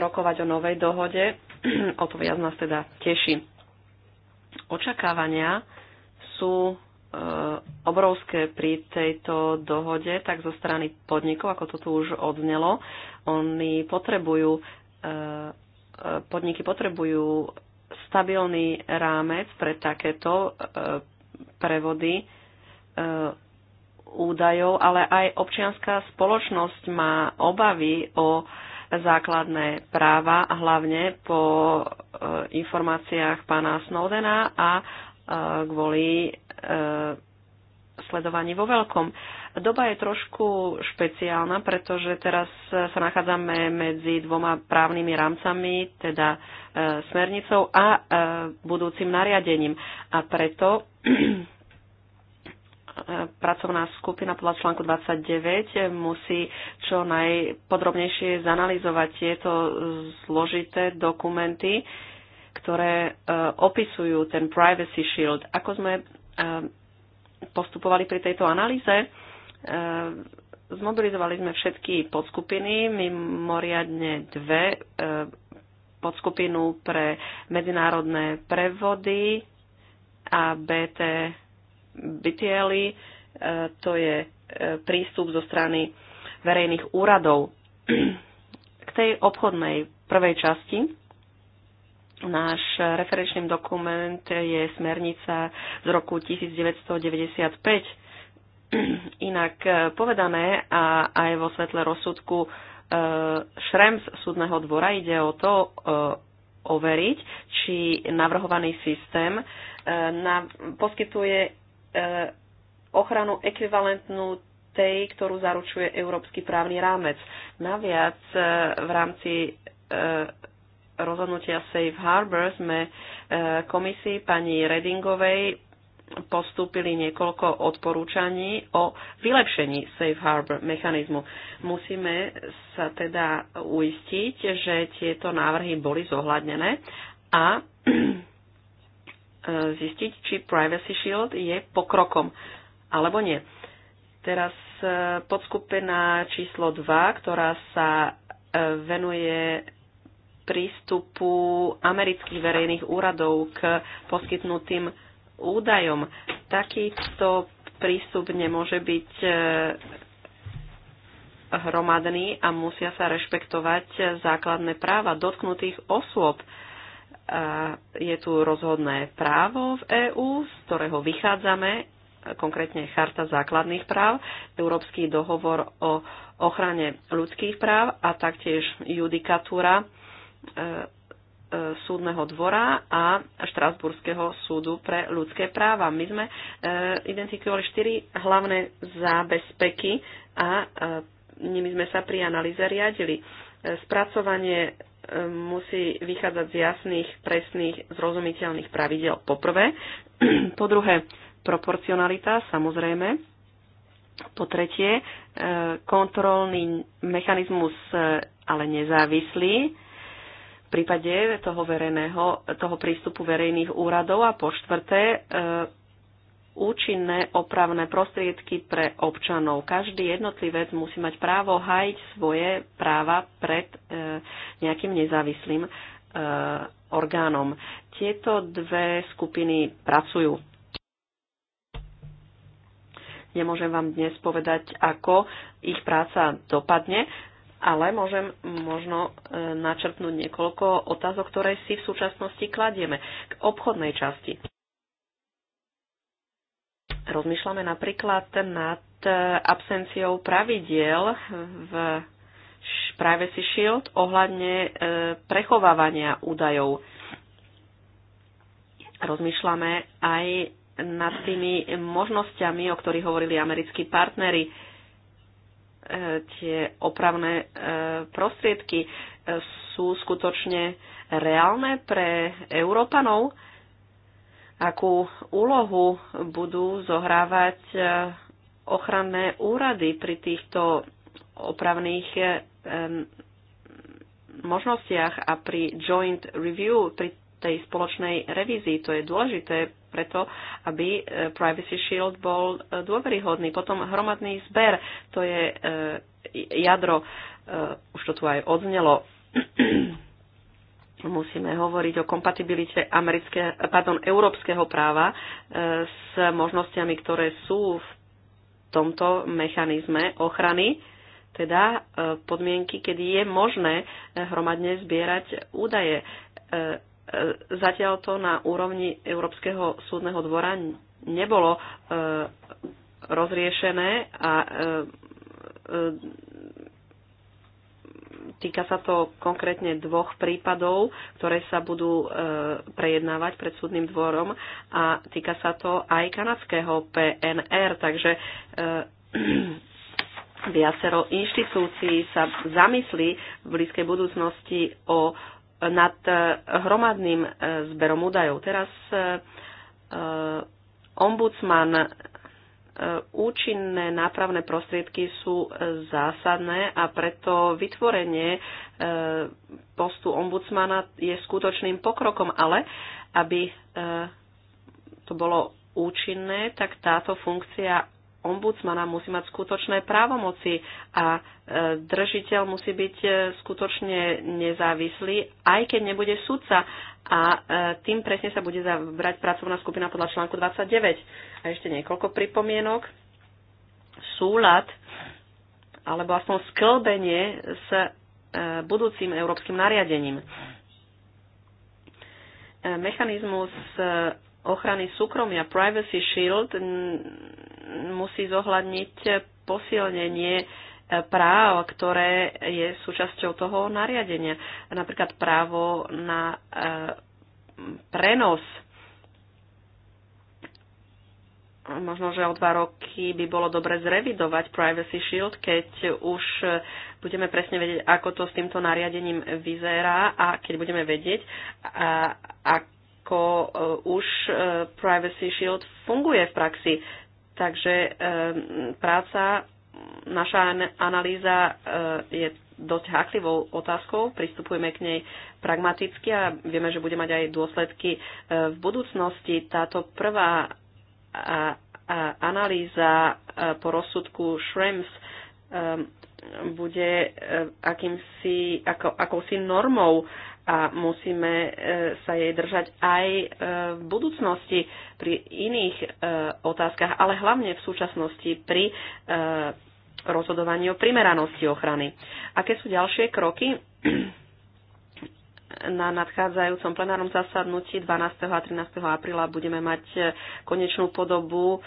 rokovať o novej dohode. O to viac nás teda teší. Očakávania sú Eh, obrovské pri tejto dohode, tak zo strany podnikov, ako to tu už odznelo, oni potrebujú, eh, podniky potrebujú stabilný rámec pre takéto eh, prevody údajov, ale aj občianská spoločnosť má obavy o základné práva, hlavne po informáciách pána Snowdena a kvôli e, sledovaní vo veľkom. Doba je trošku špeciálna, pretože teraz sa nachádzame medzi dvoma právnymi rámcami, teda e, smernicou a e, budúcim nariadením. A preto pracovná skupina podľa článku 29 musí čo najpodrobnejšie zanalizovať tieto zložité dokumenty ktoré e, opisujú ten Privacy Shield. Ako sme e, postupovali pri tejto analýze, e, zmobilizovali sme všetky podskupiny, mimoriadne dve podskupinu pre medzinárodné prevody a BT uh, to je prístup zo strany verejných úradov. K tej obchodnej prvej časti Náš referenčný dokument je smernica z roku 1995. Inak e, povedané a aj vo svetle rozsudku e, Šrems súdneho dvora ide o to e, overiť, či navrhovaný systém poskytuje ochranu ekvivalentnú tej, ktorú zaručuje európsky právny rámec. Naviac v rámci rozhodnutia Safe Harbor sme e, komisii pani Redingovej postúpili niekoľko odporúčaní o vylepšení Safe Harbor mechanizmu. Musíme sa teda uistiť, že tieto návrhy boli zohľadnené a e, zistiť, či Privacy Shield je pokrokom alebo nie. Teraz e, podskupina číslo 2, ktorá sa venuje prístupu amerických verejných úradov k poskytnutým údajom. Takýto prístup nemôže byť e, hromadný a musia sa rešpektovať základné práva dotknutých osôb. Je tu rozhodné právo v EÚ, z ktorého vychádzame, konkrétne Charta základných práv, Európsky dohovor o ochrane ľudských práv a taktiež judikatúra E, e, súdneho dvora a Štrasburského súdu pre ľudské práva. My sme e, identifikovali štyri hlavné zábezpeky a nimi sme sa pri analýze riadili. Spracovanie musí vychádzať z jasných, presných, zrozumiteľných pravidel po prvé. Po druhé, proporcionalita, samozrejme, po tretie, kontrolný mechanizmus ale nezávislý v prípade toho, verejného, toho prístupu verejných úradov a po štvrté e, účinné opravné prostriedky pre občanov. Každý jednotlivec musí mať právo hájiť svoje práva pred e, nejakým nezávislým e, orgánom. Tieto dve skupiny pracujú. Nemôžem vám dnes povedať, ako ich práca dopadne, ale môžem možno e, načrtnúť niekoľko otázok, ktoré si v súčasnosti kladieme k obchodnej časti. Rozmýšľame napríklad nad e, absenciou pravidiel v Privacy Shield ohľadne e, prechovávania údajov. Rozmýšľame aj nad tými možnosťami, o ktorých hovorili americkí partnery, tie opravné e, prostriedky e, sú skutočne reálne pre Európanov? Akú úlohu budú zohrávať e, ochranné úrady pri týchto opravných možnostiach a pri joint review, pri tej spoločnej revízii. To je dôležité preto, aby e, Privacy Shield bol e, dôveryhodný. Potom hromadný zber, to je e, jadro, už to tu aj odznelo. Musíme hovoriť o kompatibilite americké, pardon, európskeho práva s možnosťami, ktoré sú v tomto mechanizme ochrany teda podmienky, kedy je možné hromadne zbierať údaje. E, zatiaľ to na úrovni Európskeho súdneho dvora nebolo e, rozriešené a e, týka sa to konkrétne dvoch prípadov, ktoré sa budú prejednávať pred súdnym dvorom a týka sa to aj kanadského PNR, takže viacero inštitúcií sa zamyslí v blízkej budúcnosti o nad eh, hromadným eh, zberom údajov. Teraz eh, ombudsman účinné nápravné prostriedky sú zásadné a preto vytvorenie postu ombudsmana je skutočným pokrokom, ale aby to bolo účinné, tak táto funkcia ombudsmana musí mať skutočné právomoci a e, držiteľ musí byť e, skutočne nezávislý, aj keď nebude sudca. A e, tým presne sa bude zabrať pracovná skupina podľa článku 29. A ešte niekoľko pripomienok. Súlad alebo aspoň sklbenie s budúcim európskym nariadením. Mechanizmus ochrany súkromia Privacy Shield musí zohľadniť posilnenie práv, ktoré je súčasťou toho nariadenia. Napríklad právo na eh, prenos. Možno, že o dva roky by bolo dobre zrevidovať Privacy Shield, keď už budeme presne vedieť, ako to s týmto nariadením vyzerá a keď budeme vedieť, ako eh, už eh, Privacy Shield funguje v praxi. Takže eh, práca, naša analýza eh, je dosť háklivou otázkou, pristupujeme k nej pragmaticky a vieme, že bude mať aj dôsledky eh, v budúcnosti. Táto prvá analýza po rozsudku Shrems bude akýmsi, ako, akousi normou a musíme e, sa jej držať aj e, v budúcnosti pri iných e, otázkach, ale hlavne v súčasnosti pri rozhodovaní o primeranosti ochrany. Aké sú ďalšie kroky? Na nadchádzajúcom plenárnom zasadnutí 12. a 13. apríla budeme mať konečnú podobu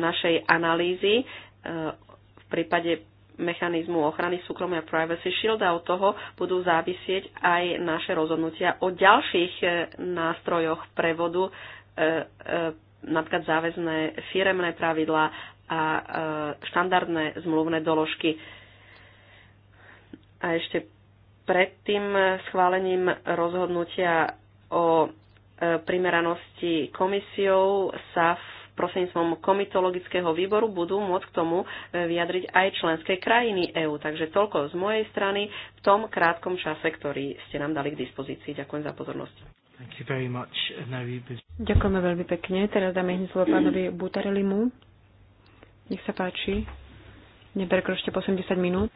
našej analýzy v prípade mechanizmu ochrany súkromia Privacy Shield a od toho budú závisieť aj naše rozhodnutia o ďalších e, nástrojoch prevodu, e, e, napríklad záväzné firemné pravidlá a štandardné zmluvné doložky. A ešte pred tým schválením rozhodnutia o primeranosti komisiou sa v prosenstvom komitologického výboru budú môcť k tomu e, vyjadriť aj členské krajiny EÚ. Takže toľko z mojej strany v tom krátkom čase, ktorý ste nám dali k dispozícii. Ďakujem za pozornosť. Uh, Ďakujeme veľmi pekne. Teraz dáme hneď slovo pánovi Butarelimu. Nech sa páči. Neprekročte po 80 minút.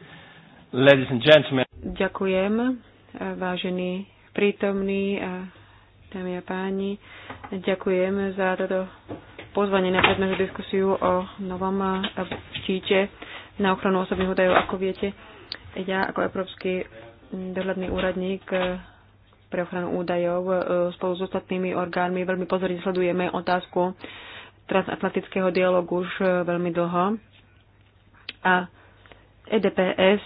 Ladies and gentlemen. Ďakujem, e, vážení prítomní a e, dámy a páni. Ďakujem za toto pozvanie na predmetu diskusiu o novom eh, štíte na ochranu osobných údajov. Ako viete, ja ako európsky mm, dohľadný úradník eh, pre ochranu údajov eh, spolu s ostatnými orgánmi veľmi pozorne sledujeme otázku transatlantického dialogu už veľmi dlho. A EDPS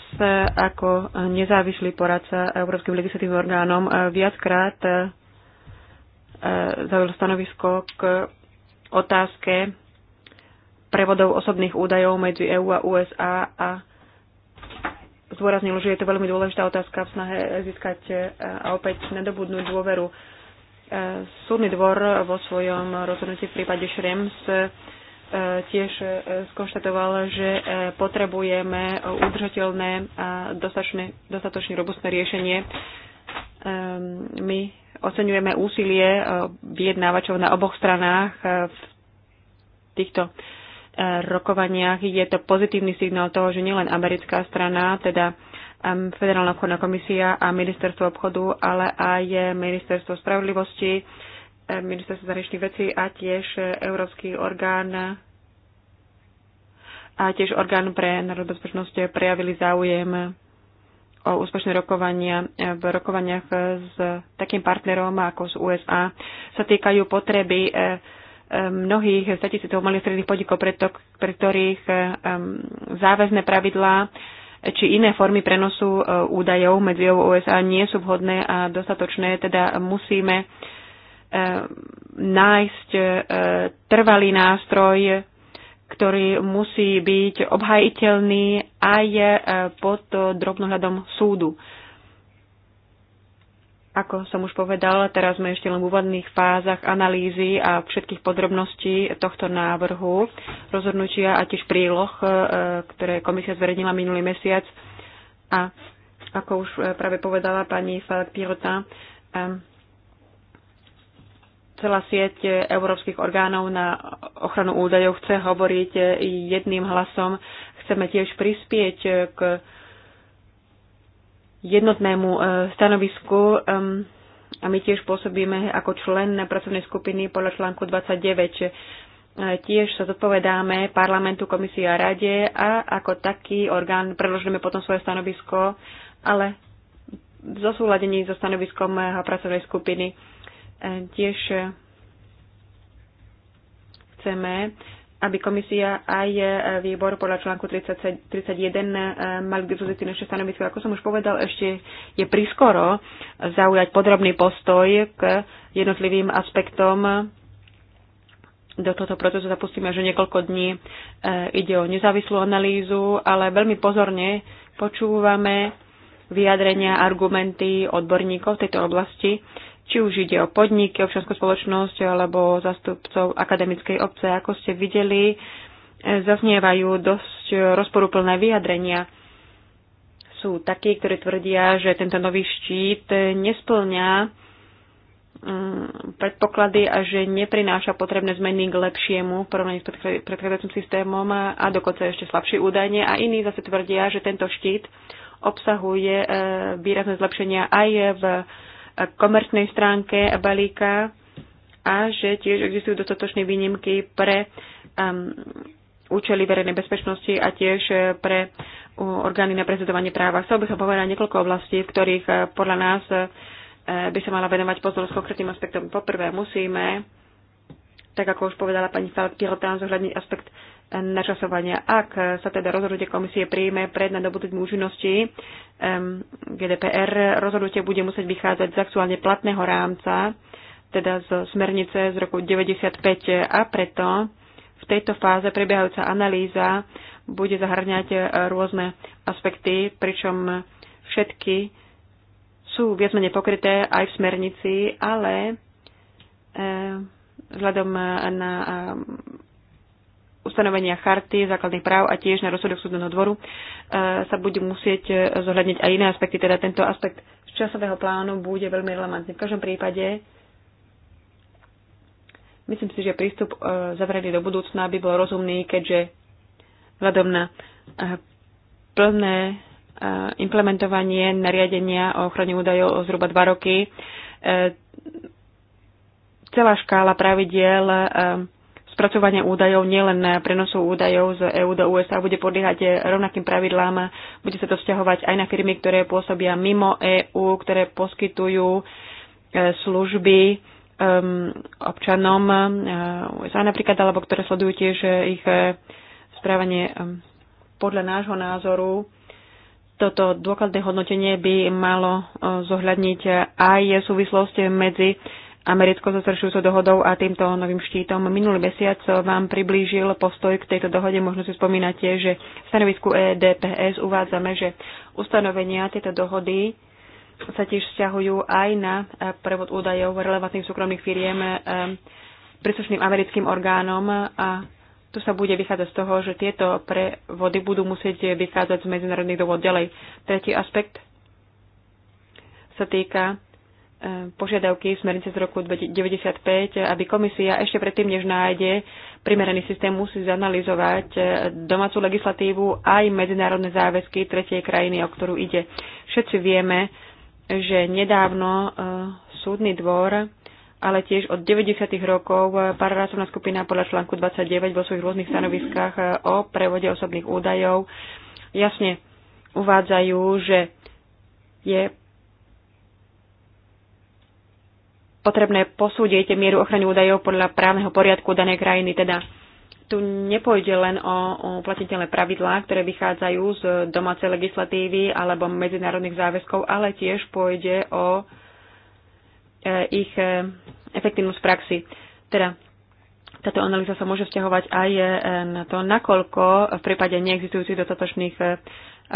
ako nezávislý poradca Európskym legislatívnym orgánom viackrát zaujal stanovisko k otázke prevodov osobných údajov medzi EÚ a USA a zdôraznil, že je to veľmi dôležitá otázka v snahe získať e, a opäť nadobudnúť dôveru. E, súdny dvor vo svojom rozhodnutí v prípade Šrems e, tiež skonštatoval, že potrebujeme udržateľné a dostatočne robustné riešenie. My Oceňujeme úsilie e, vyjednávačov na oboch stranách e, v týchto e, rokovaniach. Je to pozitívny signál toho, že nielen americká strana, teda Federálna obchodná komisia a ministerstvo obchodu, ale aj ministerstvo spravodlivosti, ministerstvo zahraničných vecí a tiež európsky orgán a tiež orgán pre národnú bezpečnosť prejavili záujem o úspešné rokovania e, v rokovaniach s takým partnerom ako z USA sa týkajú potreby e, e, mnohých statisícov malých stredných podnikov, preto, pre ktorých záväzne pravidlá či iné formy prenosu údajov medzi USA nie sú vhodné a dostatočné, teda musíme nájsť trvalý nástroj ktorý musí byť obhajiteľný aj e, pod drobnohľadom súdu. Ako som už povedal, teraz sme ešte len v úvodných fázach analýzy a všetkých podrobností tohto návrhu, rozhodnutia a tiež príloh, e, ktoré komisia zverejnila minulý mesiac. A ako už e, práve povedala pani Falk Pirota celá sieť európskych orgánov na ochranu údajov chce hovoriť jedným hlasom. Chceme tiež prispieť k jednotnému e, stanovisku a my tiež pôsobíme ako člen pracovnej skupiny podľa článku 29. E, tiež sa zodpovedáme parlamentu, komisii a rade a ako taký orgán predložíme potom svoje stanovisko, ale v zosúladení so stanoviskom e, pracovnej skupiny Tiež chceme, aby komisia aj výbor podľa článku 30, 31 mal k dispozícii naše stanovisko. Ako som už povedal, ešte je priskoro zaujať podrobný postoj k jednotlivým aspektom. Do tohto procesu zapustíme že niekoľko dní. Eh, ide o nezávislú analýzu, ale veľmi pozorne počúvame vyjadrenia, argumenty odborníkov v tejto oblasti či už ide o podniky, občianskú spoločnosť alebo zastupcov akademickej obce. Ako ste videli, e, zaznievajú dosť rozporúplné vyjadrenia. Sú takí, ktorí tvrdia, že tento nový štít nesplňa e, predpoklady a že neprináša potrebné zmeny k lepšiemu v porovnaní s predchádzajúcim systémom a dokonca ešte slabšie údajne. A iní zase tvrdia, že tento štít obsahuje e, výrazné zlepšenia aj v komerčnej stránke balíka a že tiež existujú dostatočné výnimky pre um, účely verejnej bezpečnosti a tiež eh, pre orgány na prezentovanie práva. Chcel by som povedať niekoľko oblastí, v ktorých eh, podľa nás eh, by sa mala venovať pozornosť konkrétnym aspektom. Poprvé musíme, tak ako už povedala pani Pilotán, zohľadniť aspekt načasovania. Ak sa teda rozhodnutie komisie príjme pred nadobudnutím účinnosti GDPR, rozhodnutie bude musieť vychádzať z aktuálne platného rámca, teda z smernice z roku 95 a preto v tejto fáze prebiehajúca analýza bude zahrňať e, rôzne aspekty, pričom všetky sú viac menej pokryté aj v smernici, ale e, vzhľadom na ustanovenia charty základných práv a tiež na rozsudok súdneho dvoru e, sa bude musieť e, zohľadniť aj iné aspekty. Teda tento aspekt z časového plánu bude veľmi relevantný. V každom prípade myslím si, že prístup e, zavrený do budúcna by bol rozumný, keďže vzhľadom na plné implementovanie nariadenia o ochrane údajov o zhruba dva roky celá škála pravidiel spracovania údajov, nielen prenosu údajov z EÚ do USA, bude podliehať rovnakým pravidlám. Bude sa to vzťahovať aj na firmy, ktoré pôsobia mimo EÚ, ktoré poskytujú e, služby občanom e, USA napríklad, alebo ktoré sledujú tiež e, ich správanie podľa nášho názoru. Toto dôkladné hodnotenie by malo zohľadniť aj súvislosti medzi Americko so zrušujúcou dohodou a týmto novým štítom. Minulý mesiac vám priblížil postoj k tejto dohode. Možno si spomínate, že v stanovisku EDPS uvádzame, že ustanovenia tejto dohody sa tiež vzťahujú aj na prevod údajov relevantných súkromných firiem ehm, príslušným americkým orgánom a tu sa bude vychádzať z toho, že tieto prevody budú musieť vychádzať z medzinárodných dôvod ďalej. Tretí aspekt sa týka požiadavky v smernice z roku 1995, aby komisia ešte predtým, než nájde primeraný systém, musí zanalizovať e, domácu legislatívu aj medzinárodné záväzky tretej krajiny, o ktorú ide. Všetci vieme, že nedávno e, súdny dvor, ale tiež od 90. rokov e, pararácovná skupina podľa článku 29 vo svojich rôznych stanoviskách o prevode osobných údajov jasne uvádzajú, že je potrebné posúdiť mieru ochrany údajov podľa právneho poriadku danej krajiny. Teda tu nepôjde len o platiteľné pravidlá, ktoré vychádzajú z domácej legislatívy alebo medzinárodných záväzkov, ale tiež pôjde o e, ich e, efektívnosť praxi. Teda táto analýza sa môže vzťahovať aj e, na to, nakoľko v prípade neexistujúcich dostatočných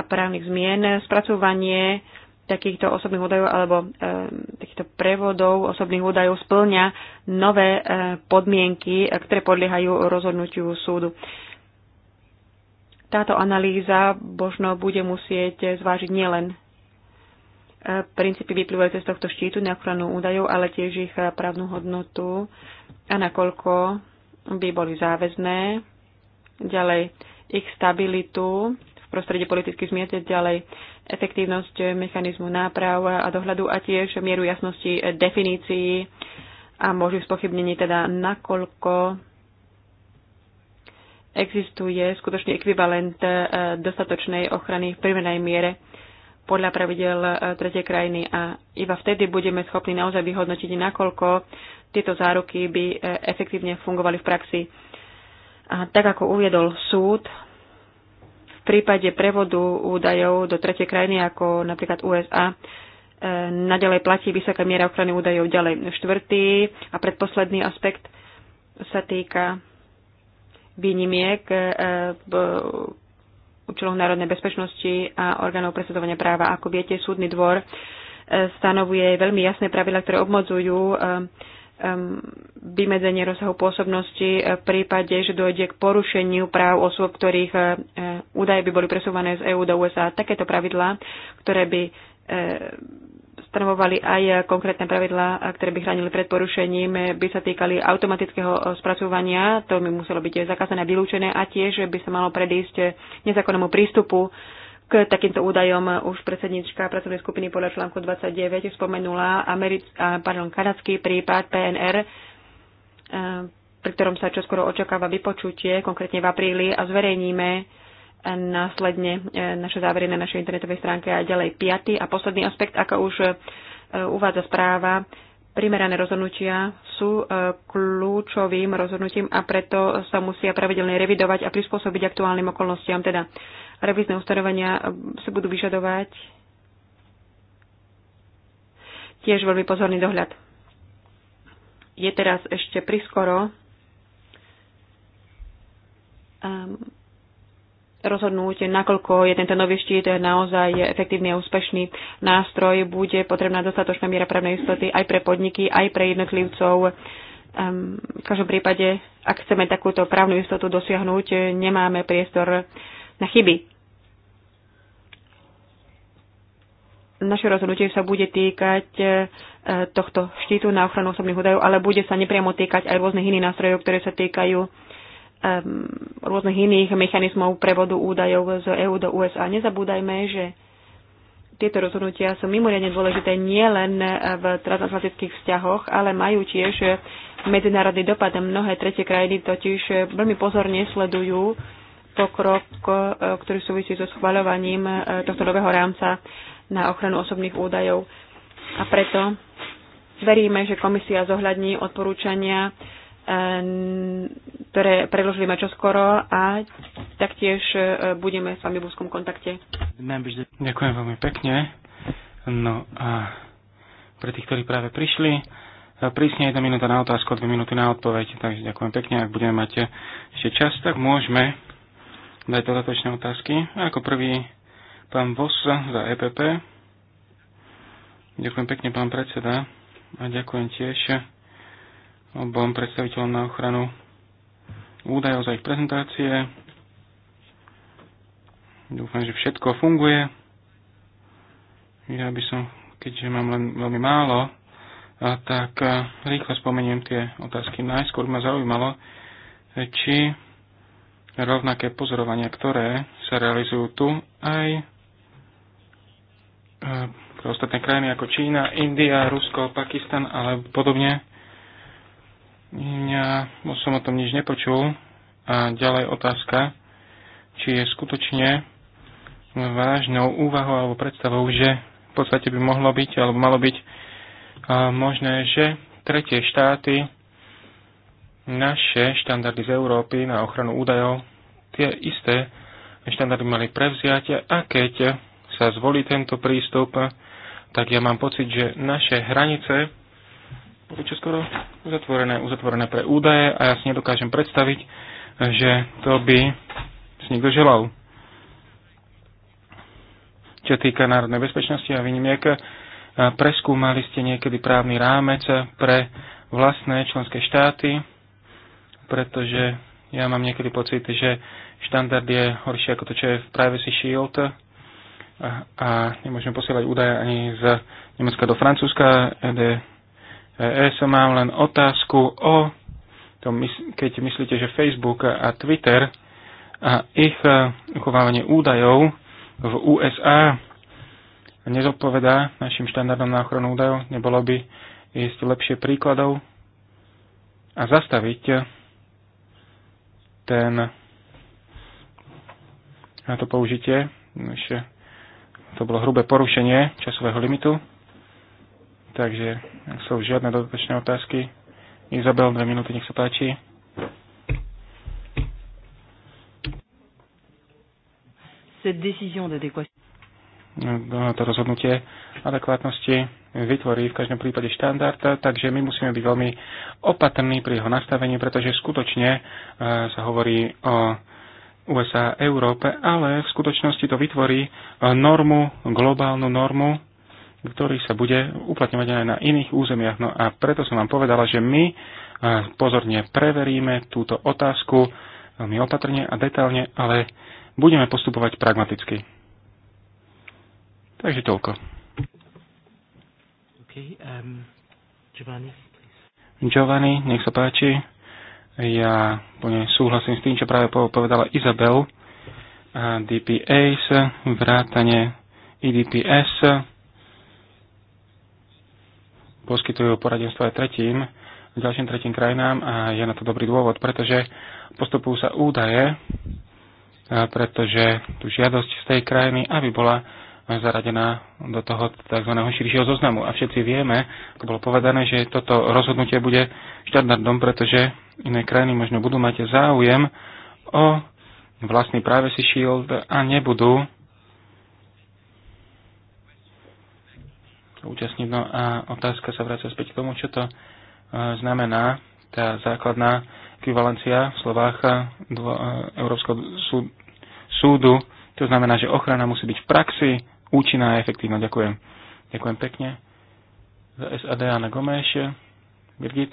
právnych zmien spracovanie takýchto osobných údajov alebo e, takýchto prevodov osobných údajov splňa nové e, podmienky, e, ktoré podliehajú rozhodnutiu súdu. Táto analýza možno bude musieť zvážiť nielen e, princípy vyplývajúce z tohto štítu na ochranu údajov, ale tiež ich e, právnu hodnotu a nakoľko by boli záväzné, ďalej ich stabilitu prostredie politických zmietať ďalej efektívnosť mechanizmu náprav a dohľadu a tiež mieru jasnosti definícií a môžu spochybnení teda nakoľko existuje skutočný ekvivalent e, dostatočnej ochrany v primernej miere podľa pravidel e, tretej krajiny a iba vtedy budeme schopní naozaj vyhodnotiť, nakoľko tieto záruky by e, efektívne fungovali v praxi. A tak ako uviedol súd, prípade prevodu údajov do tretej krajiny, ako napríklad USA, e, naďalej platí vysoká miera ochrany údajov ďalej. Štvrtý a predposledný aspekt sa týka výnimiek e, v účeloch národnej bezpečnosti a orgánov presadzovania práva. Ako viete, súdny dvor e, stanovuje veľmi jasné pravidla, ktoré obmodzujú vymedzenie rozsahu pôsobnosti e, v prípade, že dojde k porušeniu práv osôb, ktorých e, e, údaje by boli presúvané z EÚ do USA. Takéto pravidlá, ktoré by stanovovali aj konkrétne pravidlá, ktoré by chránili pred porušením, by sa týkali automatického spracovania, to by muselo byť zakázané, vylúčené a tiež by sa malo predísť nezákonnému prístupu k takýmto údajom už predsednička pracovnej skupiny podľa článku 29 spomenula Americ- pardon, kanadský prípad PNR, e, pri ktorom sa čoskoro očakáva vypočutie, konkrétne v apríli, a zverejníme následne e, naše závery na našej internetovej stránke a ďalej piaty. A posledný aspekt, ako už e, uvádza správa, primerané rozhodnutia sú kľúčovým rozhodnutím a preto sa musia pravidelne revidovať a prispôsobiť aktuálnym okolnostiam. Teda revizné ustanovenia eh, si budú vyžadovať tiež veľmi pozorný dohľad. Je teraz ešte priskoro um, rozhodnúť, nakoľko je tento nový štít naozaj efektívny a úspešný nástroj. Bude potrebná dostatočná miera právnej istoty aj pre podniky, aj pre jednotlivcov. Um, v každom prípade, ak chceme takúto právnu istotu dosiahnuť, nemáme priestor na chyby. naše rozhodnutie sa bude týkať e, tohto štítu na ochranu osobných údajov, ale bude sa nepriamo týkať aj rôznych iných nástrojov, ktoré sa týkajú rôznych iných mechanizmov prevodu údajov z EÚ do USA. Nezabúdajme, že tieto rozhodnutia sú mimoriadne dôležité nielen v transatlantických vzťahoch, ale majú tiež medzinárodný dopad. Mnohé tretie krajiny totiž veľmi pozorne sledujú pokrok, e, ktorý súvisí so schvaľovaním e, tohto nového rámca na ochranu osobných údajov. A preto veríme, že komisia zohľadní odporúčania, eh, ktoré predložíme čoskoro a taktiež eh, budeme s vami v úzkom kontakte. Ďakujem veľmi pekne. No a pre tých, ktorí práve prišli, eh, prísne jedna minúta na otázku, dve minúty na odpoveď. Takže ďakujem pekne. Ak budeme mať ešte čas, tak môžeme dať dodatočné otázky. A ako prvý Pán Vos za EPP. Ďakujem pekne, pán predseda. A ďakujem tiež obom predstaviteľom na ochranu údajov za ich prezentácie. Dúfam, že všetko funguje. Ja by som, keďže mám len veľmi málo, a tak rýchlo spomeniem tie otázky. Najskôr ma zaujímalo, či rovnaké pozorovania, ktoré sa realizujú tu, aj pre ostatné krajiny ako Čína, India, Rusko, Pakistan ale podobne. Ja no, som o tom nič nepočul. A ďalej otázka, či je skutočne vážnou úvahou alebo predstavou, že v podstate by mohlo byť alebo malo byť e, možné, že tretie štáty naše štandardy z Európy na ochranu údajov tie isté štandardy mali prevziať a keď sa zvolí tento prístup, tak ja mám pocit, že naše hranice budú skoro uzatvorené, uzatvorené pre údaje a ja si nedokážem predstaviť, že to by si nikto želal. Čo týka národnej bezpečnosti a výnimiek, eh, preskúmali ste niekedy právny rámec pre vlastné členské štáty, pretože ja mám niekedy pocit, že štandard je horší ako to, čo je v Privacy Shield a nemôžeme posielať údaje ani z Nemecka do Francúzska. E e som mám len otázku o tom, keď myslíte, že Facebook a Twitter a ich e, uchovávanie údajov v USA nezodpovedá našim štandardom na ochranu údajov, nebolo by ísť lepšie príkladov a zastaviť ten na to použitie to bolo hrubé porušenie časového limitu. Takže, ak sú žiadne dodatočné otázky, Izabel, dve minúty, nech sa páči. No, to rozhodnutie adekvátnosti vytvorí v každom prípade štandard, takže my musíme byť veľmi opatrní pri jeho nastavení, pretože skutočne eh, sa hovorí o USA Európe, ale v skutočnosti to vytvorí eh, normu, globálnu normu, ktorý sa bude uplatňovať aj na iných územiach. No a preto som vám povedala, že my eh, pozorne preveríme túto otázku veľmi eh, opatrne a detailne, ale budeme postupovať pragmaticky. Takže toľko. Okay, um, Giovanni, Giovanni, nech sa páči. Ja plne súhlasím s tým, čo práve povedala Izabel. DPAs, vrátane IDPS e poskytujú poradenstvo aj tretím, ďalším tretím krajinám a je na to dobrý dôvod, pretože postupujú sa údaje, pretože tu žiadosť z tej krajiny, aby bola zaradená do toho tzv. širšieho zoznamu. A všetci vieme, ako bolo povedané, že toto rozhodnutie bude štandardom, pretože iné krajiny možno budú mať záujem o vlastný privacy shield a nebudú účastniť. No a otázka sa vráca späť k tomu, čo to e, znamená tá základná ekvivalencia v slovách e, dvo, e, Európskeho súd, súdu. To znamená, že ochrana musí byť v praxi účinná a efektívna. Ďakujem. Ďakujem pekne. Za SAD Anna Gomeš, Birgit.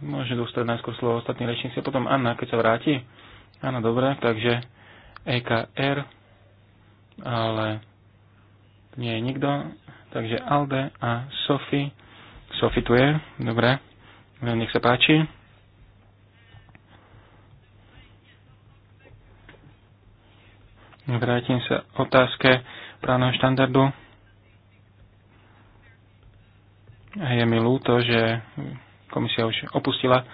Môže dostať najskôr slovo ostatní rečníci a potom Anna, keď sa vráti. Áno, dobre, takže EKR, ale nie je nikto. Takže Alde a Sofi. Sofi tu je, dobre. Nech sa páči. Vrátim sa otázke právneho štandardu. A je mi ľúto, že komisia už opustila e,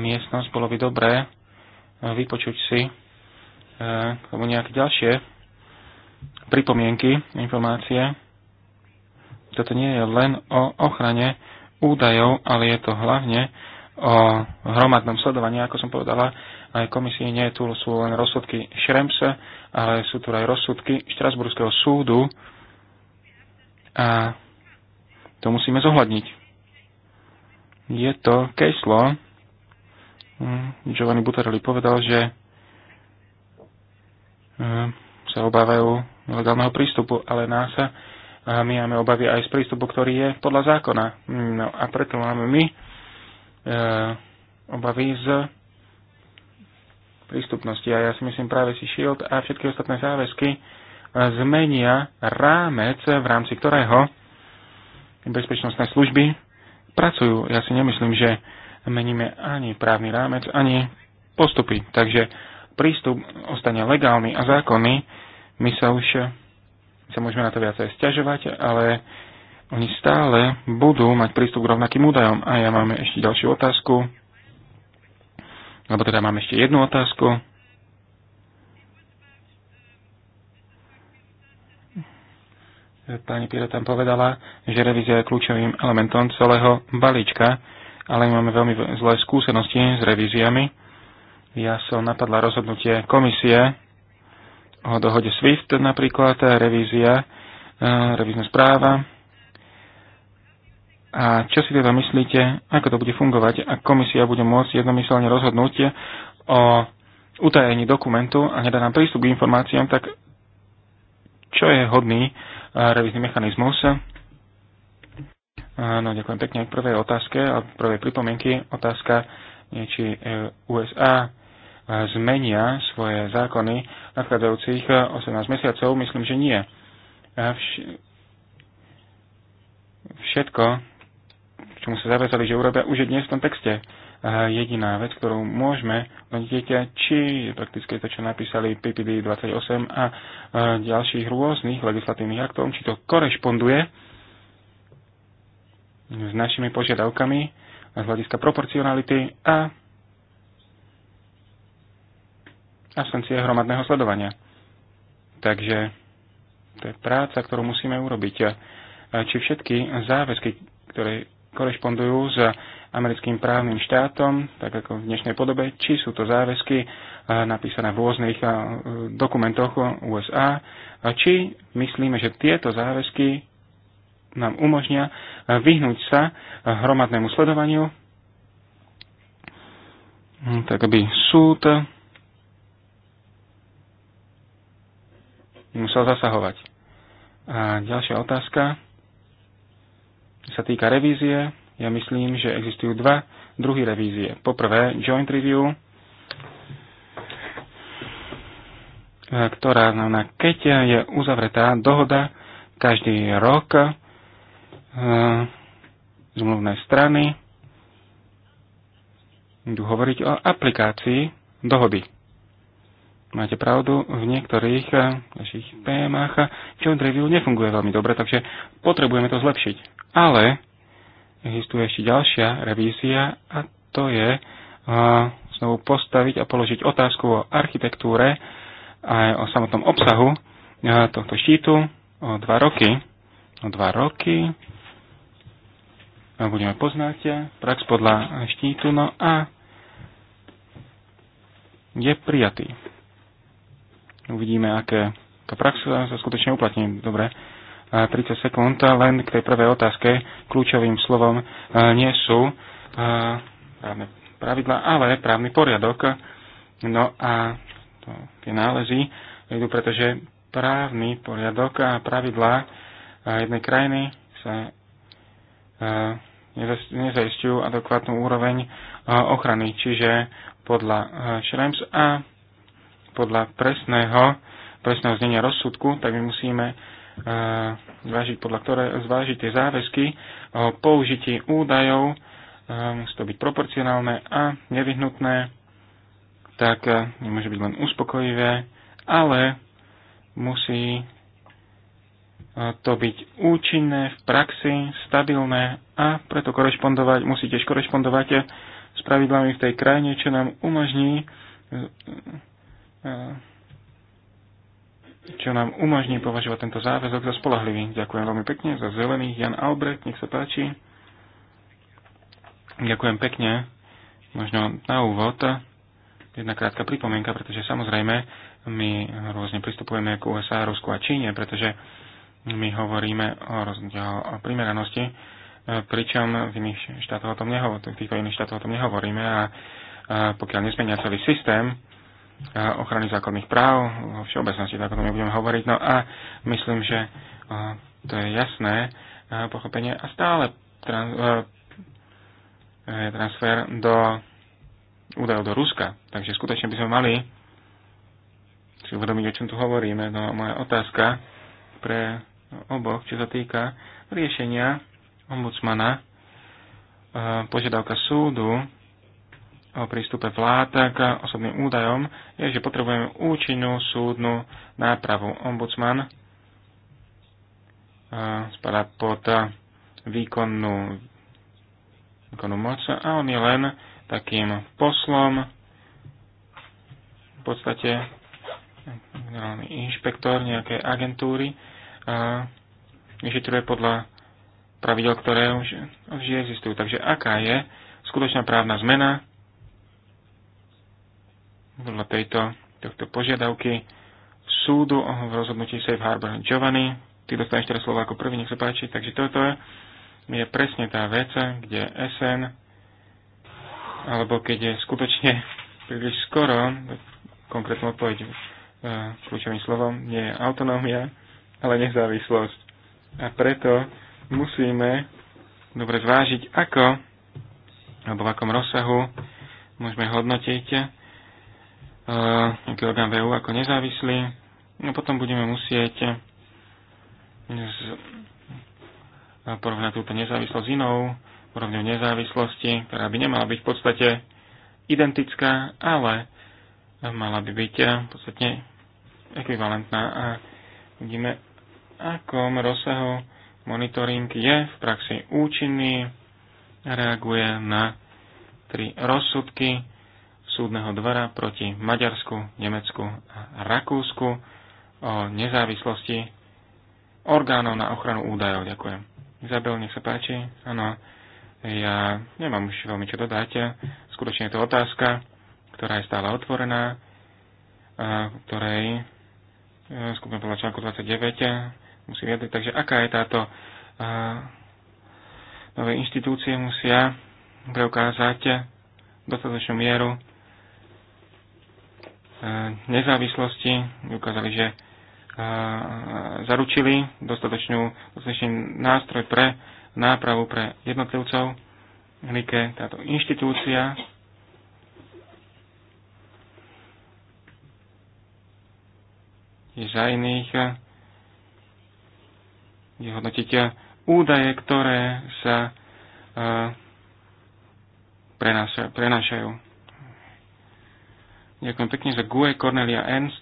miestnosť, bolo by dobré e, vypočuť si e, k nejaké ďalšie pripomienky, informácie. Toto nie je len o ochrane údajov, ale je to hlavne o hromadnom sledovaní, ako som povedala, aj komisie nie tu sú len rozsudky Šremse, ale sú tu aj rozsudky Štrasburského súdu a to musíme zohľadniť je to case law. Giovanni Butarelli povedal, že eh, sa obávajú nelegálneho prístupu, ale nás sa eh, my máme obavy aj z prístupu, ktorý je podľa zákona. No a preto máme my e, obavy z prístupnosti. A ja si myslím práve si Shield a všetky ostatné záväzky zmenia rámec, v rámci ktorého bezpečnostné služby pracujú. Ja si nemyslím, že meníme ani právny rámec, ani postupy. Takže prístup ostane legálny a zákonný. My sa už eh, sa môžeme na to viacej stiažovať, ale oni stále budú mať prístup k rovnakým údajom. A ja mám ešte ďalšiu otázku, alebo teda mám ešte jednu otázku. Pani Piera tam povedala, že revízia je kľúčovým elementom celého balíčka, ale máme veľmi zlé skúsenosti s revíziami. Ja som napadla rozhodnutie komisie o dohode SWIFT napríklad, revízia, e, revízna správa. A čo si teda myslíte, ako to bude fungovať, ak komisia bude môcť jednomyselne rozhodnúť o utajení dokumentu a nedá nám prístup k informáciám, tak čo je hodný revizný mechanizmus. No, ďakujem pekne k prvej otázke a prvej pripomienky. Otázka je, či USA zmenia svoje zákony nadchádzajúcich 18 mesiacov. Myslím, že nie. Všetko, čomu sa zavezali, že urobia, už je dnes v tom texte jediná vec, ktorú môžeme do dieťa, či je prakticky to, čo napísali PPD 28 a ďalších rôznych legislatívnych aktov, či to korešponduje s našimi požiadavkami z hľadiska proporcionality a absencie hromadného sledovania. Takže to je práca, ktorú musíme urobiť. Či všetky záväzky, ktoré korešpondujú s americkým právnym štátom, tak ako v dnešnej podobe, či sú to záväzky eh, napísané v rôznych eh, dokumentoch USA, či myslíme, že tieto záväzky nám umožnia eh, vyhnúť sa hromadnému sledovaniu, hm, tak aby súd musel zasahovať. A ďalšia otázka sa týka revízie ja myslím, že existujú dva druhy revízie. Poprvé, joint review, e, ktorá znamená, keď je uzavretá dohoda každý rok e, z zmluvné strany idú hovoriť o aplikácii dohody. Máte pravdu, v niektorých e, našich témach joint review nefunguje veľmi dobre, takže potrebujeme to zlepšiť. Ale existuje ešte ďalšia revízia a to je znovu postaviť a položiť otázku o architektúre a o samotnom obsahu tohto štítu o dva roky. O dva roky budeme poznať prax podľa štítu, no a je prijatý. Uvidíme, aké tá prax sa skutočne uplatní. Dobre, 30 sekúnd len k tej prvej otázke. Kľúčovým slovom e, nie sú e, právne pravidla, ale právny poriadok. No a to, tie nálezy idú, pretože právny poriadok a pravidlá e, jednej krajiny sa nezajistujú adekvátnu úroveň ochrany. Čiže podľa Schrems a podľa presného, presného znenia rozsudku, tak my musíme E, zvážiť, podľa ktoré zvážiť tie záväzky o použití údajov, e, musí to byť proporcionálne a nevyhnutné, tak e, nemôže byť len uspokojivé, ale musí to byť účinné v praxi, stabilné a preto korešpondovať, musí tiež korešpondovať s pravidlami v tej krajine, čo nám umožní čo nám umožní považovať tento záväzok za spolahlivý. Ďakujem veľmi pekne za zelený Jan Albrecht, nech sa páči. Ďakujem pekne. Možno na úvod jedna krátka pripomienka, pretože samozrejme my rôzne pristupujeme k USA, Rusku a Číne, pretože my hovoríme o, rozdiel o primeranosti, e, pričom v iných štátoch o tom nehovoríme, v týchto iných štátoch o tom nehovoríme a, a pokiaľ nesmenia celý systém, ochrany základných práv, vo všeobecnosti tak o tom nebudem hovoriť. No a myslím, že to je jasné pochopenie a stále trans, transfer do údajov do Ruska. Takže skutočne by sme mali si uvedomiť, o čom tu hovoríme. No moja otázka pre oboch, čo sa týka riešenia ombudsmana, požiadavka súdu o prístupe vlád k osobným údajom je, že potrebujeme účinnú súdnu nápravu. Ombudsman e, spadá pod e, výkonnú, výkonnú moc a on je len takým poslom, v podstate generálny inšpektor nejakej agentúry, e, vyšetruje podľa pravidel, ktoré už, už existujú. Takže aká je skutočná právna zmena podľa tejto, tohto požiadavky súdu v rozhodnutí Safe Harbor. Giovanni, ty dostaneš teraz slovo ako prvý, nech sa páči. Takže toto je, je presne tá vec, kde SN, alebo keď je skutočne príliš skoro, konkrétnu odpoveď e, kľúčovým slovom, nie je autonómia, ale nezávislosť. A preto musíme dobre zvážiť, ako alebo v akom rozsahu môžeme hodnotiť Eh, nejaký orgán VU ako nezávislý, no potom budeme musieť eh, z, eh, porovnať túto nezávislosť s inou úrovňou nezávislosti, ktorá by nemala byť v podstate identická, ale mala by byť v podstate ekvivalentná. A vidíme, akom rozsahu monitoring je v praxi účinný, reaguje na tri rozsudky, súdneho dvora proti Maďarsku, Nemecku a Rakúsku o nezávislosti orgánov na ochranu údajov. Ďakujem. Izabel, nech sa páči. Áno, ja nemám už veľmi čo dodať. Skutočne je to otázka, ktorá je stále otvorená, ktorej e, skupina podľa článku 29 e, musí vyjadriť. Takže aká je táto e, nové inštitúcie musia preukázať dostatočnú mieru E, nezávislosti ukázali, že e, zaručili dostatočnú, dostatočný nástroj pre nápravu pre jednotlivcov. Hlike táto inštitúcia je za iných e, je hodnotiť údaje, ktoré sa prenášajú. Ďakujem pekne za GUE Cornelia Ernst.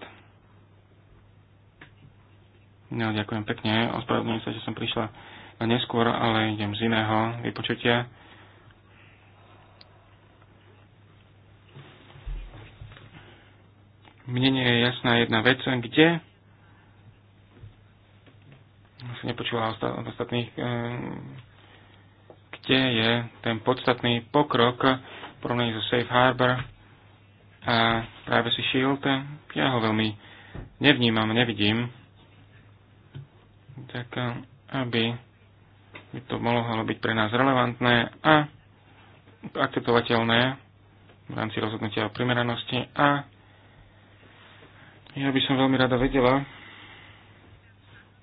No, ďakujem pekne. Ospravedlňujem sa, že som prišla neskôr, ale idem z iného vypočutia. Mne nie je jasná jedna vec, kde som nepočula od ostatných, eh, kde je ten podstatný pokrok v porovnaní so Safe Harbor a práve si Shield, ja ho veľmi nevnímam, nevidím, tak eh, aby by to mohlo byť pre nás relevantné a akceptovateľné v rámci rozhodnutia o primeranosti a ja by som veľmi rada vedela,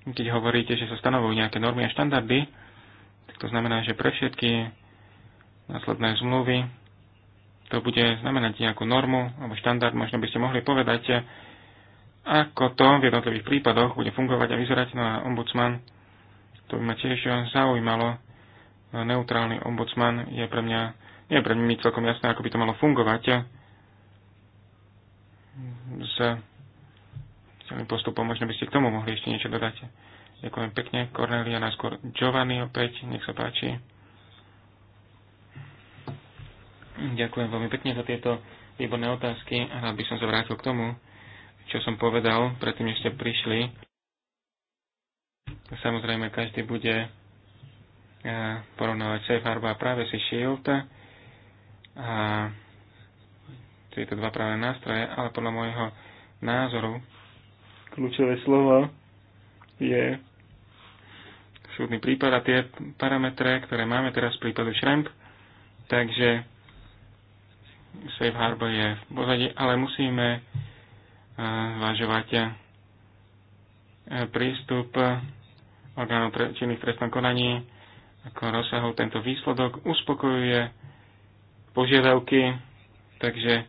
keď hovoríte, že sa stanovujú nejaké normy a štandardy, tak to znamená, že pre všetky následné zmluvy to bude znamenať nejakú normu alebo štandard, možno by ste mohli povedať, ako to v jednotlivých prípadoch bude fungovať a vyzerať. No ombudsman, to by ma tiež zaujímalo, neutrálny ombudsman je pre mňa, nie je pre mňa celkom jasné, ako by to malo fungovať s celým postupom. Možno by ste k tomu mohli ešte niečo dodať. Ďakujem pekne. Cornelia, náskôr Giovanni opäť, nech sa páči. Ďakujem veľmi pekne za tieto výborné otázky. Rád by som sa vrátil k tomu, čo som povedal predtým, než ste prišli. Samozrejme, každý bude e, porovnávať Safe Harbor a práve si Shield a tieto dva práve nástroje, ale podľa môjho názoru kľúčové slovo je súdny prípad a tie parametre, ktoré máme teraz v prípade Shrimp, takže Safe Harbor je v pozadí, ale musíme eh, zvažovať eh, prístup eh, orgánov činných trestnom konaní ako rozsahu tento výsledok uspokojuje požiadavky, takže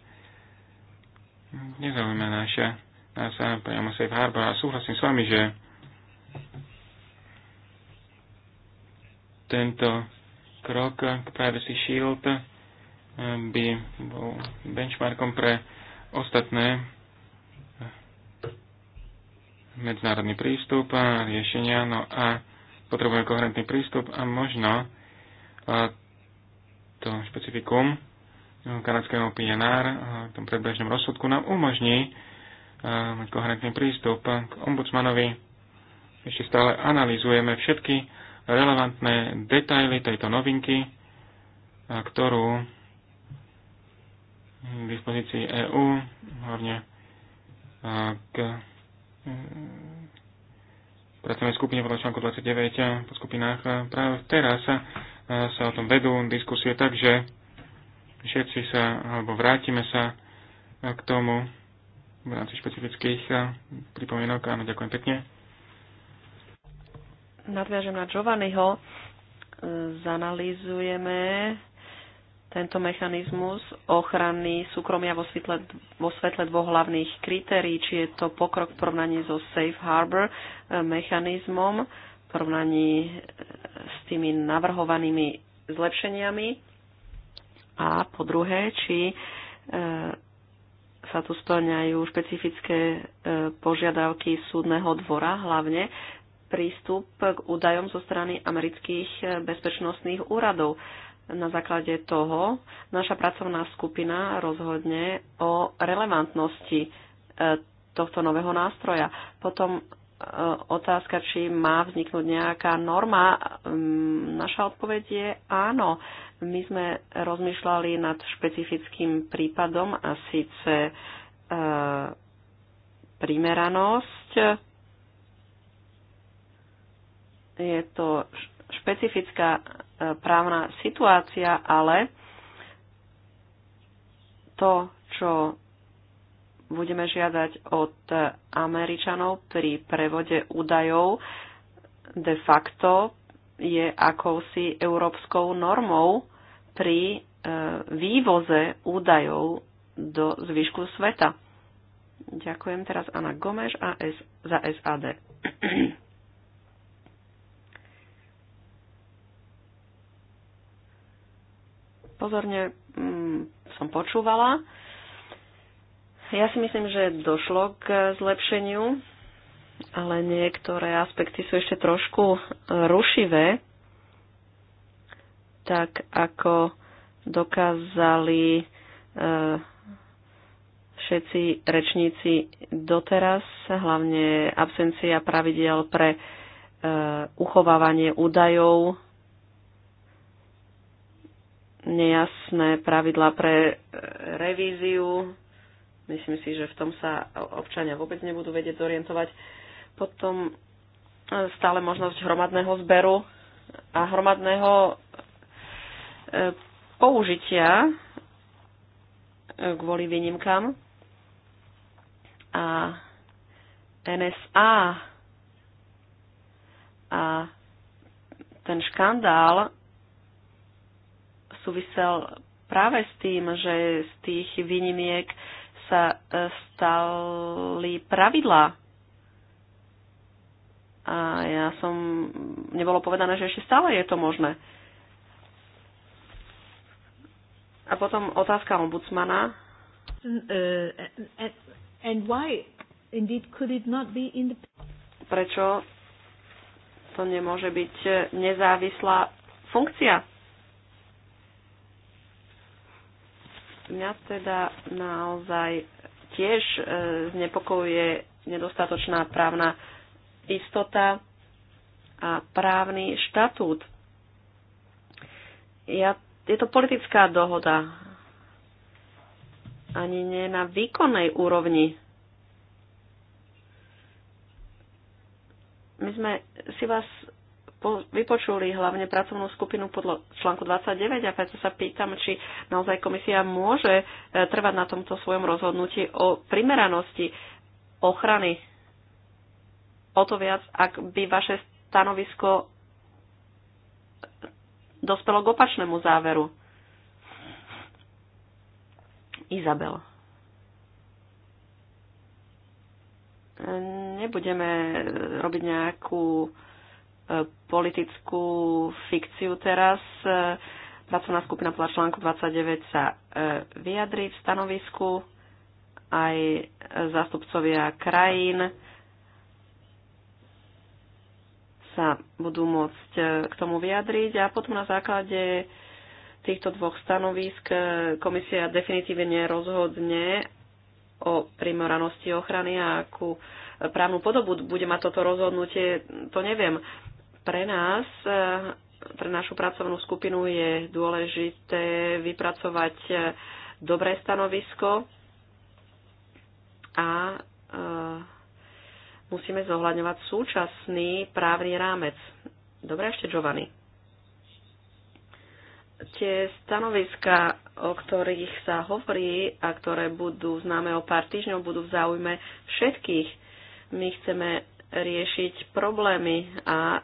nezaujíma naša nás priamo Safe Harbor a súhlasím s vami, že tento krok k Privacy Shield by bol benchmarkom pre ostatné medzinárodný prístup a riešenia, no a potrebujeme koherentný prístup a možno to špecifikum kanadského PNR v tom predbežnom rozsudku nám umožní mať koherentný prístup k ombudsmanovi. Ešte stále analýzujeme všetky relevantné detaily tejto novinky, ktorú k dispozícii EÚ, hlavne k e, pracovnej skupine podľa článku 29 po skupinách. Práve teraz sa, sa o tom vedú diskusie, takže všetci sa, alebo vrátime sa k tomu v rámci špecifických pripomienok. Áno, ďakujem pekne. Nadviažem na Giovanniho. Zanalýzujeme tento mechanizmus ochrany súkromia vo svetle, vo svetle dvoch hlavných kritérií, či je to pokrok v porovnaní so Safe Harbor e, mechanizmom, v porovnaní e, s tými navrhovanými zlepšeniami a po druhé, či e, sa tu splňajú špecifické požiadavky súdneho dvora, hlavne prístup k údajom zo strany amerických bezpečnostných úradov na základe toho naša pracovná skupina rozhodne o relevantnosti e, tohto nového nástroja. Potom e, otázka, či má vzniknúť nejaká norma. Naša odpoveď je áno. My sme rozmýšľali nad špecifickým prípadom a síce e, primeranosť. Je to špecifická právna situácia, ale to, čo budeme žiadať od Američanov pri prevode údajov de facto je akousi európskou normou pri e, vývoze údajov do zvyšku sveta. Ďakujem teraz Ana Gomeš a S- za SAD. Pozorne mm, som počúvala. Ja si myslím, že došlo k zlepšeniu, ale niektoré aspekty sú ešte trošku e, rušivé, tak ako dokázali e, všetci rečníci doteraz, hlavne absencia pravidel pre e, uchovávanie údajov nejasné pravidlá pre revíziu. Myslím si, že v tom sa občania vôbec nebudú vedieť zorientovať. Potom e, stále možnosť hromadného zberu a hromadného e, použitia e, kvôli výnimkám. A NSA a ten škandál súvisel práve s tým, že z tých výnimiek sa e, stali pravidlá. A ja som, nebolo povedané, že ešte stále je to možné. A potom otázka ombudsmana. E, e, Prečo to nemôže byť nezávislá funkcia? Mňa teda naozaj tiež e, znepokojuje nedostatočná právna istota a právny štatút. Ja, je to politická dohoda. Ani nie na výkonnej úrovni. My sme si vás vypočuli hlavne pracovnú skupinu podľa článku 29 a preto sa pýtam, či naozaj komisia môže e, trvať na tomto svojom rozhodnutí o primeranosti ochrany. O to viac, ak by vaše stanovisko dospelo k opačnému záveru. Izabel. Nebudeme robiť nejakú politickú fikciu teraz. Pracovná skupina podľa článku 29 sa e, vyjadri v stanovisku aj zástupcovia krajín sa budú môcť e, k tomu vyjadriť a potom na základe týchto dvoch stanovisk e, komisia definitívne rozhodne o primoranosti ochrany a akú právnu podobu bude mať toto rozhodnutie, to neviem. Pre nás, e, pre našu pracovnú skupinu je dôležité vypracovať e, dobré stanovisko a e, musíme zohľadňovať súčasný právny rámec. Dobre, ešte Giovanni. Tie stanoviska, o ktorých sa hovorí a ktoré budú známe o pár týždňov, budú v záujme všetkých. My chceme riešiť problémy a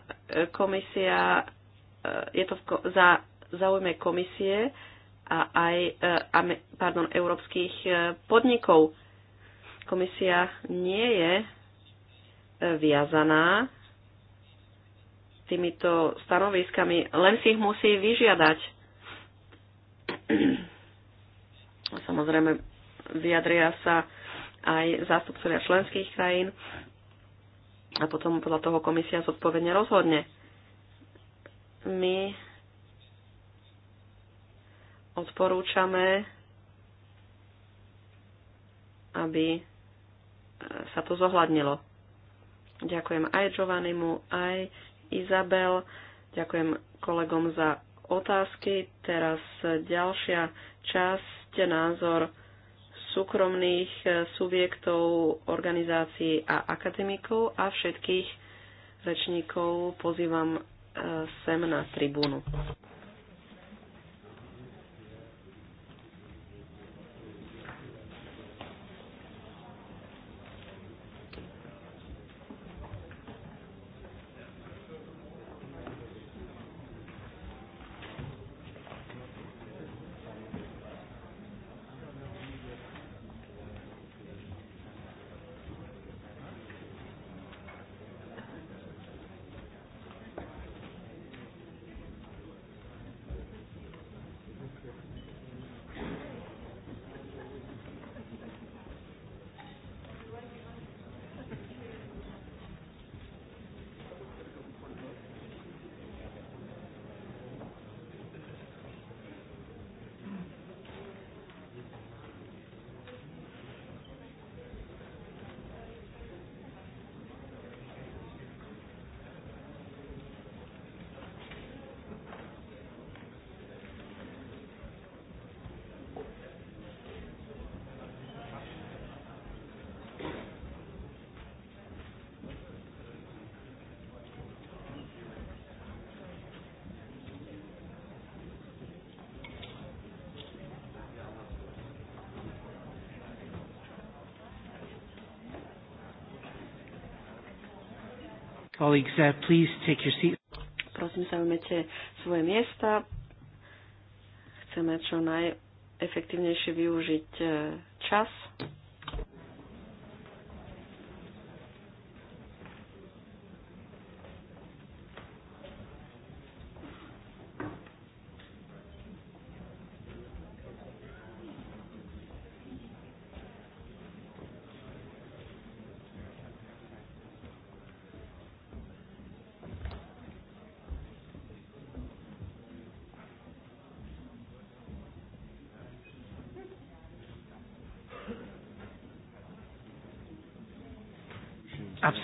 komisia, e, je to za záujme komisie a aj e, pardon, európskych e, podnikov. Komisia nie je viazaná týmito stanoviskami, len si ich musí vyžiadať. Samozrejme, vyjadria sa aj zástupcovia členských krajín a potom podľa toho komisia zodpovedne rozhodne. My odporúčame, aby sa to zohľadnilo. Ďakujem aj Giovannimu, aj Izabel. Ďakujem kolegom za otázky. Teraz ďalšia časť, názor súkromných e, subjektov, organizácií a akademikov a všetkých rečníkov pozývam e, sem na tribúnu. Colleagues, uh, please take your seats. Prosím, zaujmete svoje miesta. Chceme čo najefektívnejšie využiť uh, čas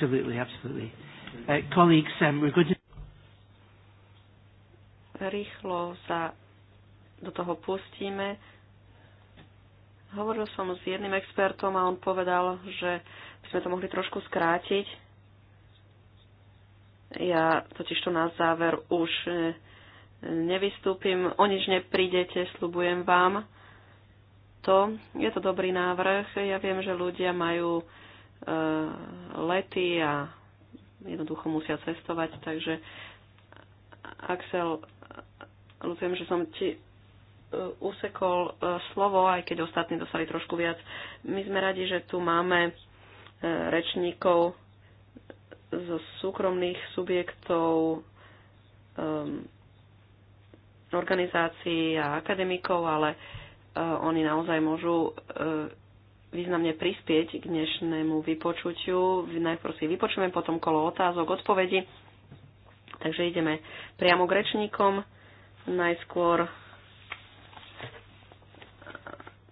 Absolutely, absolutely. Uh, colleagues, um, we're going to... Rýchlo sa do toho pustíme. Hovoril som s jedným expertom a on povedal, že by sme to mohli trošku skrátiť. Ja totiž to na záver už e, nevystúpim, o nič neprídete, slubujem vám to. Je to dobrý návrh. Ja viem, že ľudia majú E, lety a jednoducho musia cestovať, takže Axel, ľutujem, že som ti e, usekol e, slovo, aj keď ostatní dostali trošku viac. My sme radi, že tu máme rečníkov zo súkromných subjektov, organizácií a akademikov, ale oni naozaj môžu významne prispieť k dnešnému vypočutiu. Najprv si vypočujeme potom kolo otázok, odpovedí. Takže ideme priamo k rečníkom. Najskôr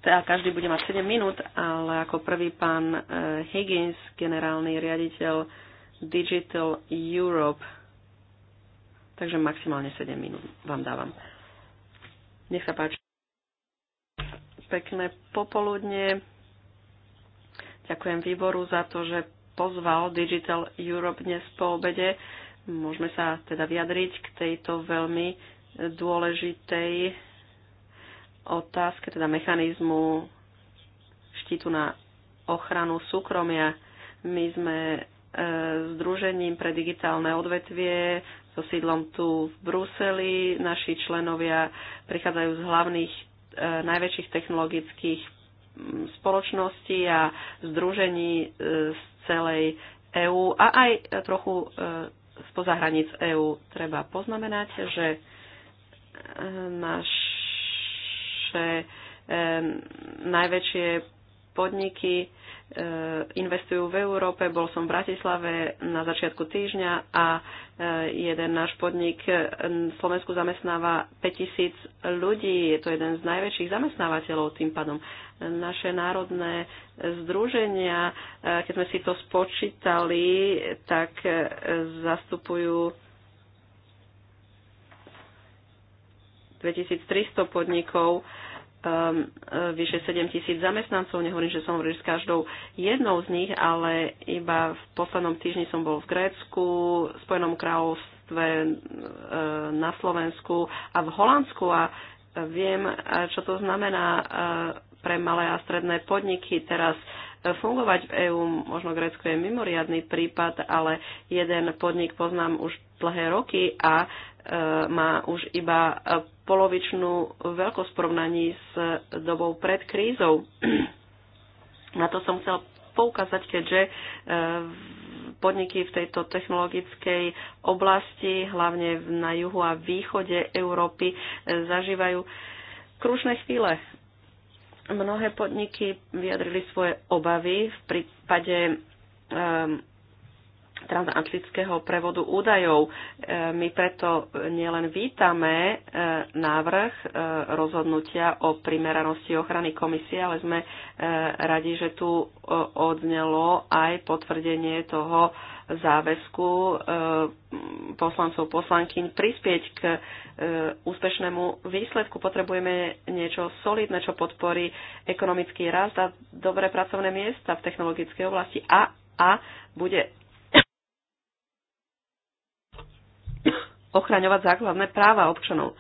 teda každý bude mať 7 minút, ale ako prvý pán eh, Higgins, generálny riaditeľ Digital Europe. Takže maximálne 7 minút vám dávam. Nech sa páči. Pekné popoludne. Ďakujem výboru za to, že pozval Digital Europe dnes po obede. Môžeme sa teda vyjadriť k tejto veľmi dôležitej otázke, teda mechanizmu štítu na ochranu súkromia. My sme e, Združením pre digitálne odvetvie so sídlom tu v Bruseli. Naši členovia prichádzajú z hlavných e, najväčších technologických spoločnosti a združení e, z celej EÚ a aj trochu e, spoza hraníc EÚ. Treba poznamenať, že e, naše najväčšie podniky E, investujú v Európe. Bol som v Bratislave na začiatku týždňa a e, jeden náš podnik v e, Slovensku zamestnáva 5000 ľudí. Je to jeden z najväčších zamestnávateľov tým pádom. Naše národné združenia, keď sme si to spočítali, tak zastupujú 2300 podnikov um, vyše 7 tisíc zamestnancov. Nehovorím, že som hovoril s každou jednou z nich, ale iba v poslednom týždni som bol v Grécku, v Spojenom kráľovstve, e, na Slovensku a v Holandsku a viem, e, čo to znamená pre malé a stredné podniky teraz fungovať v EÚ. Možno Grécko je mimoriadný prípad, ale jeden podnik poznám už dlhé roky a má už iba polovičnú veľkosť v porovnaní s dobou pred krízou. Na to som chcel poukázať, keďže e, podniky v tejto technologickej oblasti, hlavne na juhu a východe Európy, e, zažívajú krušné chvíle. Mnohé podniky vyjadrili svoje obavy v prípade um, transatlantického prevodu údajov. E, my preto nielen vítame e, návrh e, rozhodnutia o primeranosti ochrany komisie, ale sme radi, že tu odznelo aj potvrdenie toho záväzku poslancov poslankyň prispieť k úspešnému výsledku. Potrebujeme niečo solidné, čo podporí ekonomický rast a dobré pracovné miesta v technologickej oblasti a a bude ochraňovať základné práva občanov.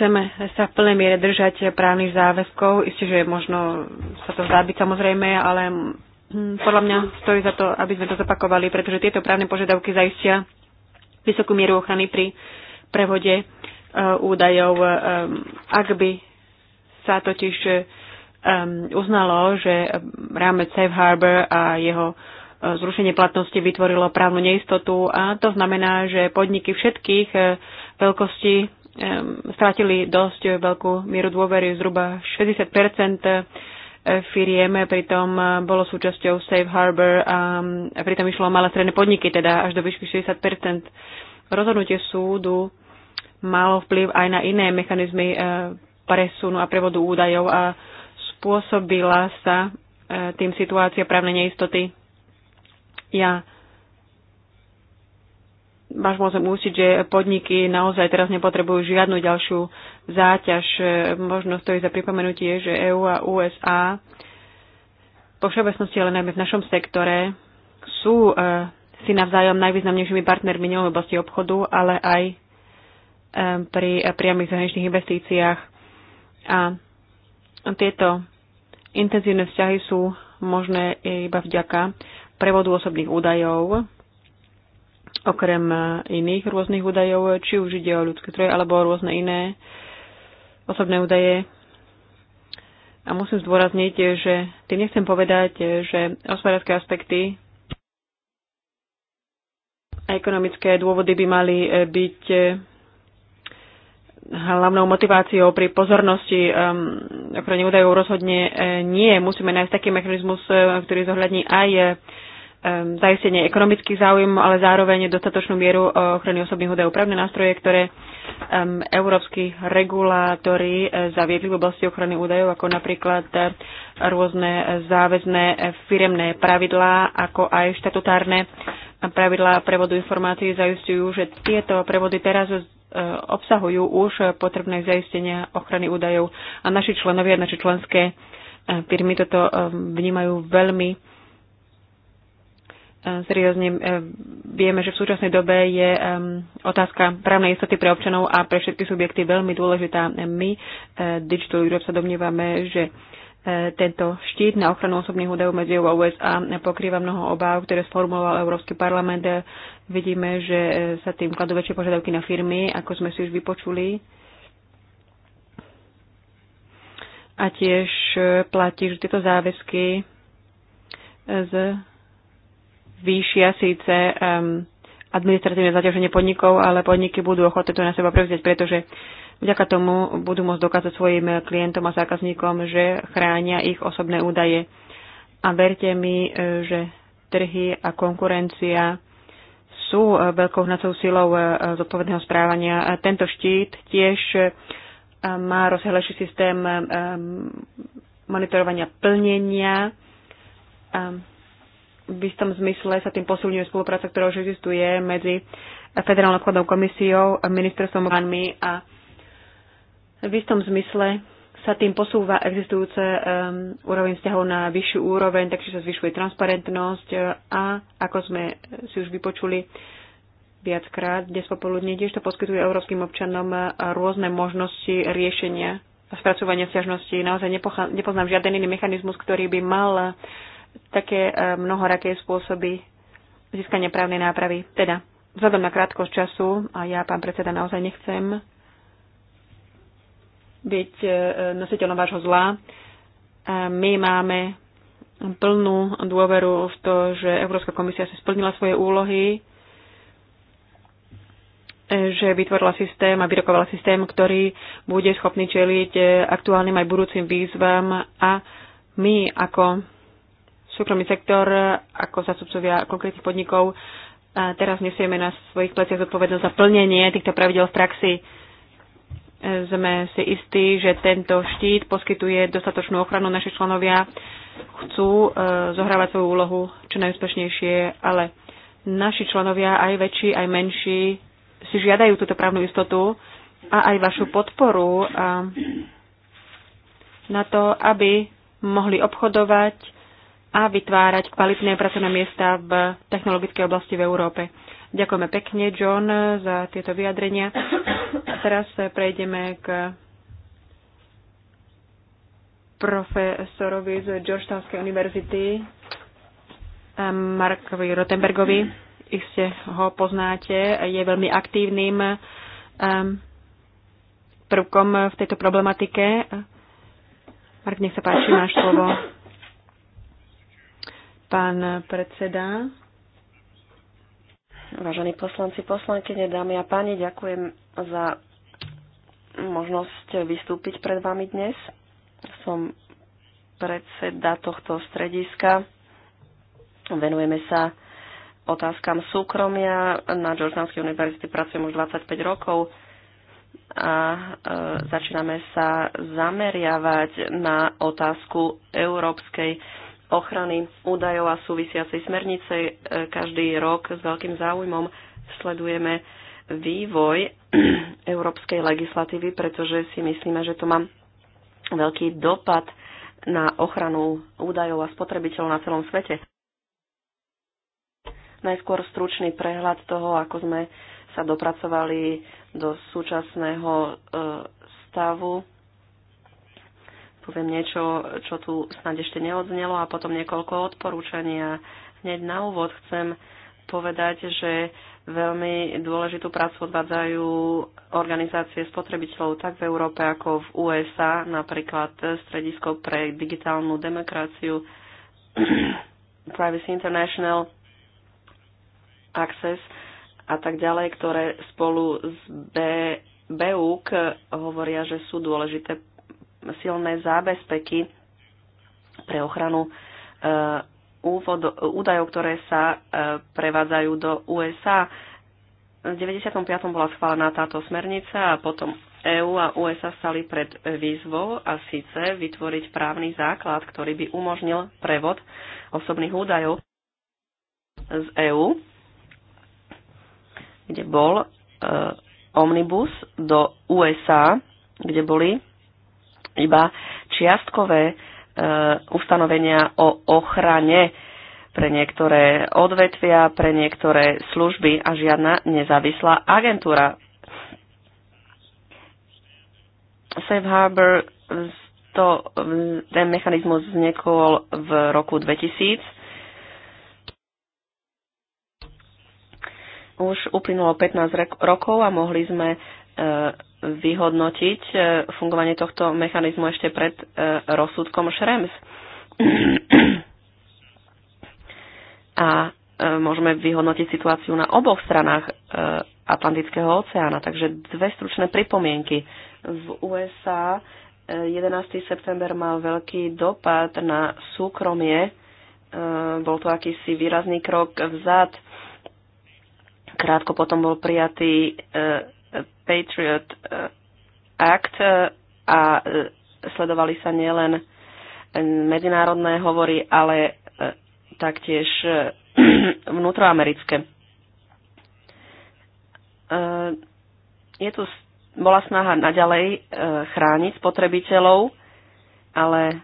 chceme sa v plnej miere držať právnych záväzkov. Isté, že možno sa to zdá byť samozrejme, ale mm, podľa mňa stojí za to, aby sme to zapakovali, pretože tieto právne požiadavky zaistia vysokú mieru ochrany pri prevode e, údajov. E, ak by sa totiž e, Um, uznalo, že rámec Safe Harbor a jeho uh, zrušenie platnosti vytvorilo právnu neistotu a to znamená, že podniky všetkých uh, veľkostí um, strátili dosť veľkú mieru dôvery, zhruba 60 uh, firiem, pritom bolo súčasťou Safe Harbor a um, pritom išlo o malé stredné podniky, teda až do výšky 60 Rozhodnutie súdu malo vplyv aj na iné mechanizmy presunu a prevodu údajov a spôsobila sa e, tým situácia právnej neistoty. Ja vás môžem ústiť, že podniky naozaj teraz nepotrebujú žiadnu ďalšiu záťaž. E, možno stojí za pripomenutie, že EU a USA po všeobecnosti, ale najmä v našom sektore, sú e, si navzájom najvýznamnejšími partnermi nielen v oblasti obchodu, ale aj pri priamých zahraničných investíciách. A tieto intenzívne vzťahy sú možné iba vďaka prevodu osobných údajov, okrem iných rôznych údajov, či už ide o ľudské troje, alebo o rôzne iné osobné údaje. A musím zdôrazniť, že tým nechcem povedať, že hospodárske aspekty a ekonomické dôvody by mali byť hlavnou motiváciou pri pozornosti um, ochrany ochrane údajov rozhodne eh, nie. Musíme nájsť taký mechanizmus, eh, ktorý zohľadní aj eh, um, zaistenie ekonomických záujmov, ale zároveň dostatočnú mieru ochrany osobných údajov. Právne nástroje, ktoré um, európsky regulátori zaviedli v oblasti ochrany údajov, ako napríklad rôzne záväzné firemné pravidlá, ako aj štatutárne pravidlá prevodu informácií zaistujú, že tieto prevody teraz e, obsahujú už potrebné zaistenia ochrany údajov a naši členovia, naše členské e, firmy toto e, vnímajú veľmi seriózne. Vieme, že v súčasnej dobe je otázka právnej istoty pre občanov a pre všetky subjekty veľmi dôležitá. My, Digital Europe, sa domnievame, že E, tento štít na ochranu osobných údajov medzi EU a USA pokrýva mnoho obáv, ktoré sformuloval Európsky parlament. E, vidíme, že e, sa tým kladú väčšie požiadavky na firmy, ako sme si už vypočuli. A tiež platí, že tieto záväzky z výšia síce um, administratívne zaťaženie podnikov, ale podniky budú ochotné to na seba prevziať, pretože uh, Vďaka tomu budú môcť dokázať svojim klientom a zákazníkom, že chránia ich osobné údaje. A verte mi, že trhy a konkurencia sú veľkou hnacou silou zodpovedného správania. Tento štít tiež má rozhľadší systém um, monitorovania plnenia. V istom zmysle sa tým posilňuje spolupráca, ktorá už existuje medzi Federálnou obchodnou komisiou, ministerstvom obrany a v istom zmysle sa tým posúva existujúce um, úroveň vzťahov na vyššiu úroveň, takže sa zvyšuje transparentnosť e, a, ako sme si už vypočuli viackrát dnes popoludne, tiež to poskytuje európskym občanom e, rôzne možnosti riešenia a spracovania sťažností. Naozaj nepoznám žiaden iný mechanizmus, ktorý by mal také e, mnohoraké spôsoby získania právnej nápravy. Teda, vzhľadom na krátkosť času, a ja, pán predseda, naozaj nechcem byť e, nositeľom vášho zla. E, my máme plnú dôveru v to, že Európska komisia si splnila svoje úlohy, e, že vytvorila systém a vyrokovala systém, ktorý bude schopný čeliť aktuálnym aj budúcim výzvam a my ako súkromný sektor, ako zastupcovia konkrétnych podnikov, teraz nesieme na svojich pleciach zodpovednosť za plnenie týchto pravidel v praxi sme si istí, že tento štít poskytuje dostatočnú ochranu. Naši členovia chcú e, zohrávať svoju úlohu čo najúspešnejšie, ale naši členovia, aj väčší, aj menší, si žiadajú túto právnu istotu a aj vašu podporu e, na to, aby mohli obchodovať a vytvárať kvalitné pracovné miesta v technologickej oblasti v Európe. Ďakujeme pekne, John, za tieto vyjadrenia. Teraz prejdeme k profesorovi z Georgetownskej univerzity, eh, Markovi Rotenbergovi. Iste ho poznáte, je veľmi aktívnym eh, prvkom v tejto problematike. Mark, nech sa páči, máš slovo. Pán predseda. Vážení poslanci, poslankyne, dámy a páni, ďakujem za možnosť vystúpiť pred vami dnes. Som predseda tohto strediska. Venujeme sa otázkam súkromia. Na Georgetownskej univerzite pracujem už 25 rokov a e, začíname sa zameriavať na otázku európskej ochrany údajov a súvisiacej smernice. E, každý rok s veľkým záujmom sledujeme vývoj európskej legislatívy, pretože si myslíme, že to má veľký dopad na ochranu údajov a spotrebiteľov na celom svete. Najskôr stručný prehľad toho, ako sme sa dopracovali do súčasného e, stavu. Poviem niečo, čo tu snad ešte neodznelo a potom niekoľko odporúčania. Hneď na úvod chcem povedať, že Veľmi dôležitú prácu odvádzajú organizácie spotrebiteľov tak v Európe ako v USA, napríklad Stredisko pre digitálnu demokraciu, Privacy International, Access a tak ďalej, ktoré spolu s BUK hovoria, že sú dôležité silné zábezpeky pre ochranu eh, úvod, údajov, ktoré sa e, prevádzajú do USA. V 95. bola schválená táto smernica a potom EÚ a USA stali pred výzvou a síce vytvoriť právny základ, ktorý by umožnil prevod osobných údajov z EÚ, kde bol e, omnibus do USA, kde boli iba čiastkové E, ustanovenia o ochrane pre niektoré odvetvia, pre niektoré služby a žiadna nezávislá agentúra. Safe Harbor to, ten mechanizmus vznikol v roku 2000. Už uplynulo 15 rokov a mohli sme e, vyhodnotiť e, fungovanie tohto mechanizmu ešte pred e, rozsudkom Šrems. A e, môžeme vyhodnotiť situáciu na oboch stranách Atlantického oceána. Takže dve stručné pripomienky. V USA 11. september mal veľký dopad na súkromie. Bol to akýsi výrazný krok vzad. Krátko potom bol prijatý Patriot eh, Act eh, a eh, sledovali sa nielen medzinárodné hovory, ale taktiež vnútroamerické. Je tu, bola snaha naďalej chrániť spotrebiteľov, ale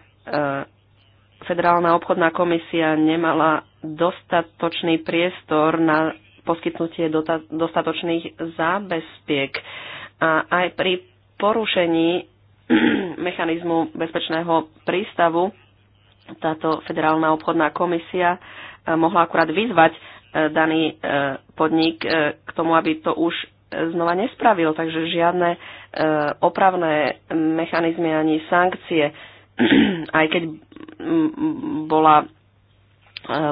Federálna obchodná komisia nemala dostatočný priestor na poskytnutie dostatočných zábezpiek. A aj pri porušení mechanizmu bezpečného prístavu táto federálna obchodná komisia e, mohla akurát vyzvať e, daný e, podnik k tomu, aby to už znova nespravil. Takže žiadne opravné mechanizmy ani sankcie, aj keď bola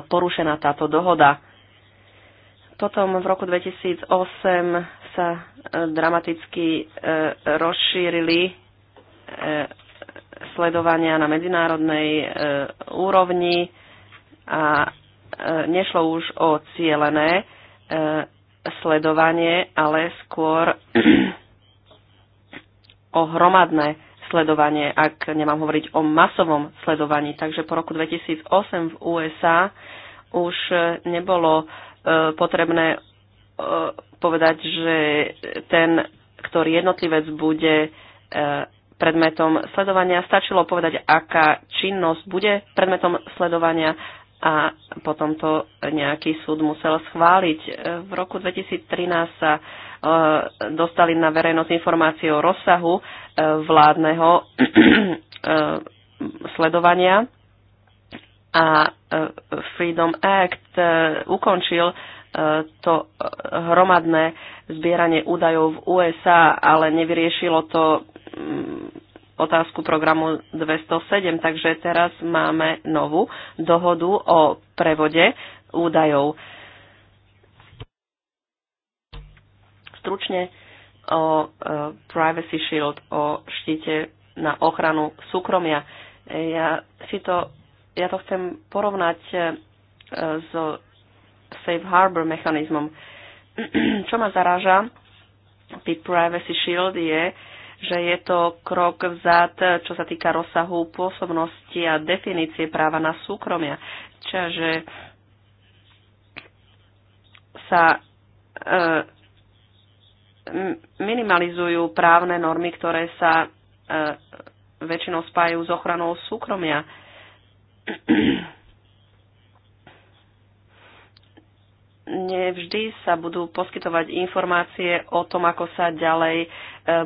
porušená táto dohoda. Potom v roku 2008 sa e, dramaticky e, rozšírili e, sledovania na medzinárodnej úrovni a nešlo už o cielené sledovanie, ale skôr o hromadné sledovanie, ak nemám hovoriť o masovom sledovaní. Takže po roku 2008 v USA už nebolo potrebné e, povedať, že ten, ktorý jednotlivec bude e, predmetom sledovania, stačilo povedať, aká činnosť bude predmetom sledovania a potom to nejaký súd musel schváliť. E, v roku 2013 sa dostali na verejnosť informácie o rozsahu vládneho sledovania a e, Freedom Act e, ukončil e, to hromadné zbieranie údajov v USA, ale nevyriešilo to mm, otázku programu 207, takže teraz máme novú dohodu o prevode údajov. Stručne o Privacy Shield, o štíte na ochranu súkromia. Ja si to ja to chcem porovnať e, so Safe Harbor mechanizmom. Čo ma zaráža, pri Privacy Shield je, že je to krok vzad, čo sa týka rozsahu pôsobnosti a definície práva na súkromia. Čiže sa e, minimalizujú právne normy, ktoré sa e, väčšinou spájajú s ochranou súkromia nevždy sa budú poskytovať informácie o tom, ako sa ďalej e,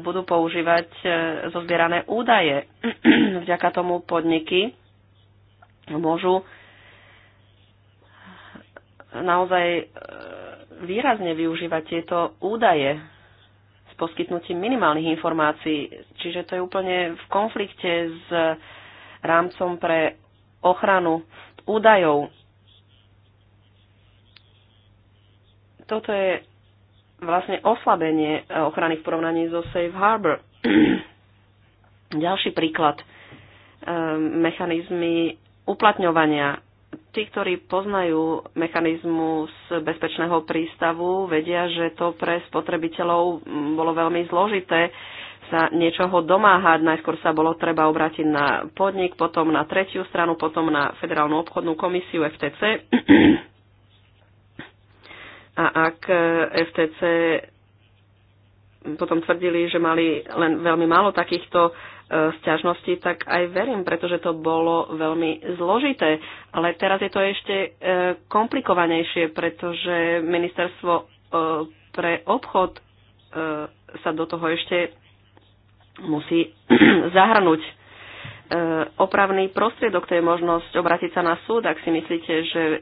budú používať e, zozbierané údaje. Vďaka tomu podniky môžu naozaj e, výrazne využívať tieto údaje s poskytnutím minimálnych informácií. Čiže to je úplne v konflikte s rámcom pre ochranu údajov. Toto je vlastne oslabenie e, ochrany v porovnaní so Safe Harbor. Ďalší príklad. E, mechanizmy uplatňovania. Tí, ktorí poznajú mechanizmus bezpečného prístavu, vedia, že to pre spotrebiteľov bolo veľmi zložité sa niečoho domáhať. Najskôr sa bolo treba obrátiť na podnik, potom na tretiu stranu, potom na Federálnu obchodnú komisiu FTC. A ak e, FTC potom tvrdili, že mali len veľmi málo takýchto e, sťažností, tak aj verím, pretože to bolo veľmi zložité. Ale teraz je to ešte e, komplikovanejšie, pretože ministerstvo pre obchod sa do toho ešte musí zahrnúť e, opravný prostriedok, to je možnosť obrátiť sa na súd, ak si myslíte, že e,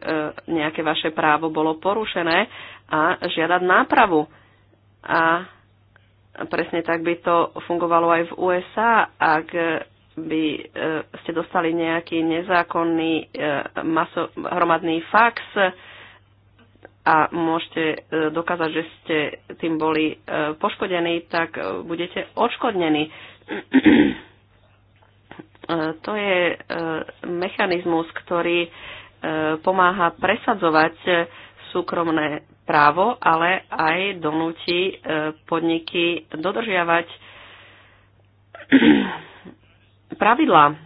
nejaké vaše právo bolo porušené a žiadať nápravu. A presne tak by to fungovalo aj v USA, ak by e, ste dostali nejaký nezákonný maso, hromadný fax, a môžete e, dokázať, že ste tým boli e, poškodení, tak e, budete odškodnení. To je mechanizmus, ktorý pomáha presadzovať súkromné právo, ale aj donúti podniky dodržiavať pravidlá.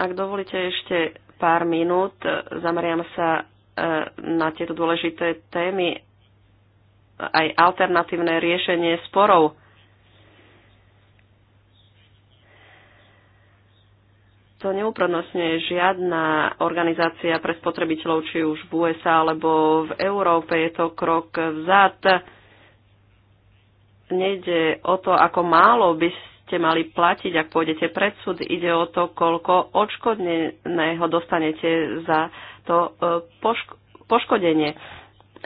Ak dovolíte ešte pár minút. Zameriam sa e, na tieto dôležité témy aj alternatívne riešenie sporov. To neuprednostňuje žiadna organizácia pre spotrebiteľov, či už v USA alebo v Európe. Je to krok vzad. Nejde o to, ako málo by ste mali platiť, ak pôjdete pred súd. Ide o to, koľko odškodneného dostanete za to e, pošk- poškodenie.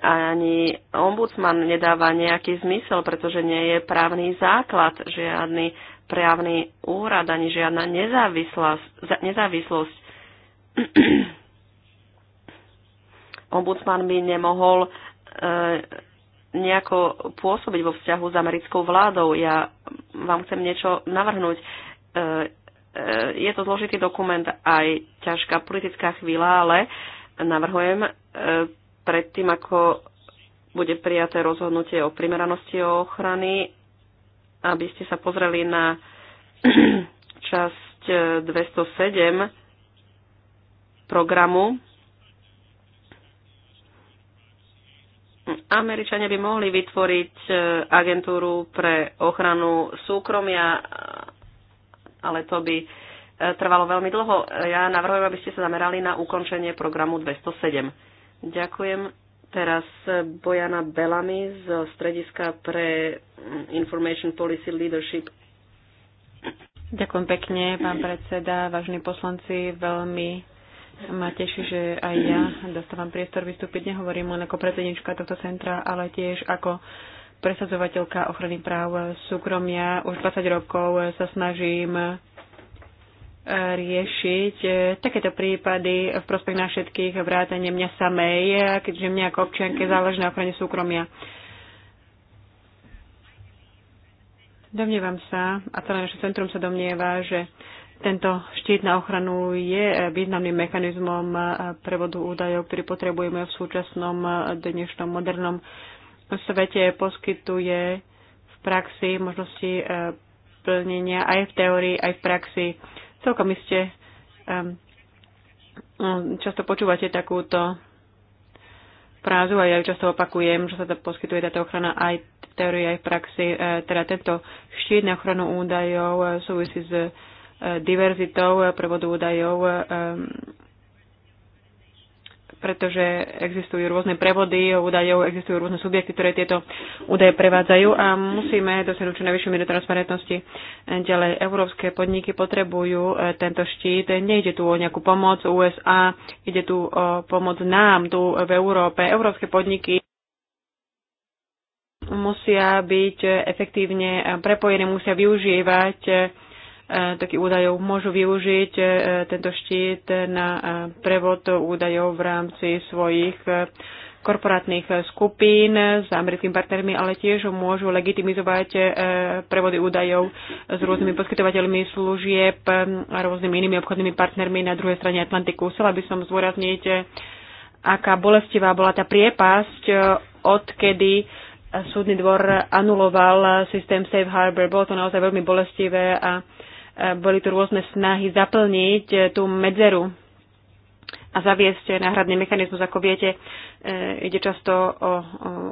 Ani ombudsman nedáva nejaký zmysel, pretože nie je právny základ, žiadny právny úrad, ani žiadna nezávislosť. ombudsman by nemohol e, nejako pôsobiť vo vzťahu s americkou vládou. Ja vám chcem niečo navrhnúť. E, e, je to zložitý dokument, aj ťažká politická chvíľa, ale navrhujem e, predtým, ako bude prijaté rozhodnutie o primeranosti o ochrany, aby ste sa pozreli na časť 207 programu Američania by mohli vytvoriť e, agentúru pre ochranu súkromia, ale to by e, trvalo veľmi dlho. Ja navrhujem, aby ste sa zamerali na ukončenie programu 207. Ďakujem. Teraz e, Bojana Belami zo Strediska pre mm, Information Policy Leadership. Ďakujem pekne, pán predseda, vážni poslanci, veľmi ma teší, že aj ja dostávam priestor vystúpiť. Nehovorím len ako predsednička tohto centra, ale tiež ako presadzovateľka ochrany práv súkromia. Už 20 rokov sa snažím e, riešiť e, takéto prípady v prospech na všetkých, vrátane mňa samej, e, keďže mňa ako občianke záleží na ochrane súkromia. Domnievam sa, a celé naše centrum sa domnieva, že tento štít na ochranu je eh, významným mechanizmom eh, prevodu údajov, ktorý potrebujeme v súčasnom eh, dnešnom modernom svete. Poskytuje v praxi možnosti plnenia aj v teórii, aj v praxi. Celkom iste mm, často počúvate takúto prázu a ja ju často opakujem, že sa to poskytuje táto ochrana aj v teórii, aj v praxi. Teda tento štít na ochranu údajov súvisí s diverzitou prevodu údajov, e, pretože existujú rôzne prevody údajov, existujú rôzne subjekty, ktoré tieto údaje prevádzajú a musíme dosiahnuť čo najvyššiu mieru transparentnosti. Ďalej, európske podniky potrebujú e, tento štít. Nejde tu o nejakú pomoc USA, ide tu o pomoc nám tu v Európe. Európske podniky musia byť efektívne prepojené, musia využívať e, E, takých údajov môžu využiť e, tento štít na e, prevod údajov v rámci svojich korporátnych skupín s americkými partnermi, ale tiež môžu legitimizovať prevody údajov s rôznymi poskytovateľmi služieb a rôznymi inými obchodnými partnermi na druhej strane Atlantiku. Chcela by som zdôrazniť, aká bolestivá bola tá priepasť, odkedy súdny dvor anuloval systém Safe Harbor. Bolo to naozaj veľmi bolestivé a boli tu rôzne snahy zaplniť e, tú medzeru a zaviesť náhradný mechanizmus. Ako viete, e, ide často o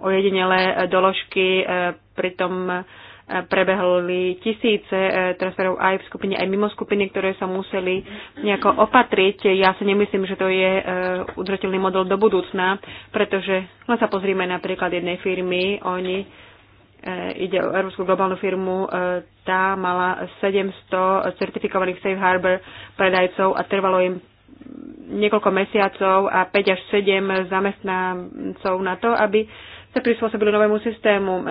ojedinelé doložky, e, pritom prebehli tisíce transferov aj v skupine, aj mimo skupiny, ktoré sa museli nejako opatriť. Ja si nemyslím, že to je udržateľný model do budúcna, pretože len sa pozrieme napríklad jednej firmy, oni E, ide o Európsku globálnu firmu, e, tá mala 700 certifikovaných safe harbor predajcov a trvalo im niekoľko mesiacov a 5 až 7 zamestnancov na to, aby sa prispôsobili novému systému. E,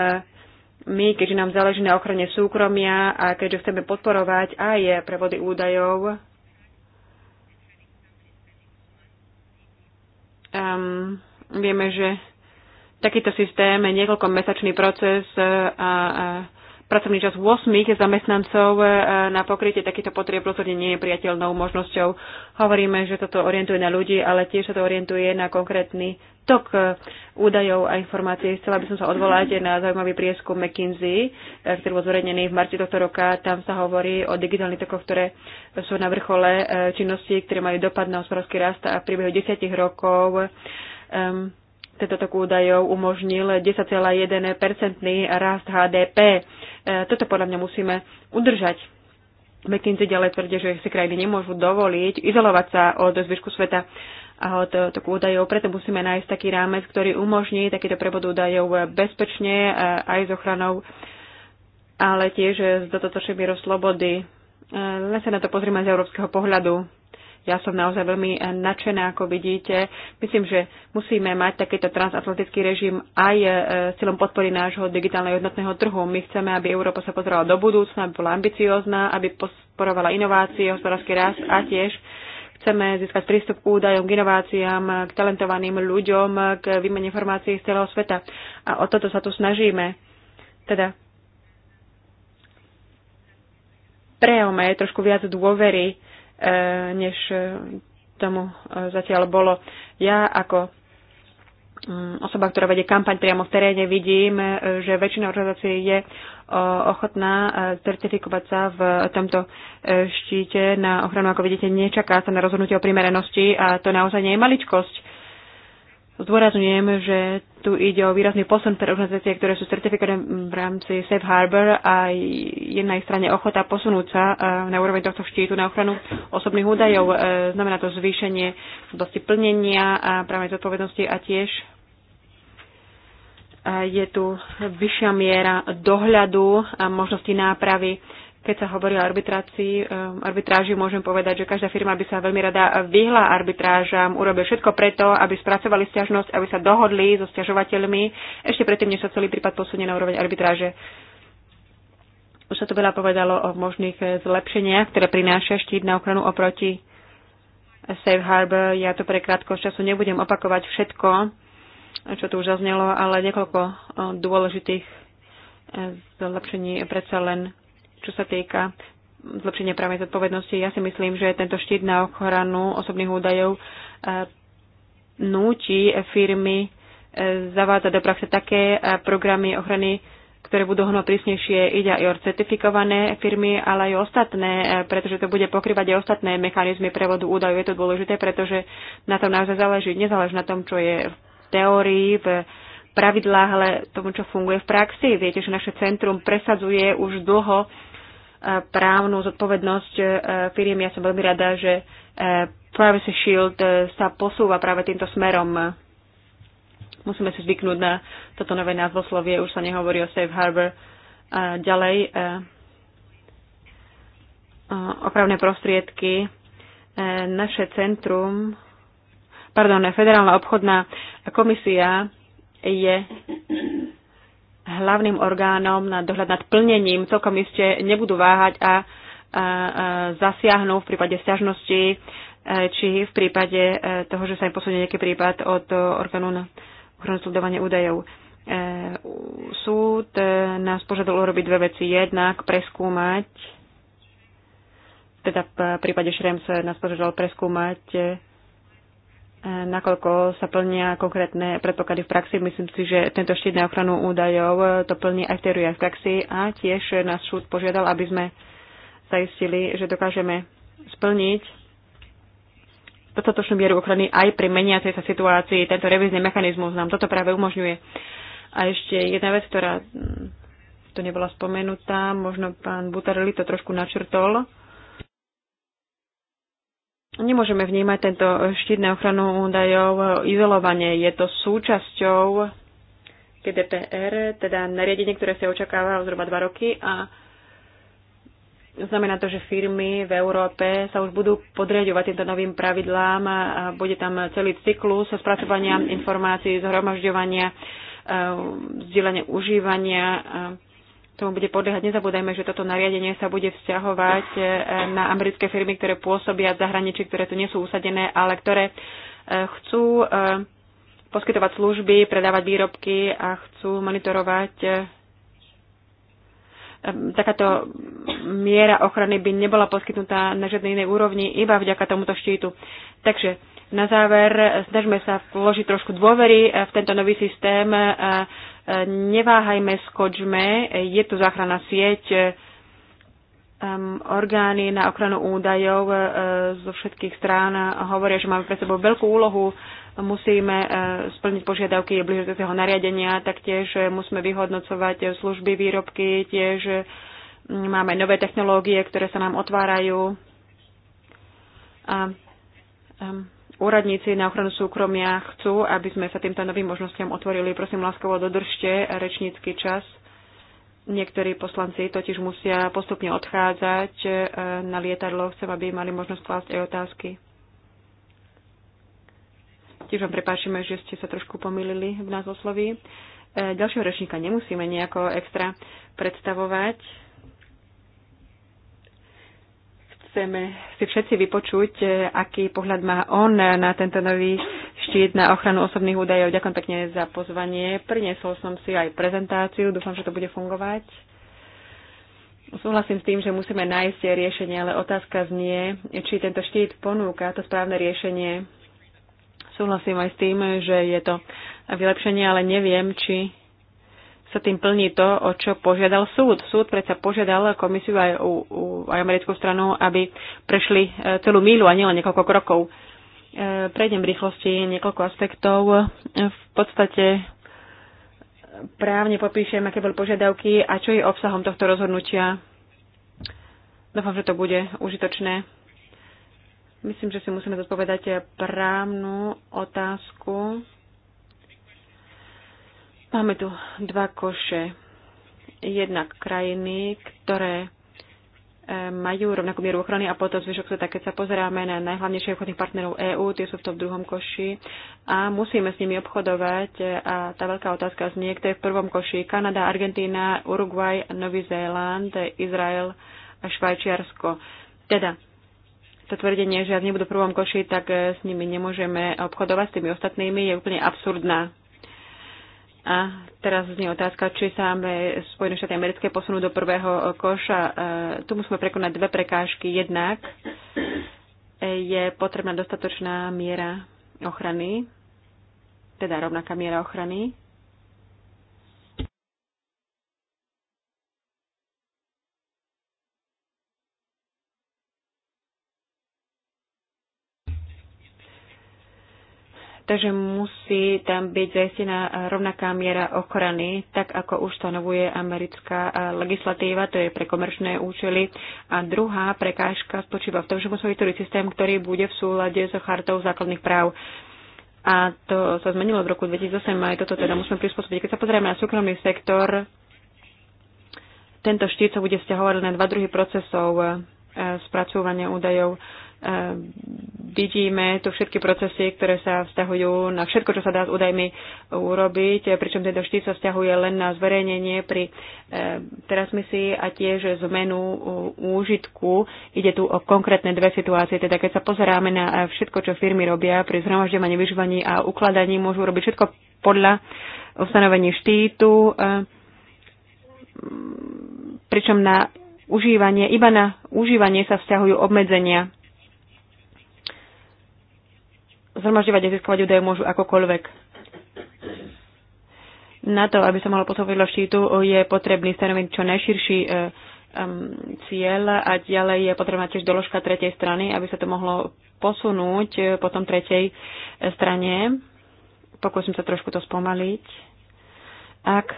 my, keďže nám záleží na ochrane súkromia a keďže chceme podporovať aj prevody údajov, um, vieme, že takýto systém, niekoľko mesačný proces e, a, a pracovný čas 8 zamestnancov e, na pokrytie takýchto potrieb rozhodne nie je priateľnou možnosťou. Hovoríme, že toto orientuje na ľudí, ale tiež sa to orientuje na konkrétny tok e, údajov a informácií. Chcela by som sa odvolať na zaujímavý prieskum McKinsey, ktorý bol zverejnený v marci tohto roka. Tam sa hovorí o digitálnych tokoch, ktoré sú na vrchole činnosti, ktoré majú dopad na hospodársky rast a v priebehu desiatich rokov um, tento tok údajov umožnil 10,1-percentný rast HDP. E, toto podľa mňa musíme udržať. McKinsey ďalej tvrdí, že si krajiny nemôžu dovoliť izolovať sa od zvyšku sveta a od toku údajov. Preto musíme nájsť taký rámec, ktorý umožní takýto prevod údajov bezpečne e, aj s ochranou, ale tiež s dostatočnou rozslobody. slobody. E, len sa na to pozrieme z európskeho pohľadu ja som naozaj veľmi eh, nadšená, ako vidíte. Myslím, že musíme mať takýto transatlantický režim aj eh, s cieľom podpory nášho digitálneho jednotného trhu. My chceme, aby Európa sa pozerala do budúcna, aby bola ambiciózna, aby podporovala inovácie, hospodársky rast a tiež chceme získať prístup k údajom, k inováciám, k talentovaným ľuďom, k výmene informácií z celého sveta. A o toto sa tu snažíme. Teda prejome trošku viac dôvery E, než e, tomu e, zatiaľ bolo. Ja ako mm, osoba, ktorá vedie kampaň priamo v teréne, vidím, že väčšina organizácií je ochotná certifikovať sa v tomto štíte na ochranu. Ako vidíte, nečaká sa na rozhodnutie o primerenosti a to naozaj nie je maličkosť. Zdôrazňujem, že tu ide o výrazný posun pre organizácie, ktoré sú certifikované v rámci Safe Harbor a je na ich strane ochota posunúť sa e, na úroveň tohto štítu na ochranu osobných údajov. E, znamená to zvýšenie v oblasti plnenia a práve zodpovednosti a tiež e, je tu vyššia miera dohľadu a možnosti nápravy. Keď sa hovorí o arbitrácii, um, arbitráži, môžem povedať, že každá firma by sa veľmi rada vyhla arbitrážam, urobil všetko preto, aby spracovali stiažnosť, aby sa dohodli so stiažovateľmi, ešte predtým, než sa celý prípad posunie na úroveň arbitráže. Už sa to veľa povedalo o možných zlepšeniach, ktoré prináša štít na ochranu oproti Safe Harbor. Ja to pre krátko času nebudem opakovať všetko, čo tu už zaznelo, ale niekoľko eh, dôležitých eh, zlepšení predsa len čo sa týka zlepšenia právnej zodpovednosti. Ja si myslím, že tento štít na ochranu osobných údajov eh, núti firmy eh, zavádzať do praxe také eh, programy ochrany, ktoré budú hno prísnejšie. Ide aj o certifikované firmy, ale aj ostatné, pretože to bude pokrývať aj ostatné mechanizmy prevodu údajov. Je to dôležité, pretože na tom naozaj záleží. Nezáleží na tom, čo je v teórii, v pravidlách, ale tomu, čo funguje v praxi. Viete, že naše centrum presadzuje už dlho právnu zodpovednosť e, firiem. Ja som veľmi rada, že e, Privacy Shield e, sa posúva práve týmto smerom. Musíme si zvyknúť na toto nové názvoslovie, už sa nehovorí o Safe Harbor. Ďalej, opravné prostriedky. Naše centrum, pardon, Federálna obchodná komisia je hlavným orgánom na dohľad nad plnením celkom iste nebudú váhať a, a, a zasiahnu v prípade stiažnosti e, či v prípade e, toho, že sa im posunie nejaký prípad od orgánu na ochranu sledovania údajov. E, súd nás požiadal urobiť dve veci. Jednak preskúmať, teda v prípade Šrems nás požiadal preskúmať nakoľko sa plnia konkrétne predpoklady v praxi. Myslím si, že tento štít na ochranu údajov eh, to plní aj v aj v praxi a tiež nás súd požiadal, aby sme zaistili, že dokážeme splniť dostatočnú mieru ochrany aj pri meniacej sa situácii. Tento revizný mechanizmus nám toto práve umožňuje. A ešte jedna vec, ktorá mm, to nebola spomenutá, možno pán Butarelli to trošku načrtol, Nemôžeme vnímať tento štít na ochranu údajov izolovanie. Je to súčasťou GDPR, teda nariadenie, ktoré sa očakáva zhruba dva roky a Znamená to, že firmy v Európe sa už budú podriadovať týmto novým pravidlám a bude tam celý cyklus spracovania informácií, zhromažďovania, vzdielania eh, užívania a eh, tomu bude podliehať. Nezabúdajme, že toto nariadenie sa bude vzťahovať e, na americké firmy, ktoré pôsobia v zahraničí, ktoré tu nie sú usadené, ale ktoré e, chcú e, poskytovať služby, predávať výrobky a chcú monitorovať takáto miera ochrany by nebola poskytnutá na žiadnej inej úrovni, iba vďaka tomuto štítu. Takže na záver snažme sa vložiť trošku dôvery v tento nový systém. Neváhajme, skočme, je tu záchrana sieť, um, orgány na ochranu údajov uh, zo všetkých strán hovoria, že máme pred sebou veľkú úlohu, musíme uh, splniť požiadavky blížiaceho nariadenia, taktiež uh, musíme vyhodnocovať služby, výrobky, tiež máme nové technológie, ktoré sa nám otvárajú. A, um, Úradníci na ochranu súkromia chcú, aby sme sa týmto novým možnostiam otvorili. Prosím, láskovo dodržte rečnícky čas. Niektorí poslanci totiž musia postupne odchádzať e, na lietadlo. Chcem, aby mali možnosť klásť aj otázky. Tiež vám prepáčime, že ste sa trošku pomýlili v názvosloví. E, ďalšieho rečníka nemusíme nejako extra predstavovať chceme si všetci vypočuť, e, aký pohľad má on na tento nový štít na ochranu osobných údajov. Ďakujem pekne za pozvanie. Priniesol som si aj prezentáciu, dúfam, že to bude fungovať. Súhlasím s tým, že musíme nájsť riešenie, ale otázka znie, či tento štít ponúka to správne riešenie. Súhlasím aj s tým, že je to vylepšenie, ale neviem, či sa tým plní to, o čo požiadal súd. Súd predsa požiadal komisiu aj, u, u, aj americkú stranu, aby prešli e, celú míľu a nielen niekoľko krokov. E, prejdem v rýchlosti niekoľko aspektov. E, v podstate právne popíšem, aké boli požiadavky a čo je obsahom tohto rozhodnutia. Dúfam, že to bude užitočné. Myslím, že si musíme zodpovedať právnu otázku Máme tu dva koše. Jednak krajiny, ktoré e, majú rovnakú mieru ochrany a potom zvyšok sveta, keď sa pozeráme na najhlavnejších obchodných partnerov EÚ, tie sú v tom druhom koši a musíme s nimi obchodovať e, a tá veľká otázka znie, kto je v prvom koši. Kanada, Argentína, Uruguay, Nový Zéland, Izrael a Švajčiarsko. Teda, to tvrdenie, že ak nebudú v prvom koši, tak e, s nimi nemôžeme obchodovať, s tými ostatnými, je úplne absurdná. A teraz znie otázka, či sa Spojené štáty americké posunú do prvého koša. E, tu musíme prekonať dve prekážky. Jednak e, je potrebná dostatočná miera ochrany, teda rovnaká miera ochrany. Takže musí tam byť zajistená rovnaká miera ochrany, tak ako už stanovuje americká legislatíva, to je pre komerčné účely. A druhá prekážka spočíva v tom, že musí vytvoriť systém, ktorý bude v súlade so chartou základných práv. A to sa zmenilo v roku 2008 a aj toto teda musíme prispôsobiť. Keď sa pozrieme na súkromný sektor, tento štít sa bude vzťahovať na dva druhy procesov spracúvania údajov. E, vidíme tu všetky procesy, ktoré sa vzťahujú na všetko, čo sa dá s údajmi urobiť, e, pričom tento štít sa vzťahuje len na zverejnenie pri e, transmisii a tiež zmenu úžitku. Ide tu o konkrétne dve situácie, teda keď sa pozeráme na všetko, čo firmy robia pri zhromažďovaní, vyžívaní a ukladaní, môžu robiť všetko podľa ustanovení štítu pričom na užívanie, iba na užívanie sa vzťahujú obmedzenia. Zhromažďovať a získavať údaje môžu akokoľvek. Na to, aby sa mohlo posúvať do štítu, je potrebný stanoviť čo najširší um, cieľ a ďalej je potrebná tiež doložka tretej strany, aby sa to mohlo posunúť e, po tom tretej e, strane. Pokúsim sa trošku to spomaliť. Ak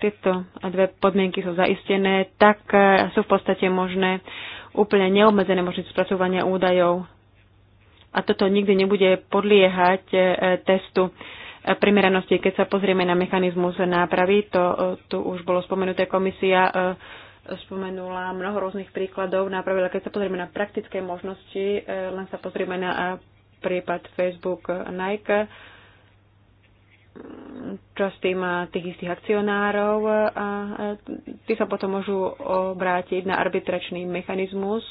tieto dve podmienky sú zaistené, tak e, sú v podstate možné úplne neobmedzené možnosti spracovania údajov. A toto nikdy nebude podliehať e, testu e, primeranosti. Keď sa pozrieme na mechanizmus nápravy, to tu už bolo spomenuté, komisia spomenula mnoho rôznych príkladov nápravy, ale keď sa pozrieme na praktické možnosti, len sa pozrieme na prípad Facebook Nike, častý má tých istých akcionárov a tí sa potom môžu obrátiť na arbitračný mechanizmus.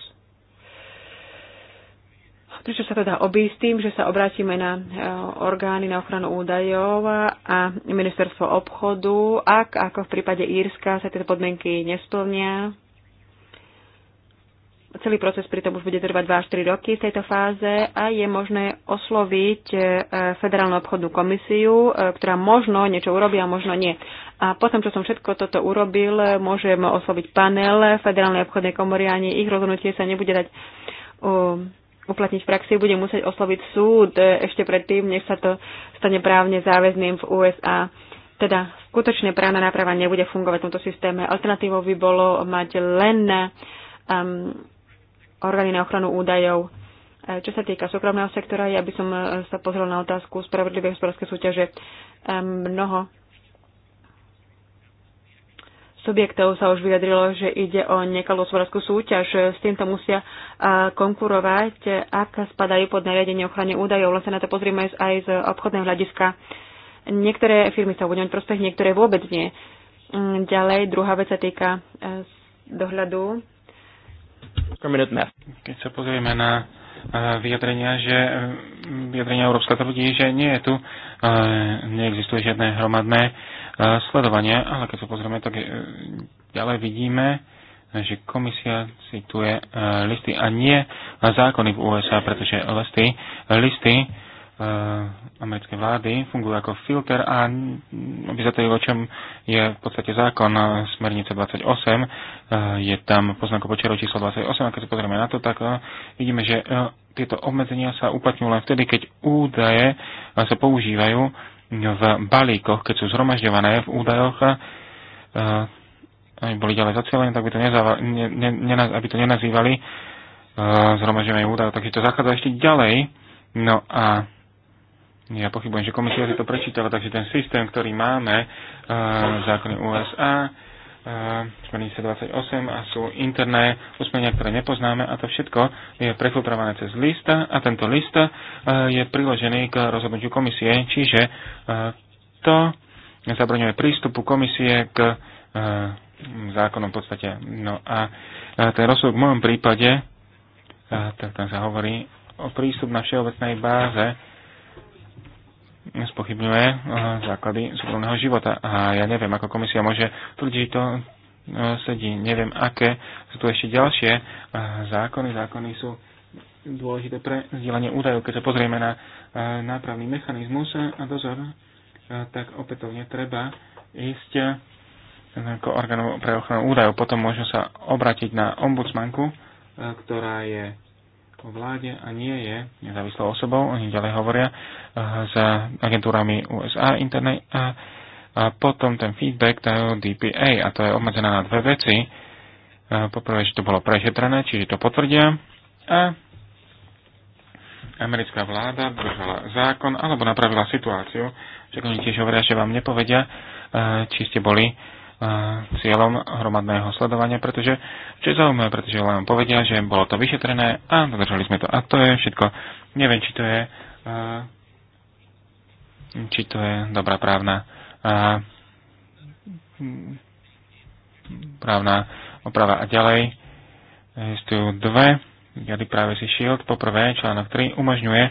Prečo sa teda obísť tým, že sa obrátime na e, orgány na ochranu údajov a ministerstvo obchodu, ak ako v prípade Írska sa tieto podmienky nesplnia, celý proces pritom už bude trvať 2 až 3 roky v tejto fáze a je možné osloviť e, Federálnu obchodnú komisiu, e, ktorá možno niečo urobí a možno nie. A potom, čo som všetko toto urobil, e, môžem osloviť panel Federálnej obchodnej komory a ani ich rozhodnutie sa nebude dať uplatniť v praxi, budem musieť osloviť súd ešte predtým, než sa to stane právne záväzným v USA. Teda skutočne právna náprava nebude fungovať v tomto systéme. Alternatívou by bolo mať len um, orgány na ochranu údajov. E, čo sa týka súkromného sektora, ja by som e, sa pozrel na otázku spravodlivej hospodárskej súťaže. E, mnoho subjektov sa už vyjadrilo, že ide o nekalú hospodárskú súťaž. S týmto musia konkurovať, ak spadajú pod nariadenie ochrany údajov. Len sa na to pozrieme aj z obchodného hľadiska. Niektoré firmy sa uvodia prospech, niektoré vôbec nie. Mm, ďalej, druhá vec sa týka dohľadu keď sa pozrieme na vyjadrenia, že mm, vyjadrenia Európska tvrdí, že nie je tu, e, neexistuje žiadne hromadné e, sledovanie, ale keď sa pozrieme, tak e, ďalej vidíme, že komisia cituje listy a nie zákony v USA, pretože listy, listy Eh, americkej vlády fungujú ako filter a obyvateľ očom je v podstate zákon eh, smernice 28, eh, je tam poznámka počiarov číslo 28 a keď sa pozrieme na to, tak vidíme, že tieto obmedzenia sa uplatňujú len vtedy, keď údaje sa používajú v balíkoch, keď sú zhromažďované v údajoch, aby boli ďalej zacielené, tak by to, nezava, ne, ne, ne, aby to nenazývali zhromažďovanie údajov, takže to zachádza ešte ďalej. No a ja pochybujem, že komisia si to prečítala, takže ten systém, ktorý máme, e, zákony USA, e, smernice 28 a sú interné usmenia, ktoré nepoznáme a to všetko je prefiltrované cez list a tento list e, je priložený k rozhodnutiu komisie, čiže to zabraňuje prístupu komisie k zákonom v podstate. No a ten rozsudok v mojom prípade, tak tam sa hovorí o prístup na všeobecnej báze spochybňuje základy súkromného života. A ja neviem, ako komisia môže tvrdiť to, e, sedí. Neviem, aké sú tu ešte ďalšie e, zákony. Zákony sú dôležité pre zdieľanie údajov. Keď sa pozrieme na e, nápravný mechanizmus a dozor, tak opätovne treba ísť ako orgánu pre ochranu údajov. Potom môžem sa obrátiť na ombudsmanku, ktorá je vláde a nie je nezávislou osobou. Oni ďalej hovoria eh, za agentúrami USA internet a, a potom ten feedback dajú DPA a to je obmedzené na dve veci. Eh, poprvé, že to bolo prešetrené, čiže to potvrdia a americká vláda držala zákon alebo napravila situáciu. že oni tiež hovoria, že vám nepovedia, eh, či ste boli cieľom hromadného sledovania, pretože, čo je zaujímavé, pretože len povedia, že bolo to vyšetrené a dodržali sme to. A to je všetko. Neviem, či to je, či to je dobrá právna, právna oprava. A ďalej existujú dve Jady práve si Shield. Poprvé, článok 3 umožňuje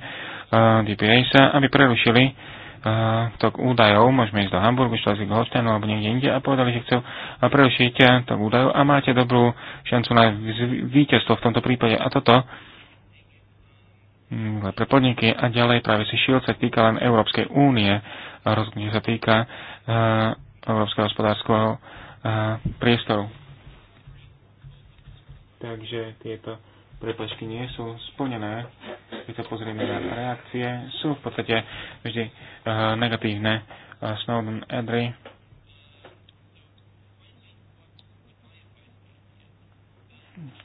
DPA sa, aby prerušili tok údajov, môžeme ísť do Hamburgu, k Holsteinu alebo niekde inde a povedali, že chcú prerušiť eh, tok údajov a máte dobrú šancu na víťazstvo v tomto prípade. A toto mm, pre podniky a ďalej práve si Shield sa týka len Európskej únie, rozhodne sa týka eh, Európskeho hospodárskeho eh, priestoru. Takže tieto prepačky nie sú splnené, keď sa pozrieme na reakcie, sú v podstate vždy uh, negatívne. Uh, Snowden, Edry,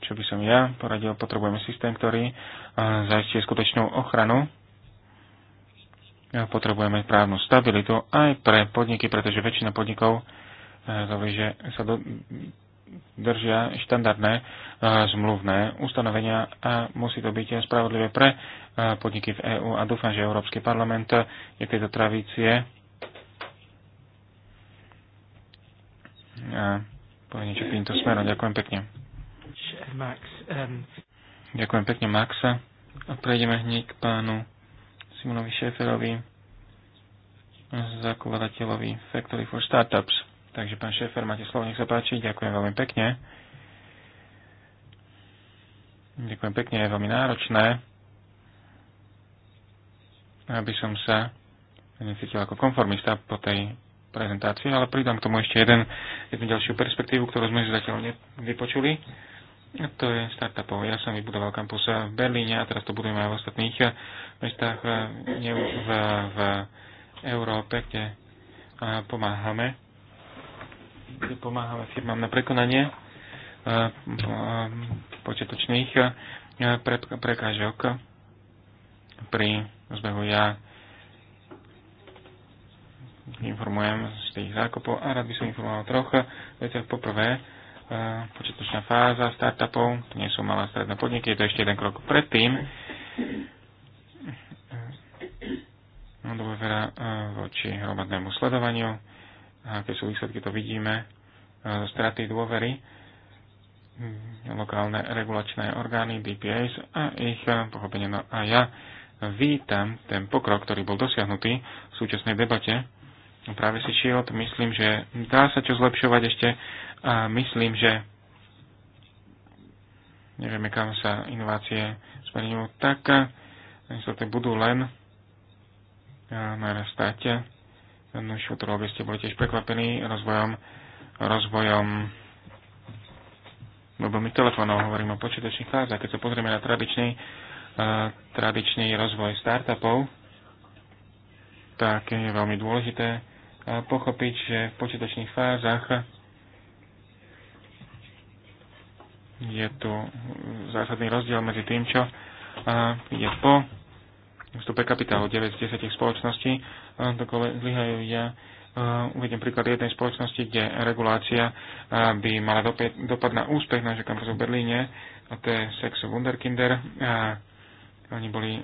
čo by som ja poradil, potrebujeme systém, ktorý uh, eh, zaistie skutočnú ochranu. Potrebujeme právnu stabilitu aj pre podniky, pretože väčšina podnikov uh, hovorí, že sa do, držia štandardné eh, zmluvné ustanovenia a musí to byť spravodlivé pre eh, podniky v EÚ a dúfam, že Európsky parlament eh, je tejto tradície a povie niečo týmto smerom. Ďakujem pekne. Ehm, Ďakujem pekne, Max. A prejdeme hneď k pánu Simonovi Šéferovi, zakladateľovi Factory for Startups. Takže pán Šéfer, máte slovo, nech sa páči. Ďakujem veľmi pekne. Ďakujem pekne, je veľmi náročné, aby som sa necítil ako konformista po tej prezentácii, ale pridám k tomu ešte jeden, jednu ďalšiu perspektívu, ktorú sme zatiaľ nevypočuli. To je startupov. Ja som vybudoval kampus v Berlíne a teraz to budujem aj v ostatných mestách v, e, v, v Európe, kde pomáhame kde pomáhame firmám na prekonanie e, e, počiatočných e, prekážok pri zbehu ja informujem z tých zákopov a rád by som informoval troch veciach. Poprvé, počiatočná fáza startupov, to nie sú malé stredné podniky, je to ešte jeden krok predtým. No, Dobre voči hromadnému sledovaniu a aké sú výsledky, to vidíme e, zo straty dôvery lokálne regulačné orgány DPS a ich e, pochopenie. No a ja vítam ten pokrok, ktorý bol dosiahnutý v súčasnej debate. Práve si šiel, myslím, že dá sa čo zlepšovať ešte a myslím, že nevieme, kam sa inovácie smerujú, tak e, to budú len narastať Šutrov, teda, ste boli tiež prekvapení rozvojom, rozvojom mobilných telefónov, hovorím o počítačných fázach. Keď sa pozrieme na tradičný, uh, tradičný rozvoj startupov, tak je veľmi dôležité eh, pochopiť, že v počítačných fázach je tu zásadný rozdiel medzi tým, čo je eh, po vstupe kapitálu 9 z 10 spoločností protokole zlyhajú. Ja e, uvediem príklad jednej spoločnosti, kde regulácia e, by mala dopad na úspech na kampusu v Berlíne, a to je Sex Wunderkinder. A oni boli e,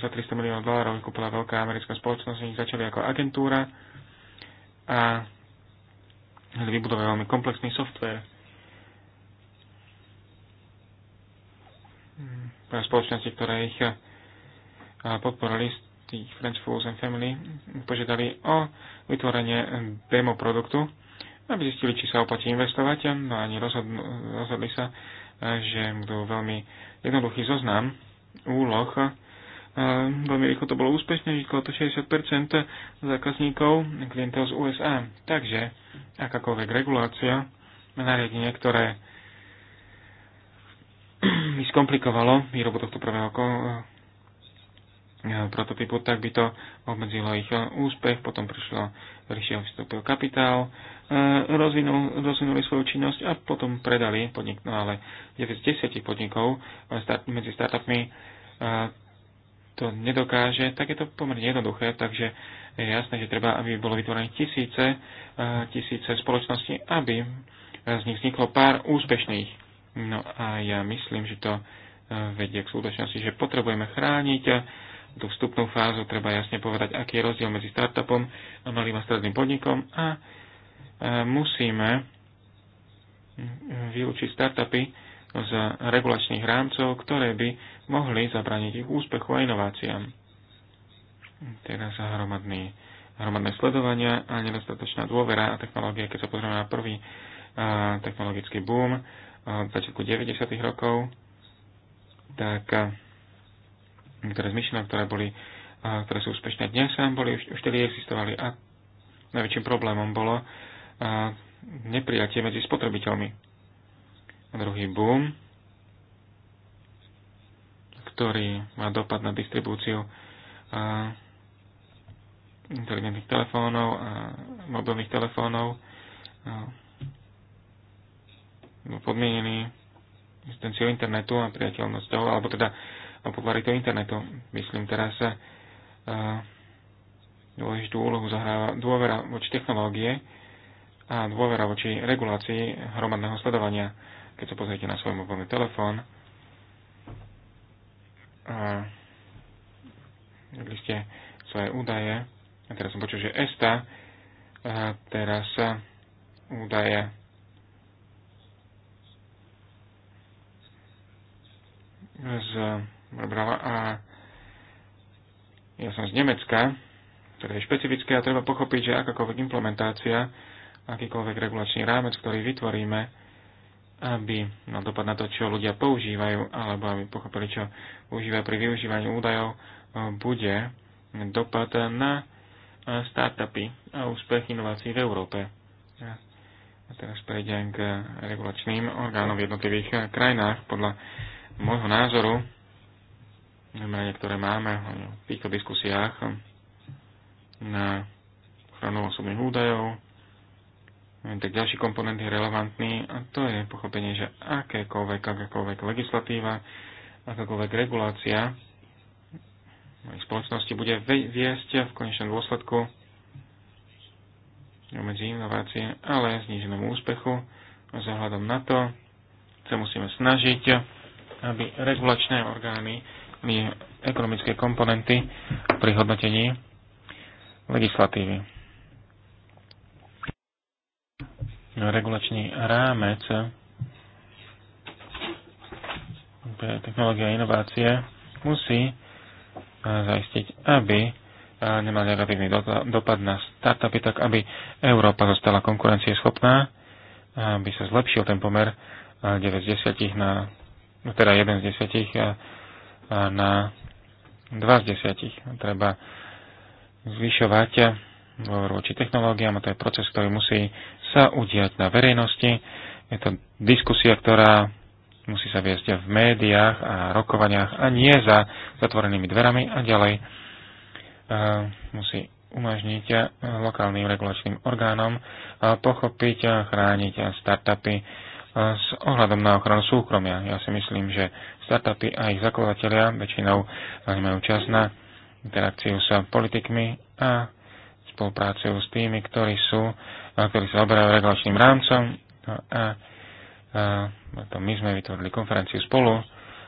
za 300 miliónov dolárov, kúpila veľká americká spoločnosť, oni začali ako agentúra a vybudovali veľmi komplexný software. Hm, pre spoločnosti, ktoré ich podporili, tých French Fools and Family požiadali o vytvorenie demo produktu, aby zistili, či sa oplatí investovať. No ani rozhodli, rozhodli sa, že budú veľmi jednoduchý zoznam úloh. Veľmi rýchlo to bolo úspešné, vzniklo to 60% zákazníkov klientov z USA. Takže akákoľvek regulácia, nariadenie, ktoré mi skomplikovalo výrobu tohto prvého Eh, prototypu, tak by to obmedzilo ich eh, úspech, potom prišlo, prišiel, vstúpil kapitál, eh, rozvinul, rozvinuli svoju činnosť a potom predali podnik, no ale 9 z 10 podnikov start, medzi startupmi to nedokáže, tak je to pomerne jednoduché, takže je jasné, že treba, aby bolo vytvorené tisíce, tisíce spoločností, aby z nich vzniklo pár úspešných. No a ja myslím, že to vedie k skutočnosti, že potrebujeme chrániť tú vstupnú fázu treba jasne povedať, aký je rozdiel medzi startupom a malým a stredným podnikom a e, musíme vylúčiť startupy z regulačných rámcov, ktoré by mohli zabraniť ich úspechu a inováciám. Teraz hromadný, hromadné sledovania a nedostatočná dôvera a technológie, keď sa pozrieme na prvý e, technologický boom e, od začiatku 90. rokov, tak niektoré z myšlenok, ktoré, boli, ktoré sú úspešné dnes, boli, už, už tedy existovali a najväčším problémom bolo neprijatie medzi spotrebiteľmi. A druhý boom, ktorý má dopad na distribúciu inteligentných telefónov a mobilných telefónov podmienený existenciou internetu a priateľnosťou, alebo teda popularitu internetu. Myslím teraz sa eh, dôležitú úlohu zahráva dôvera voči technológie a dôvera voči regulácii hromadného sledovania. Keď sa pozriete na svoj mobilný telefón, a ste svoje údaje, a teraz som počul, že ESTA, a eh, teraz eh, údaje z prebrala a ja som z Nemecka, ktoré je špecifické a treba pochopiť, že akákoľvek implementácia, akýkoľvek regulačný rámec, ktorý vytvoríme, aby mal no, dopad na to, čo ľudia používajú, alebo aby pochopili, čo používajú pri využívaní údajov, bude dopad na startupy a úspech inovácií v Európe. A teraz prejdem k regulačným orgánom v jednotlivých krajinách. Podľa môjho názoru znamenanie, ktoré máme v týchto diskusiách hm, na ochranu osobných údajov, hm, tak ďalší komponent je relevantný a to je pochopenie, že akékoľvek, akákoľvek legislatíva, akákoľvek regulácia mojej spoločnosti bude viesť v konečnom dôsledku medzi inovácie, ale zníženému úspechu a zohľadom na to sa musíme snažiť, aby regulačné orgány ekonomické komponenty pri hodnotení legislatívy. Regulačný rámec pre technológie a inovácie musí zaistiť, aby nemal negatívny dopad na startupy, tak aby Európa zostala konkurencieschopná, aby sa zlepšil ten pomer 9 z 10 na, no teda 1 z 10 na 2 z 10. Treba zvyšovať voči technológiám a to je proces, ktorý musí sa udiať na verejnosti. Je to diskusia, ktorá musí sa viesť v médiách a rokovaniach a nie za zatvorenými dverami a ďalej e, musí umožniť lokálnym regulačným orgánom a e, pochopiť a chrániť startupy e, s ohľadom na ochranu súkromia. Ja si myslím, že startupy a ich zakladatelia väčšinou majú čas na interakciu s politikmi a spoluprácu s tými, ktorí sú, ktorí sa oberajú regulačným rámcom a, no a, a to my sme vytvorili konferenciu spolu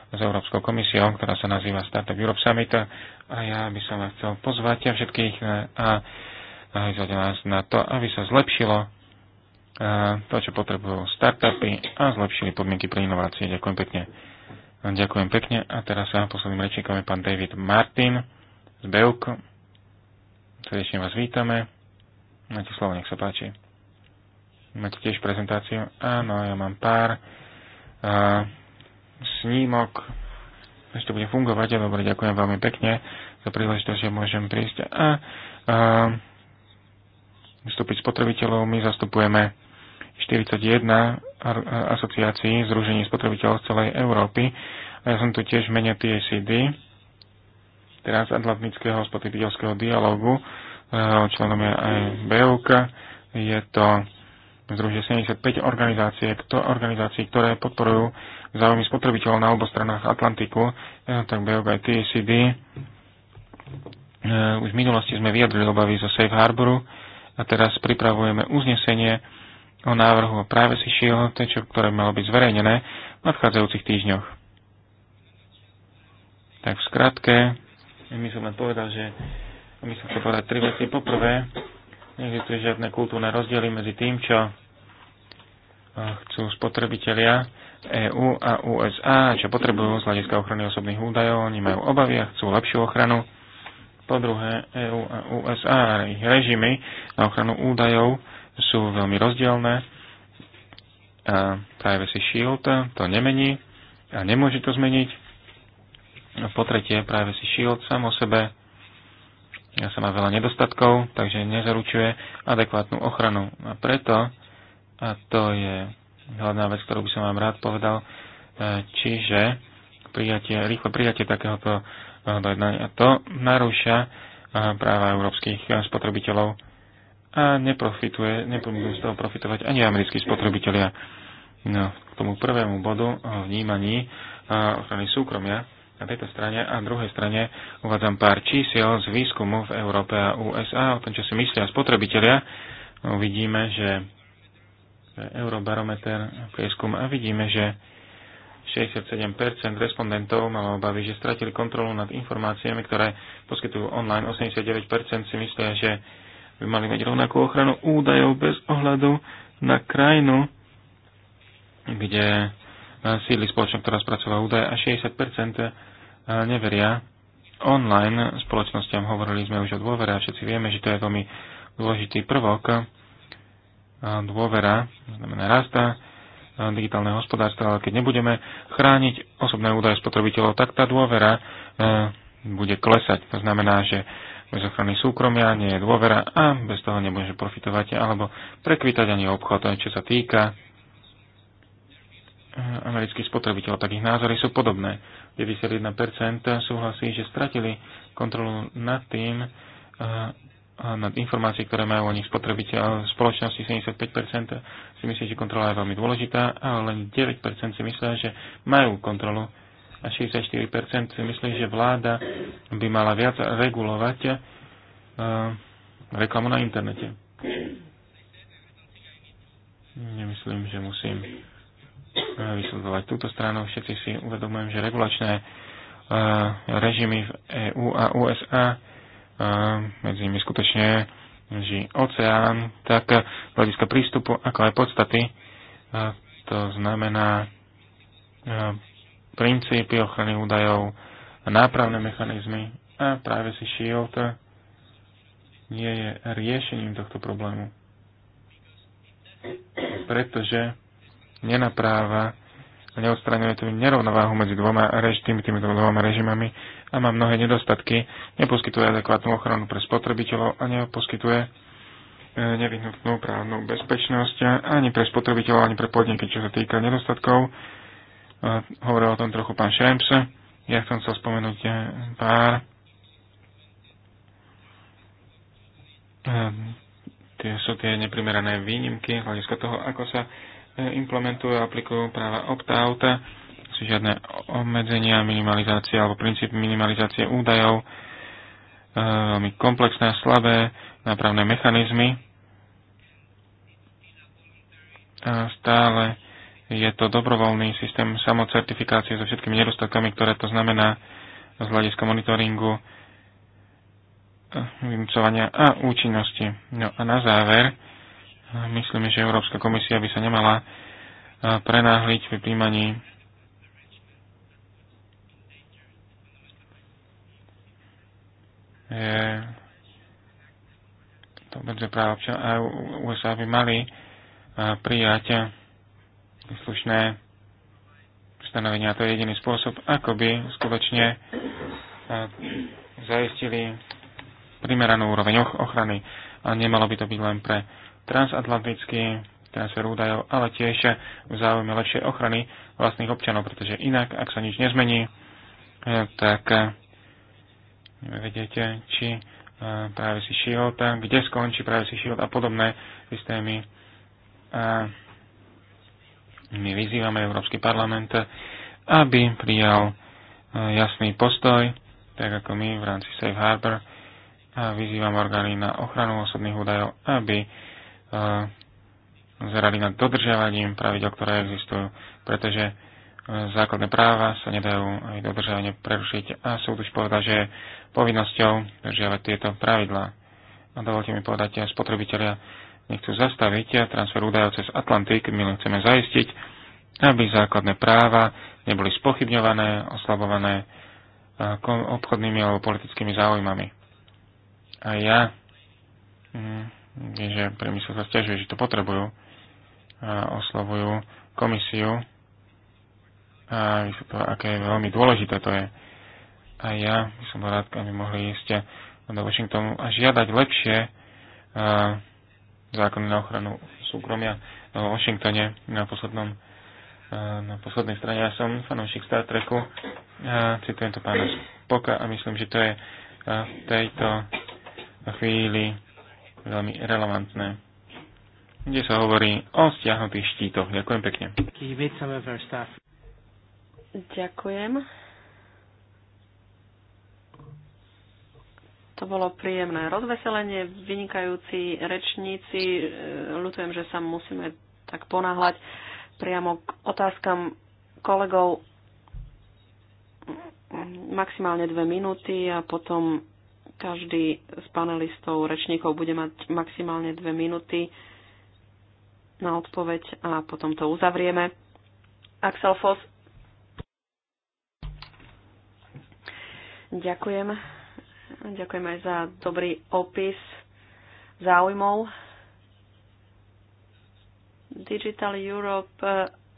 s Európskou komisiou, ktorá sa nazýva Startup Europe Summit a ja by som vás chcel pozvať a všetkých a, a vyzvať vás na to, aby sa zlepšilo to, čo potrebujú startupy a zlepšili podmienky pre inovácie. Ďakujem pekne. Ďakujem pekne. A teraz sa posledným rečníkom je pán David Martin z Beuk. Srdečne vás vítame. Máte slovo, nech sa páči. Máte tiež prezentáciu? Áno, ja mám pár. A, snímok. Ešte bude fungovať. dobre, ďakujem veľmi pekne za príležitosť, že môžem prísť. A, a vystúpiť spotrebiteľov. My zastupujeme 41 asociácií Združení spotrebiteľov z celej Európy. A ja som tu tiež v mene TACD, transatlantického spotrebiteľského dialogu, členom je aj BUK. Je to združuje 75 organizácie, kto, organizácií, ktoré podporujú záujmy spotrebiteľov na oboch stranách Atlantiku, e, tak BUK aj TACD. E, už v minulosti sme vyjadrili obavy zo Safe Harboru a teraz pripravujeme uznesenie, o návrhu o práve si šiel, čo, ktoré malo byť zverejnené v nadchádzajúcich týždňoch. Tak v skratke, my som len povedal, že my som chcel povedať tri veci. Poprvé, neexistuje žiadne kultúrne rozdiely medzi tým, čo eh, chcú spotrebitelia EÚ a USA, čo potrebujú z hľadiska ochrany osobných údajov. Oni majú obavy a chcú lepšiu ochranu. Po druhé, EÚ a USA a ich režimy na ochranu údajov sú veľmi rozdielne. A Privacy Shield to nemení a nemôže to zmeniť. A po tretie, Privacy Shield sám o sebe ja sa má veľa nedostatkov, takže nezaručuje adekvátnu ochranu. A preto, a to je hlavná vec, ktorú by som vám rád povedal, e, čiže prijatie, rýchle prijatie takéhoto dojednania. To narúša e, práva európskych e, spotrebiteľov a neprofituje, nebudú z toho profitovať ani americkí spotrebitelia. No, k tomu prvému bodu o eh, vnímaní a eh, ochrany súkromia na tejto strane a druhej strane uvádzam pár čísiel z výskumu v Európe a USA o tom, čo si myslia spotrebitelia. No, vidíme, že Eurobarometer prieskum a vidíme, že 67% respondentov malo obavy, že stratili kontrolu nad informáciami, ktoré poskytujú online. 89% si myslia, že by mali mať rovnakú ochranu údajov bez ohľadu na krajinu, kde sídli spoločnosť, ktorá spracová údaje a 60% eh, neveria online spoločnosťam. Hovorili sme už o dôvere a všetci vieme, že to je veľmi dôležitý prvok. Eh, dôvera znamená rasta eh, digitálneho hospodárstva, ale keď nebudeme chrániť osobné údaje spotrebiteľov, tak tá dôvera bude klesať. To znamená, že bez ochrany súkromia, nie je dôvera a bez toho nemôže profitovať alebo prekvitať ani obchod. Čo sa týka eh, amerických spotrebiteľov, tak ich názory sú podobné. 91% súhlasí, že stratili kontrolu nad tým, eh, nad informácií, ktoré majú o nich spotrebiteľ. V spoločnosti 75% si myslí, že kontrola je veľmi dôležitá, ale len 9% si myslí, že majú kontrolu a 64% si myslí, že vláda by mala viac regulovať e, reklamu na internete. Nemyslím, že musím e, vysledovať túto stranu. Všetci si uvedomujem, že regulačné e, režimy v EU a USA medzi nimi skutočne že oceán, tak hľadiska prístupu, ako aj podstaty, to znamená princípy ochrany údajov, nápravné mechanizmy a Privacy Shield nie je riešením tohto problému. Pretože nenapráva a neodstraňuje tú nerovnováhu medzi dvoma rež, tými, týmito dvoma režimami a má mnohé nedostatky, neposkytuje adekvátnu ochranu pre spotrebiteľov a neposkytuje e, nevyhnutnú právnu bezpečnosť ani pre spotrebiteľov, ani pre podniky, čo sa týka nedostatkov Eh, hovoril o tom trochu pán Šremse. Ja chcem sa spomenúť eh, pár eh, tie sú tie neprimerané výnimky hľadiska toho, ako sa implementujú a aplikujú práva opt outa sú žiadne obmedzenia, minimalizácie alebo princíp minimalizácie údajov, veľmi komplexné a slabé nápravné mechanizmy, a stále je to dobrovoľný systém samocertifikácie so všetkými nedostatkami, ktoré to znamená z hľadiska monitoringu, eh, vynúcovania a účinnosti. No a na záver, eh, myslím, že Európska komisia by sa nemala eh, prenáhliť pri príjmaní je to práva občanov a USA by mali prijať slušné stanovenia. To je jediný spôsob, ako by skutočne e, zaistili primeranú úroveň ochrany. A nemalo by to byť len pre transatlantický transfer údajov, ale tiež v záujme lepšej ochrany vlastných občanov, pretože inak, ak sa nič nezmení, e, tak e, vedete, či práve si Shield, kde skončí práve si Shield a podobné systémy. A my vyzývame Európsky parlament, aby prijal e, jasný postoj, tak ako my v rámci Safe Harbor, a vyzývam orgány na ochranu osobných údajov, aby e, zerali nad dodržiavaním pravidel, ktoré existujú, pretože e, základné práva sa nedajú aj dodržiavanie prerušiť a súd už povedal, že je povinnosťou dodržiavať tieto pravidlá. A dovolte mi povedať, spotrebitelia nechcú zastaviť a transfer údajov cez Atlantik. My len chceme zaistiť, aby základné práva neboli spochybňované, oslabované obchodnými alebo politickými záujmami. A ja, mm, viem, že priemysel sa stiažuje, že to potrebujú, a oslovujú komisiu a to, aké je veľmi dôležité to je. A ja by som bol rád, aby mohli ísť do Washingtonu a žiadať lepšie zákony na ochranu súkromia no, v Washingtone na poslednom eh, na poslednej strane. Ja som fanúšik Star Treku. a citujem to pána Spoka a myslím, že to je eh, v tejto chvíli veľmi relevantné. Kde sa hovorí o stiahnutých štítoch. Ďakujem pekne. Ďakujem. To bolo príjemné rozveselenie, vynikajúci rečníci. E, ľutujem, že sa musíme tak ponáhľať priamo k otázkam kolegov maximálne dve minúty a potom každý z panelistov, rečníkov bude mať maximálne dve minúty na odpoveď a potom to uzavrieme. Axel Foss. Ďakujem. Ďakujem aj za dobrý opis záujmov. Digital Europe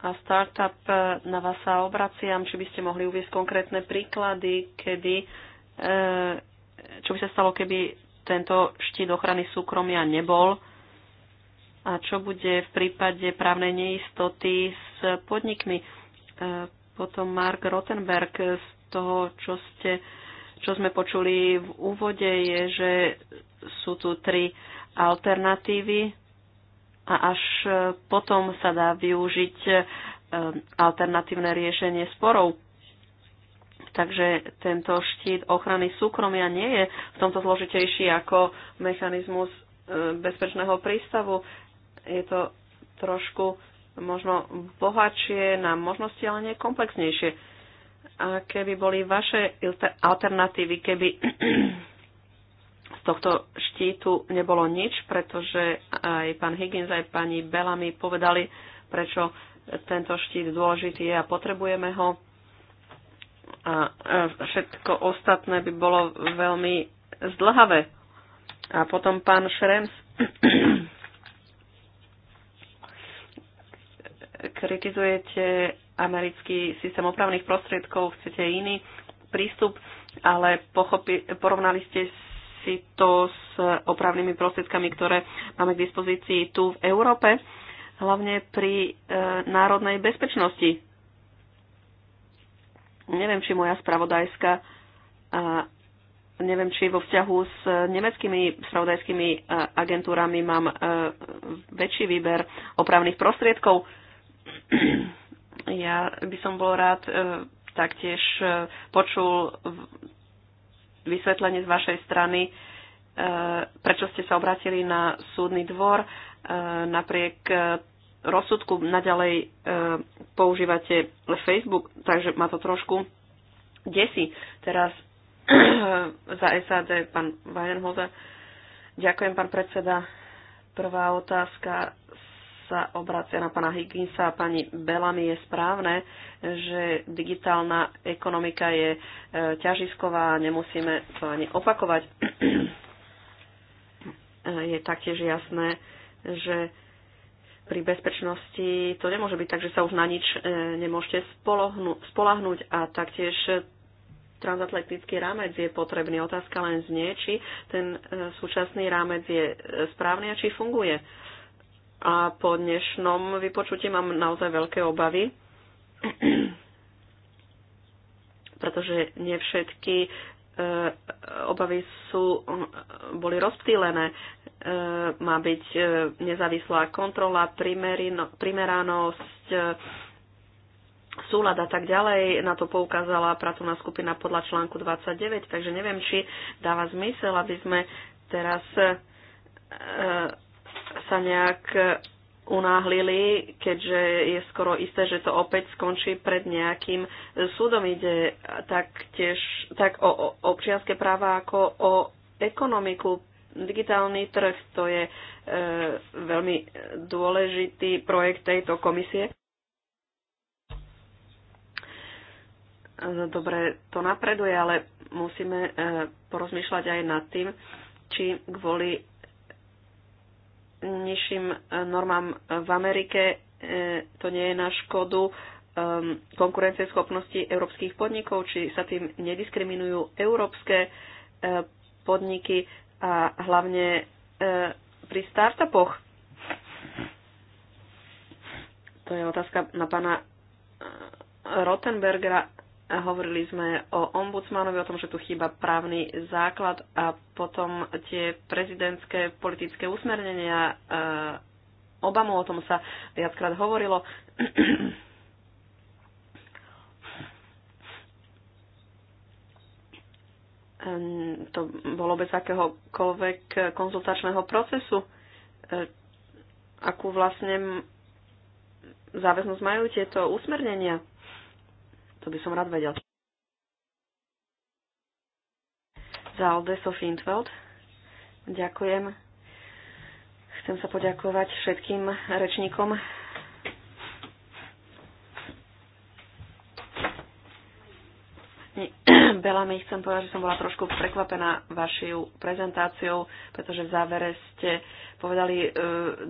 a startup na vás sa obraciam, či by ste mohli uvieť konkrétne príklady, kedy, e, čo by sa stalo, keby tento štít ochrany súkromia nebol a čo bude v prípade právnej neistoty s podnikmi. E, potom Mark Rottenberg z toho, čo ste čo sme počuli v úvode je, že sú tu tri alternatívy a až e, potom sa dá využiť e, alternatívne riešenie sporov. Takže tento štít ochrany súkromia nie je v tomto zložitejší ako mechanizmus e, bezpečného prístavu. Je to trošku možno bohatšie na možnosti, ale nie komplexnejšie aké by boli vaše alternatívy, keby z tohto štítu nebolo nič, pretože aj pán Higgins, aj pani Bellamy povedali, prečo tento štít dôležitý je a potrebujeme ho. A všetko ostatné by bolo veľmi zdlhavé. A potom pán Šrems kritizujete americký systém opravných prostriedkov, chcete iný prístup, ale pochopi, porovnali ste si to s opravnými prostriedkami, ktoré máme k dispozícii tu v Európe, hlavne pri e, národnej bezpečnosti. Neviem, či moja spravodajská a neviem, či vo vzťahu s nemeckými spravodajskými e, agentúrami mám e, väčší výber opravných prostriedkov ja by som bol rád e, taktiež e, počul vysvetlenie z vašej strany, e, prečo ste sa obratili na súdny dvor. Napriek rozsudku naďalej používate Facebook, takže ma to trošku desí. Teraz za SAD pán Weidenhofer. Ďakujem, pán predseda. Prvá otázka sa obracia na pána Higginsa a pani Belami, je správne, že digitálna ekonomika je e, ťažisková a nemusíme to ani opakovať. E, je taktiež jasné, že pri bezpečnosti to nemôže byť tak, že sa už na nič e, nemôžete spolahnúť a taktiež transatlantický rámec je potrebný. Otázka len znie, či ten súčasný rámec je správny a či funguje. A po dnešnom vypočutí mám naozaj veľké obavy, pretože nie všetky e, obavy sú, e, boli rozptýlené. E, má byť nezávislá kontrola, primeranosť, súlad a tak ďalej. Na to poukázala pracovná skupina podľa článku 29, takže neviem, či dáva zmysel, aby sme teraz sa nejak unáhlili, keďže je skoro isté, že to opäť skončí pred nejakým súdom. Ide tak, tiež, tak o, o občianské práva ako o ekonomiku. Digitálny trh to je e, veľmi dôležitý projekt tejto komisie. Dobre, to napreduje, ale musíme e, porozmýšľať aj nad tým, či kvôli nižším eh, normám v Amerike. Eh, to nie je na škodu ehm, konkurencieschopnosti európskych podnikov, či sa tým nediskriminujú európske eh, podniky a hlavne pri startupoch. To je otázka na pána Rottenbergera. Hovorili sme o ombudsmanovi, o tom, že tu chýba právny základ a potom tie prezidentské politické usmernenia eh, Obamu, o tom sa viackrát hovorilo. to bolo bez akéhokoľvek konzultačného procesu. Eh, akú vlastne záväznosť majú tieto usmernenia? To by som rád vedel. Za Alde Sofientveld. Ďakujem. Chcem sa poďakovať všetkým rečníkom. Veľa mi chcem povedať, že som bola trošku prekvapená vašou prezentáciou, pretože v závere ste povedali, e,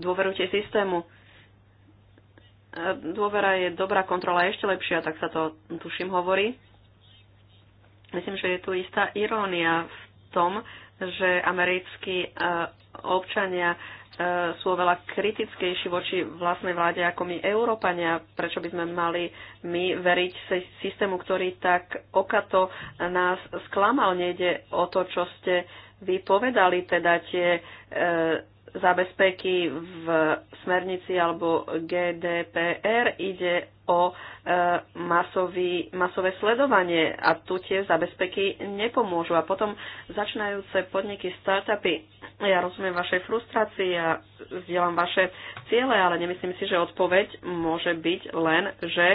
dôverujte systému dôvera je dobrá kontrola ešte lepšia, tak sa to tuším hovorí. Myslím, že je tu istá irónia v tom, že americkí e, občania e, sú oveľa kritickejší voči vlastnej vláde ako my Európania. Prečo by sme mali my veriť systému, ktorý tak okato nás sklamal? Nejde o to, čo ste vy povedali, teda tie e, zabezpeky v smernici alebo GDPR ide o e, masový, masové sledovanie a tu tie zabezpeky nepomôžu. A potom začnajúce podniky, startupy, ja rozumiem vašej frustrácii a ja vzdielam vaše ciele, ale nemyslím si, že odpoveď môže byť len, že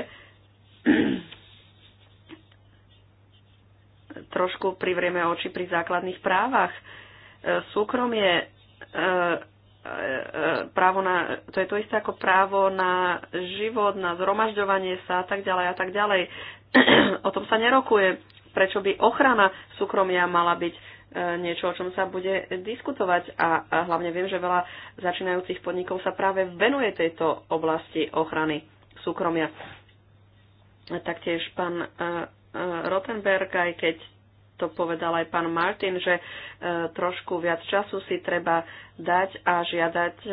trošku privrieme oči pri základných právach. E, súkromie E, e, právo na, to je to isté ako právo na život, na zhromažďovanie sa a tak ďalej a tak ďalej. o tom sa nerokuje. Prečo by ochrana súkromia mala byť e, niečo, o čom sa bude diskutovať a, a hlavne viem, že veľa začínajúcich podnikov sa práve venuje tejto oblasti ochrany súkromia. Taktiež pán Rottenberg, aj keď to povedal aj pán Martin, že e, trošku viac času si treba dať a žiadať e,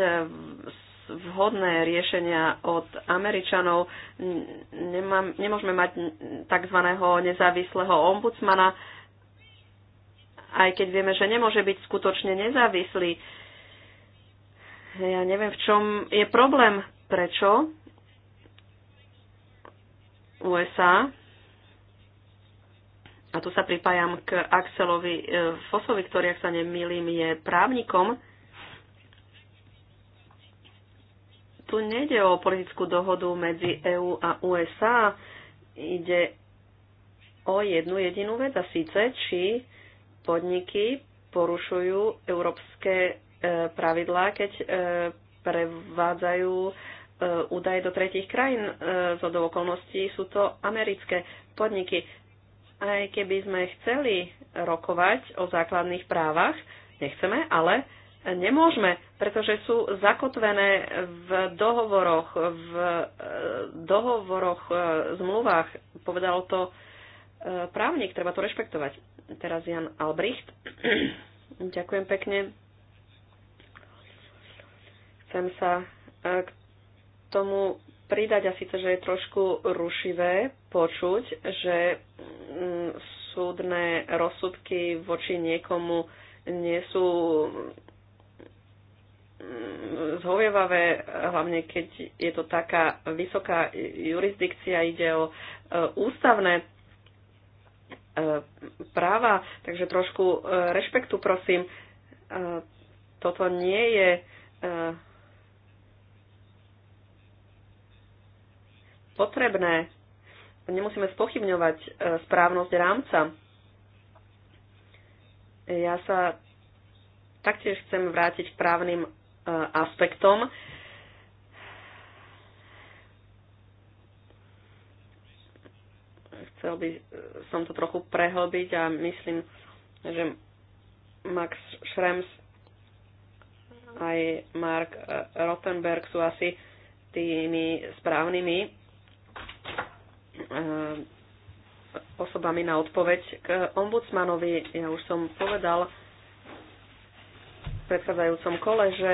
vhodné riešenia od Američanov. Nemám, nemôžeme mať tzv. nezávislého ombudsmana, aj keď vieme, že nemôže byť skutočne nezávislý. Ja neviem, v čom je problém, prečo USA a tu sa pripájam k Axelovi e, Fosovi, ktorý, ak sa nemýlim, je právnikom. Tu nejde o politickú dohodu medzi EÚ a USA, ide o jednu jedinú vec, a síce, či podniky porušujú európske e, pravidlá, keď e, prevádzajú údaje do tretich krajín. Z okolností sú to americké podniky aj keby sme chceli rokovať o základných právach, nechceme, ale nemôžeme, pretože sú zakotvené v dohovoroch, v e, dohovoroch, e, zmluvách. Povedal to e, právnik, treba to rešpektovať. Teraz Jan Albricht. Ďakujem pekne. Chcem sa k tomu pridať a síce, že je trošku rušivé počuť, že mm, súdne rozsudky voči niekomu nie sú mm, zhovievavé, hlavne keď je to taká vysoká jurisdikcia, ide o e, ústavné e, práva, takže trošku e, rešpektu prosím. Toto nie je potrebné. Nemusíme spochybňovať e, správnosť rámca. Ja sa taktiež chcem vrátiť k právnym e, aspektom. Chcel by e, som to trochu prehlbiť a myslím, že Max Schrems aj Mark Rottenberg sú asi tými správnymi Eh, osobami na odpoveď. K ombudsmanovi ja už som povedal v predchádzajúcom kole, že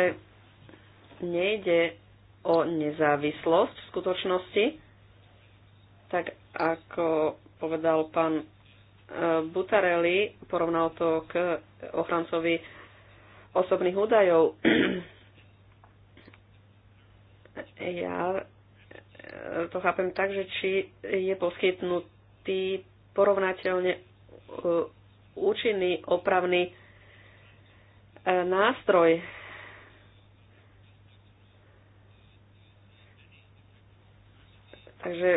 nejde o nezávislosť v skutočnosti, tak ako povedal pán eh, Butarelli, porovnal to k ochrancovi osobných údajov. ja to chápem tak, že či je poskytnutý porovnateľne e, účinný opravný e, nástroj. Takže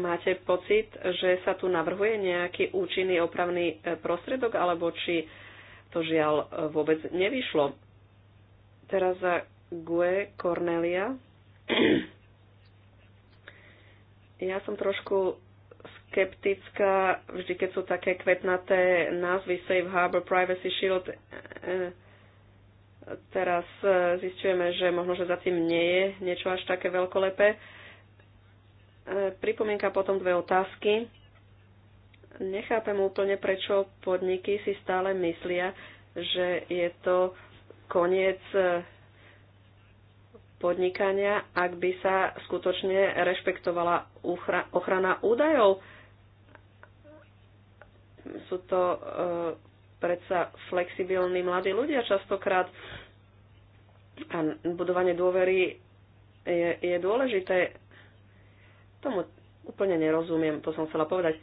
máte pocit, že sa tu navrhuje nejaký účinný opravný e, prostriedok, alebo či to žiaľ vôbec nevyšlo. Teraz za Gue Cornelia. Ja som trošku skeptická, vždy keď sú také kvetnaté názvy Safe Harbor, Privacy Shield. E, teraz e, zistujeme, že možno, že za tým nie je niečo až také veľkolepé. E, pripomienka potom dve otázky. Nechápem úplne, prečo podniky si stále myslia, že je to koniec podnikania, ak by sa skutočne rešpektovala ochrana údajov. Sú to e, predsa flexibilní mladí ľudia častokrát a budovanie dôvery je, je dôležité. Tomu úplne nerozumiem, to som chcela povedať.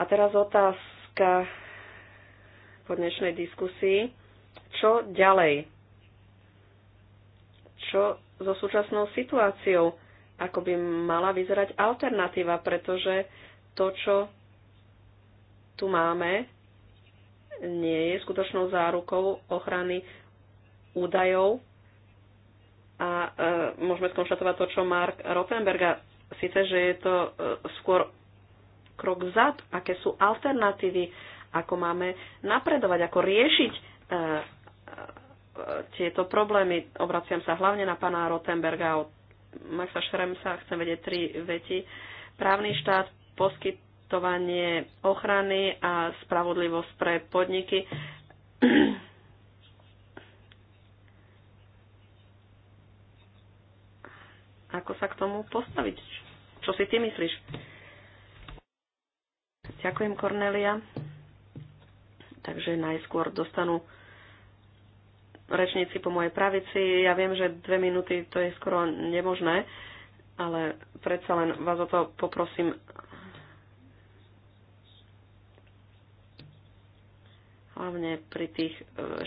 A teraz otázka po dnešnej diskusii. Čo ďalej? čo so súčasnou situáciou, ako by mala vyzerať alternatíva, pretože to, čo tu máme, nie je skutočnou zárukou ochrany údajov a e, môžeme skonštatovať to, čo Mark Rottenberga, síce, že je to e, skôr krok vzad, aké sú alternatívy, ako máme napredovať, ako riešiť e, tieto problémy. Obraciam sa hlavne na pána Rotenberga od Maxa Šremsa. Chcem vedieť tri veci. Právny štát, poskytovanie ochrany a spravodlivosť pre podniky. Ako sa k tomu postaviť? Čo si ty myslíš? Ďakujem, Kornelia. Takže najskôr dostanú rečníci po mojej pravici. Ja viem, že dve minúty to je skoro nemožné, ale predsa len vás o to poprosím. Hlavne pri tých e,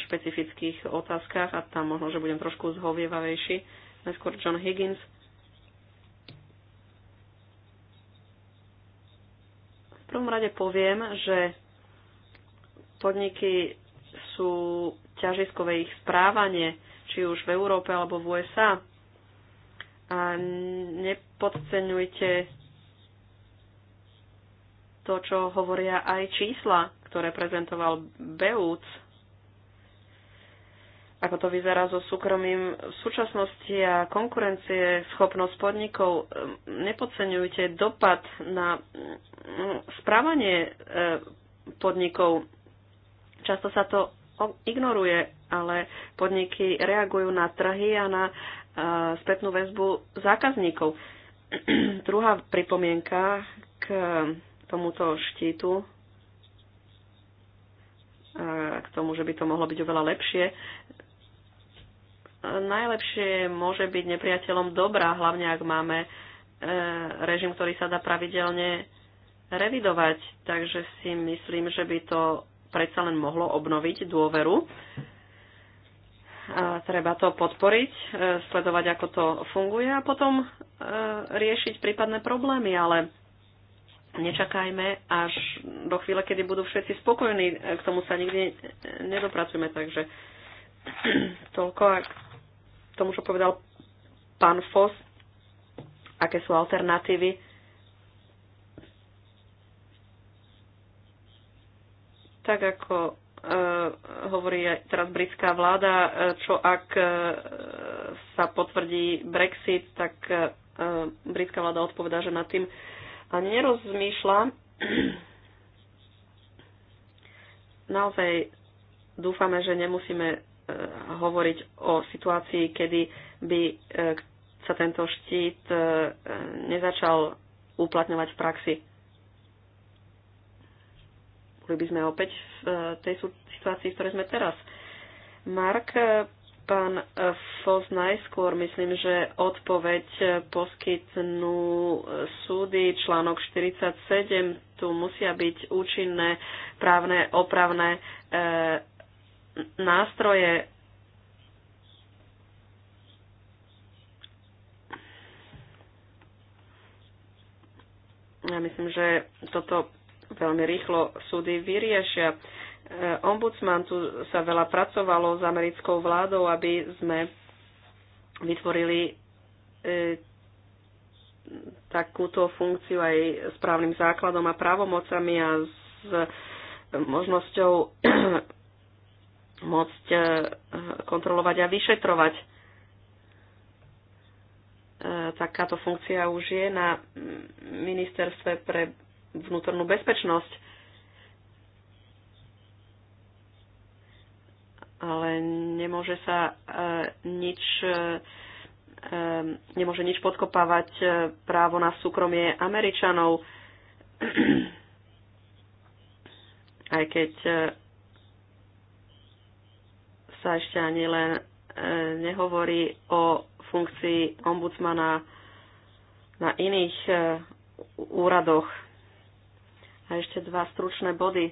špecifických otázkach a tam možno, že budem trošku zhovievavejší. Najskôr John Higgins. V prvom rade poviem, že podniky sú ťažiskové ich správanie, či už v Európe alebo v USA. A nepodceňujte to, čo hovoria aj čísla, ktoré prezentoval Beúc. Ako to vyzerá so súkromím v súčasnosti a konkurencie, schopnosť podnikov, nepodceňujte dopad na mm, správanie e, podnikov. Často sa to ignoruje, ale podniky reagujú na trhy a na spätnú väzbu zákazníkov. Druhá pripomienka k tomuto štítu, k tomu, že by to mohlo byť oveľa lepšie. Najlepšie môže byť nepriateľom dobrá, hlavne ak máme e, režim, ktorý sa dá pravidelne revidovať. Takže si myslím, že by to predsa len mohlo obnoviť dôveru. A treba to podporiť, e, sledovať, ako to funguje a potom e, riešiť prípadné problémy, ale nečakajme až do chvíle, kedy budú všetci spokojní. E, k tomu sa nikdy nedopracujeme, takže toľko k tomu, čo povedal pán Fos, aké sú alternatívy Tak ako e, hovorí teraz britská vláda, e, čo ak e, sa potvrdí Brexit, tak britská vláda odpovedá, že nad tým ani nerozmýšľa. Naozaj dúfame, že nemusíme hovoriť o situácii, kedy by sa tento štít nezačal uplatňovať v praxi boli by sme opäť v e, tej situácii, v ktorej sme teraz. Mark, e, pán e, Fos najskôr, myslím, že odpoveď poskytnú súdy článok 47. Tu musia byť účinné právne, opravné e, nástroje. Ja myslím, že toto veľmi rýchlo súdy vyriešia. E, ombudsman tu sa veľa pracovalo s americkou vládou, aby sme vytvorili e, takúto funkciu aj s právnym základom a právomocami a s možnosťou môcť e, kontrolovať a vyšetrovať. Takáto funkcia už je na ministerstve pre vnútornú bezpečnosť. Ale nemôže sa e, nič e, e, nemôže nič podkopávať právo na súkromie Američanov, aj keď sa ešte ani len nehovorí o funkcii ombudsmana na iných úradoch a ešte dva stručné body.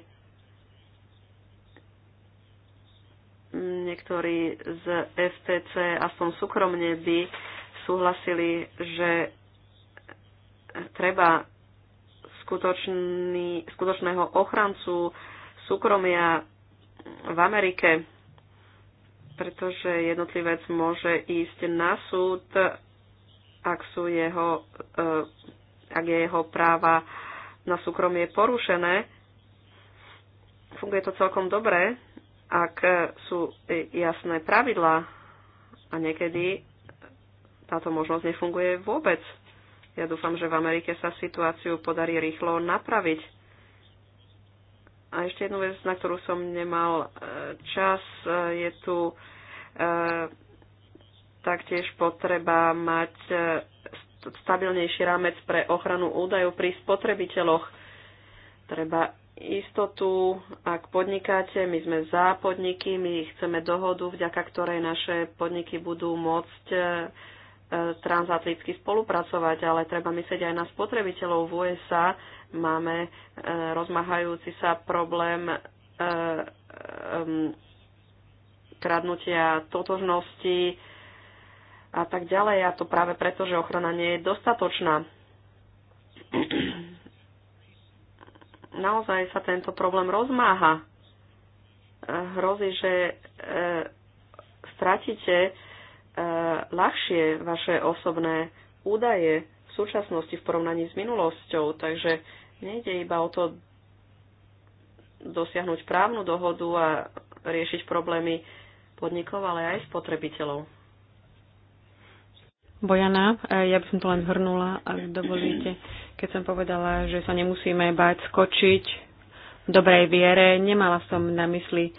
Niektorí z FTC, aspoň súkromne, by súhlasili, že treba skutočný, skutočného ochrancu súkromia v Amerike, pretože jednotlivec môže ísť na súd, ak, sú jeho, eh, ak je jeho práva na súkromie porušené. Funguje to celkom dobre, ak sú jasné pravidlá a niekedy táto možnosť nefunguje vôbec. Ja dúfam, že v Amerike sa situáciu podarí rýchlo napraviť. A ešte jednu vec, na ktorú som nemal e, čas, e, je tu e, taktiež potreba mať stabilnejší rámec pre ochranu údajov pri spotrebiteľoch. Treba istotu, ak podnikáte, my sme za podniky, my chceme dohodu, vďaka ktorej naše podniky budú môcť e, e, transatlicky spolupracovať, ale treba myslieť aj na spotrebiteľov. V USA máme e, rozmahajúci sa problém kradnutia totožnosti, a tak ďalej. A to práve preto, že ochrana nie je dostatočná. Naozaj sa tento problém rozmáha. Hrozí, že e, stratíte e, ľahšie vaše osobné údaje v súčasnosti v porovnaní s minulosťou. Takže nejde iba o to dosiahnuť právnu dohodu a riešiť problémy podnikov, ale aj spotrebiteľov. Bojana. E, ja by som to len zhrnula, ak dovolíte, keď som povedala, že sa nemusíme báť skočiť v dobrej viere. Nemala som na mysli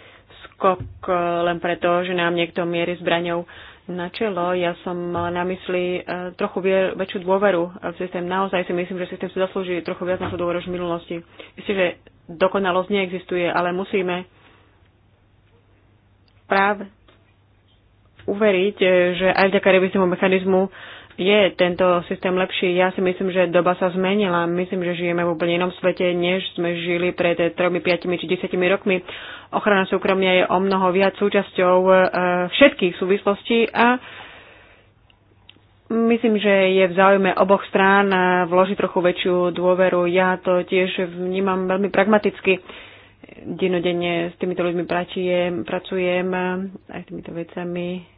skok e, len preto, že nám niekto mierí zbraňou na čelo. Ja som mala na mysli e, trochu vier, väčšiu dôveru v systém. Naozaj si myslím, že systém si zaslúži trochu viac na dôveru v minulosti. Myslím, že dokonalosť neexistuje, ale musíme práve uveriť, e, že aj vďaka reviznému mechanizmu je tento systém lepší. Ja si myslím, že doba sa zmenila. Myslím, že žijeme v úplne inom svete, než sme žili pred 3, 5 či 10 rokmi. Ochrana súkromia je o mnoho viac súčasťou e, všetkých súvislostí a Myslím, že je v záujme oboch strán e, vložiť trochu väčšiu dôveru. Ja to tiež vnímam veľmi pragmaticky. Denodenne s týmito ľuďmi pracujem, pracujem aj s týmito vecami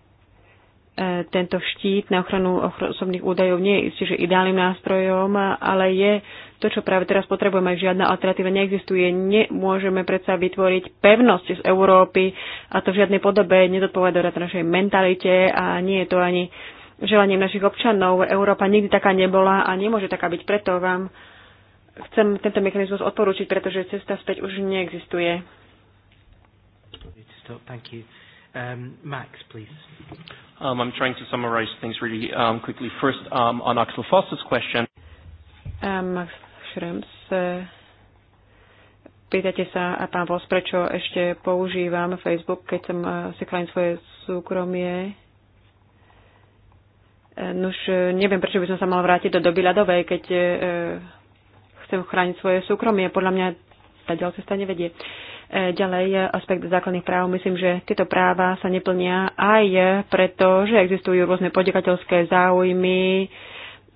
E, tento štít na ochranu osobných údajov nie je isté, že ideálnym nástrojom, ale je to, čo práve teraz potrebujeme. Žiadna alternatíva neexistuje. Nemôžeme predsa vytvoriť pevnosť z Európy a to v žiadnej podobe na našej mentalite a nie je to ani želaním našich občanov. Európa nikdy taká nebola a nemôže taká byť. Preto vám chcem tento mechanizmus odporúčiť, pretože cesta späť už neexistuje. Thank you. Um, Max, please. Um, I'm trying to summarize things really um, quickly. First, um, on Axel Foster's question. Um, Max Schrems, uh, pýtate sa, a pán Vos, prečo ešte používam Facebook, keď som uh, si chránil svoje súkromie. Uh, Nuž, uh, neviem, prečo by som sa mal vrátiť do doby ľadovej, keď uh, chcem chrániť svoje súkromie. Podľa mňa tá ďalšia stane vedie. Uh, E, ďalej, e, aspekt základných práv. Myslím, že tieto práva sa neplnia aj e, preto, že existujú rôzne podnikateľské záujmy,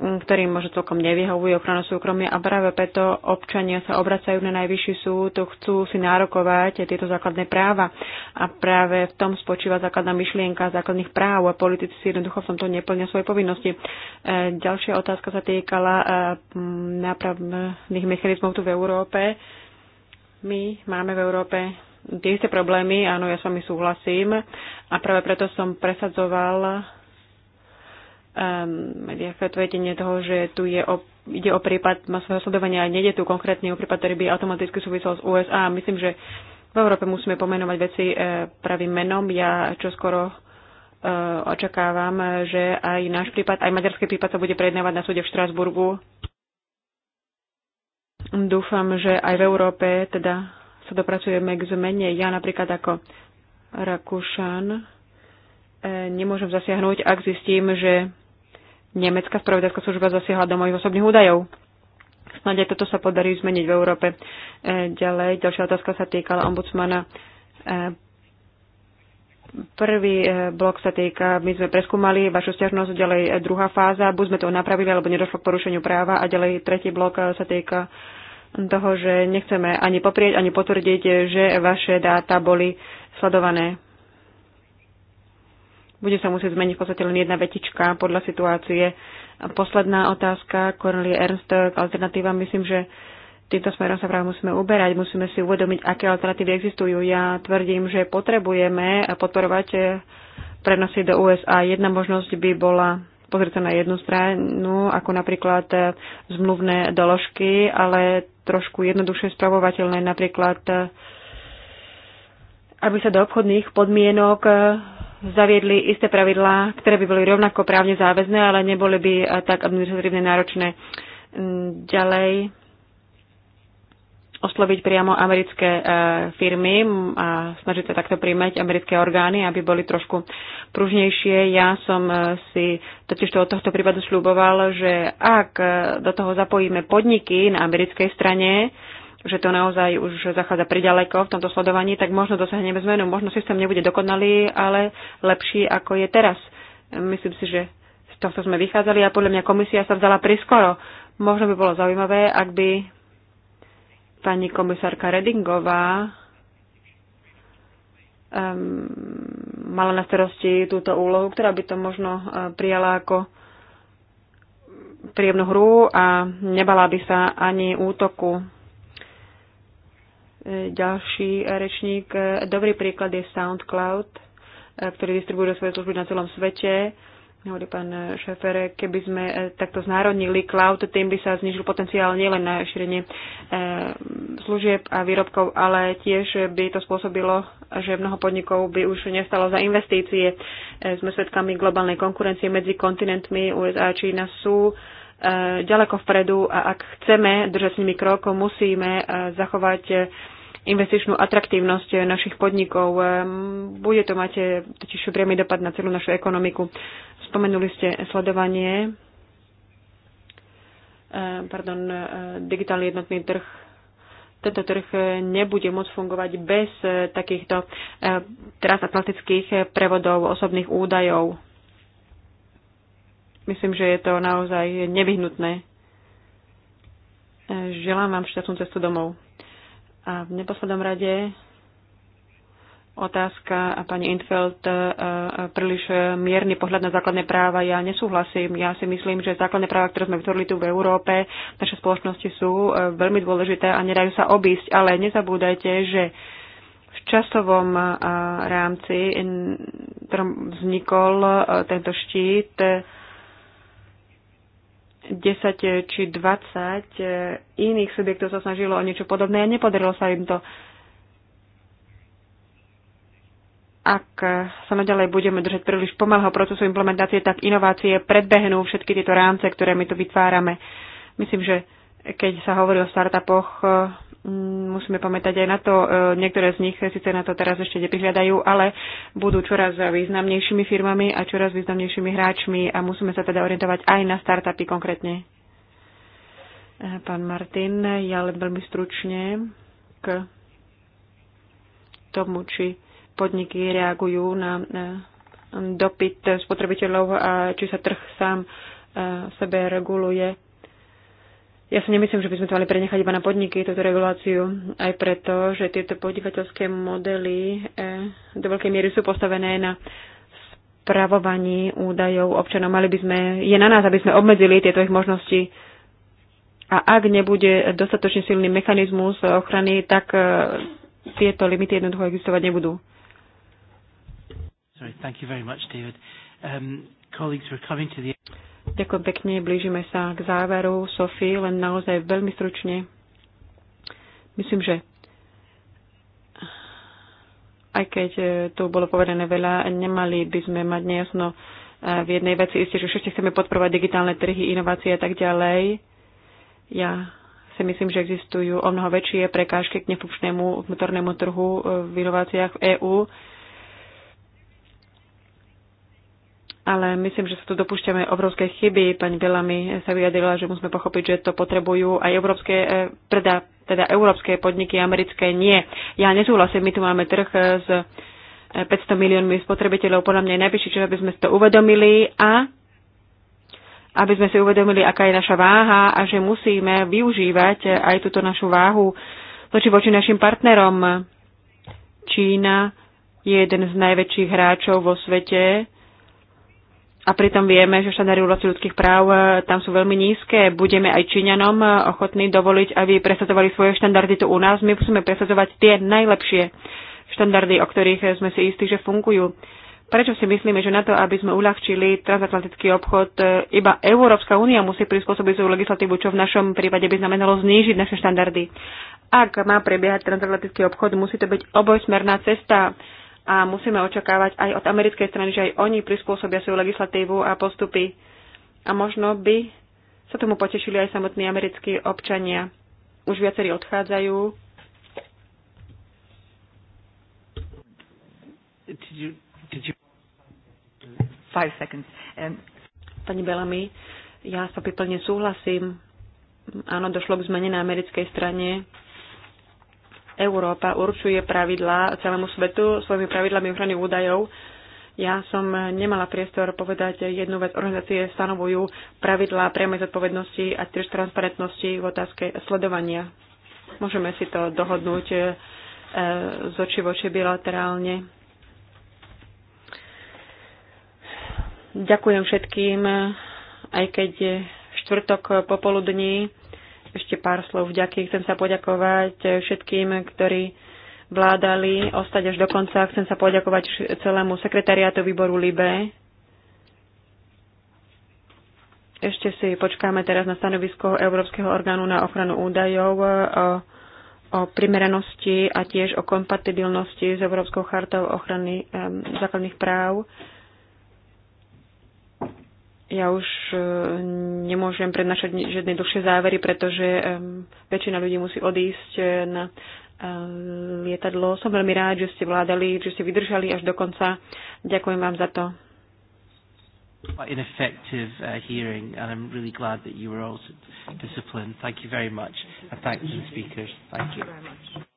ktorým možno celkom nevyhovuje ochrana súkromia a práve preto občania sa obracajú na najvyšší súd, chcú si nárokovať tieto základné práva. A práve v tom spočíva základná myšlienka základných práv a politici si jednoducho v tomto neplnia svoje povinnosti. Ďalšia otázka sa týkala nápravných mechanizmov tu v Európe. My máme v Európe tie isté problémy, áno, ja s vami súhlasím a práve preto som presadzoval um, ehm, vedenie toho, že tu je o, ide o prípad masového sledovania a nejde tu konkrétne o prípad, ktorý by automaticky súvisel s USA. Myslím, že v Európe musíme pomenovať veci e, pravým menom. Ja čo skoro e, očakávam, že aj náš prípad, aj maďarský prípad sa bude prejednávať na súde v Štrasburgu. Dúfam, že aj v Európe teda sa dopracujeme k zmene. Ja napríklad ako Rakúšan e, nemôžem zasiahnuť, ak zistím, že nemecká spravodajská služba zasiahla do mojich osobných údajov. Snáď aj toto sa podarí zmeniť v Európe. E, ďalej, ďalšia otázka sa týkala ombudsmana. E, prvý blok sa týka, my sme preskúmali vašu stiažnosť, ďalej druhá fáza, buď sme to napravili, alebo nedošlo k porušeniu práva, a ďalej tretí blok sa týka toho, že nechceme ani poprieť, ani potvrdiť, že vaše dáta boli sledované. Bude sa musieť zmeniť v podstate len jedna vetička podľa situácie. A posledná otázka, Cornelie Ernst, alternatíva. Myslím, že týmto smerom sa práve musíme uberať, musíme si uvedomiť, aké alternatívy existujú. Ja tvrdím, že potrebujeme podporovať prenosy do USA. Jedna možnosť by bola pozrieť sa na jednu stranu, ako napríklad zmluvné doložky, ale trošku jednoduchšie spravovateľné, napríklad e, aby sa do obchodných podmienok e, zaviedli isté pravidlá, ktoré by boli rovnako právne záväzné, ale neboli by e, tak administratívne náročné. Mm, ďalej, osloviť priamo americké e, firmy a snažiť sa takto príjmať americké orgány, aby boli trošku pružnejšie. Ja som e, si totiž to od tohto prípadu sľuboval, že ak e, do toho zapojíme podniky na americkej strane, že to naozaj už zachádza priďaleko v tomto sledovaní, tak možno dosiahneme zmenu. Možno systém nebude dokonalý, ale lepší ako je teraz. Myslím si, že z tohto sme vychádzali a podľa mňa komisia sa vzala priskoro. Možno by bolo zaujímavé, ak by pani komisárka Redingová um, mala na starosti túto úlohu, ktorá by to možno uh, prijala ako príjemnú hru a nebala by sa ani útoku. E, ďalší rečník, e, dobrý príklad je SoundCloud, e, ktorý distribuje svoje služby na celom svete hovorí pán Šefer, keby sme e, takto znárodnili cloud, tým by sa znižil potenciál nielen na šírenie e, služieb a výrobkov, ale tiež by to spôsobilo, že mnoho podnikov by už nestalo za investície. E, sme svedkami globálnej konkurencie medzi kontinentmi. USA a Čína sú ďaleko vpredu a ak chceme držať s nimi krok, musíme zachovať investičnú atraktívnosť našich podnikov. Ehm, bude to mať eh, totiž priamy dopad na celú našu ekonomiku. Spomenuli ste sledovanie, ehm, pardon, eh, digitálny jednotný trh. Tento trh eh, nebude môcť fungovať bez takýchto transatlantických prevodov osobných údajov. Myslím, že je to naozaj nevyhnutné. Želám vám šťastnú cestu domov. A v neposlednom rade otázka a pani Infeld e, e, príliš e, mierny pohľad na základné práva. Ja nesúhlasím. Ja si myslím, že základné práva, ktoré sme vytvorili tu v Európe, naše spoločnosti sú veľmi dôležité a nedajú sa obísť. Ale nezabúdajte, že v časovom rámci, ktorom vznikol tento štít, 10 či 20 e, iných subjektov sa snažilo o niečo podobné a nepodarilo sa im to. Ak sa naďalej budeme držať príliš pomalého procesu implementácie, tak inovácie predbehnú všetky tieto rámce, ktoré my tu vytvárame. Myslím, že keď sa hovorí o startupoch, Mm, musíme pamätať aj na to, e, niektoré z nich síce na to teraz ešte neprihľadajú, ale budú čoraz významnejšími firmami a čoraz významnejšími hráčmi a musíme sa teda orientovať aj na startupy konkrétne. E, pán Martin, ja len veľmi stručne k tomu, či podniky reagujú na e, dopyt spotrebiteľov a či sa trh sám sebe reguluje ja si nemyslím, že by sme to mali prenechať iba na podniky, túto reguláciu, aj preto, že tieto podnikateľské modely eh, do veľkej miery sú postavené na spravovaní údajov občanov. Mali by sme, je na nás, aby sme obmedzili tieto ich možnosti. A ak nebude dostatočne silný mechanizmus ochrany, tak eh, tieto limity jednoducho existovať nebudú. Sorry, thank you very much, David. Um, colleagues, we're coming to the... Ďakujem pekne, blížime sa k záveru. Sofie, len naozaj veľmi stručne. Myslím, že aj keď e, tu bolo povedané veľa, nemali by sme mať nejasno e, v jednej veci. Isté, že všetci chceme podporovať digitálne trhy, inovácie a tak ďalej. Ja si myslím, že existujú o mnoho väčšie prekážky k nefunkčnému vnútornému trhu e, v inováciách v EÚ. ale myslím, že sa tu dopúšťame obrovské chyby. Pani Belami sa vyjadrila, že musíme pochopiť, že to potrebujú aj európske, e, teda, teda európske podniky, americké nie. Ja nesúhlasím, my tu máme trh s 500 e, miliónmi spotrebiteľov. Podľa mňa je najvyšší čas, aby sme si to uvedomili a aby sme si uvedomili, aká je naša váha a že musíme využívať aj túto našu váhu voči voči našim partnerom. Čína je jeden z najväčších hráčov vo svete a pritom vieme, že štandardy oblasti ľudských práv e, tam sú veľmi nízke. Budeme aj Číňanom e, ochotní dovoliť, aby presadzovali svoje štandardy tu u nás. My musíme presadzovať tie najlepšie štandardy, o ktorých sme si istí, že fungujú. Prečo si myslíme, že na to, aby sme uľahčili transatlantický obchod, e, iba Európska únia musí prispôsobiť svoju legislatívu, čo v našom prípade by znamenalo znížiť naše štandardy. Ak má prebiehať transatlantický obchod, musí to byť obojsmerná cesta a musíme očakávať aj od americkej strany, že aj oni prispôsobia svoju legislatívu a postupy. A možno by sa tomu potešili aj samotní americkí občania. Už viacerí odchádzajú. Um, Pani Belami, ja sa plne súhlasím. Áno, došlo k zmene na americkej strane Európa určuje pravidlá celému svetu svojimi pravidlami ochrany údajov. Ja som nemala priestor povedať jednu vec. Organizácie stanovujú pravidlá priamej zodpovednosti a tiež transparentnosti v otázke sledovania. Môžeme si to dohodnúť e, z oči voči bilaterálne. Ďakujem všetkým, aj keď štvrtok popoludní ešte pár slov vďaky. Chcem sa poďakovať všetkým, ktorí vládali ostať až do konca. Chcem sa poďakovať celému sekretariátu výboru LIBE. Ešte si počkáme teraz na stanovisko Európskeho orgánu na ochranu údajov o, o primeranosti a tiež o kompatibilnosti s Európskou chartou ochrany um, základných práv. Ja už e, nemôžem prednášať žiadne dlhšie závery, pretože väčšina ľudí musí odísť e, na e, lietadlo. Som veľmi rád, že ste vládali, že ste vydržali až do konca. Ďakujem vám za to. uh, hearing, and I'm really glad that you were also disciplined. Thank you very much, and speakers. Thank you. Thank you very much.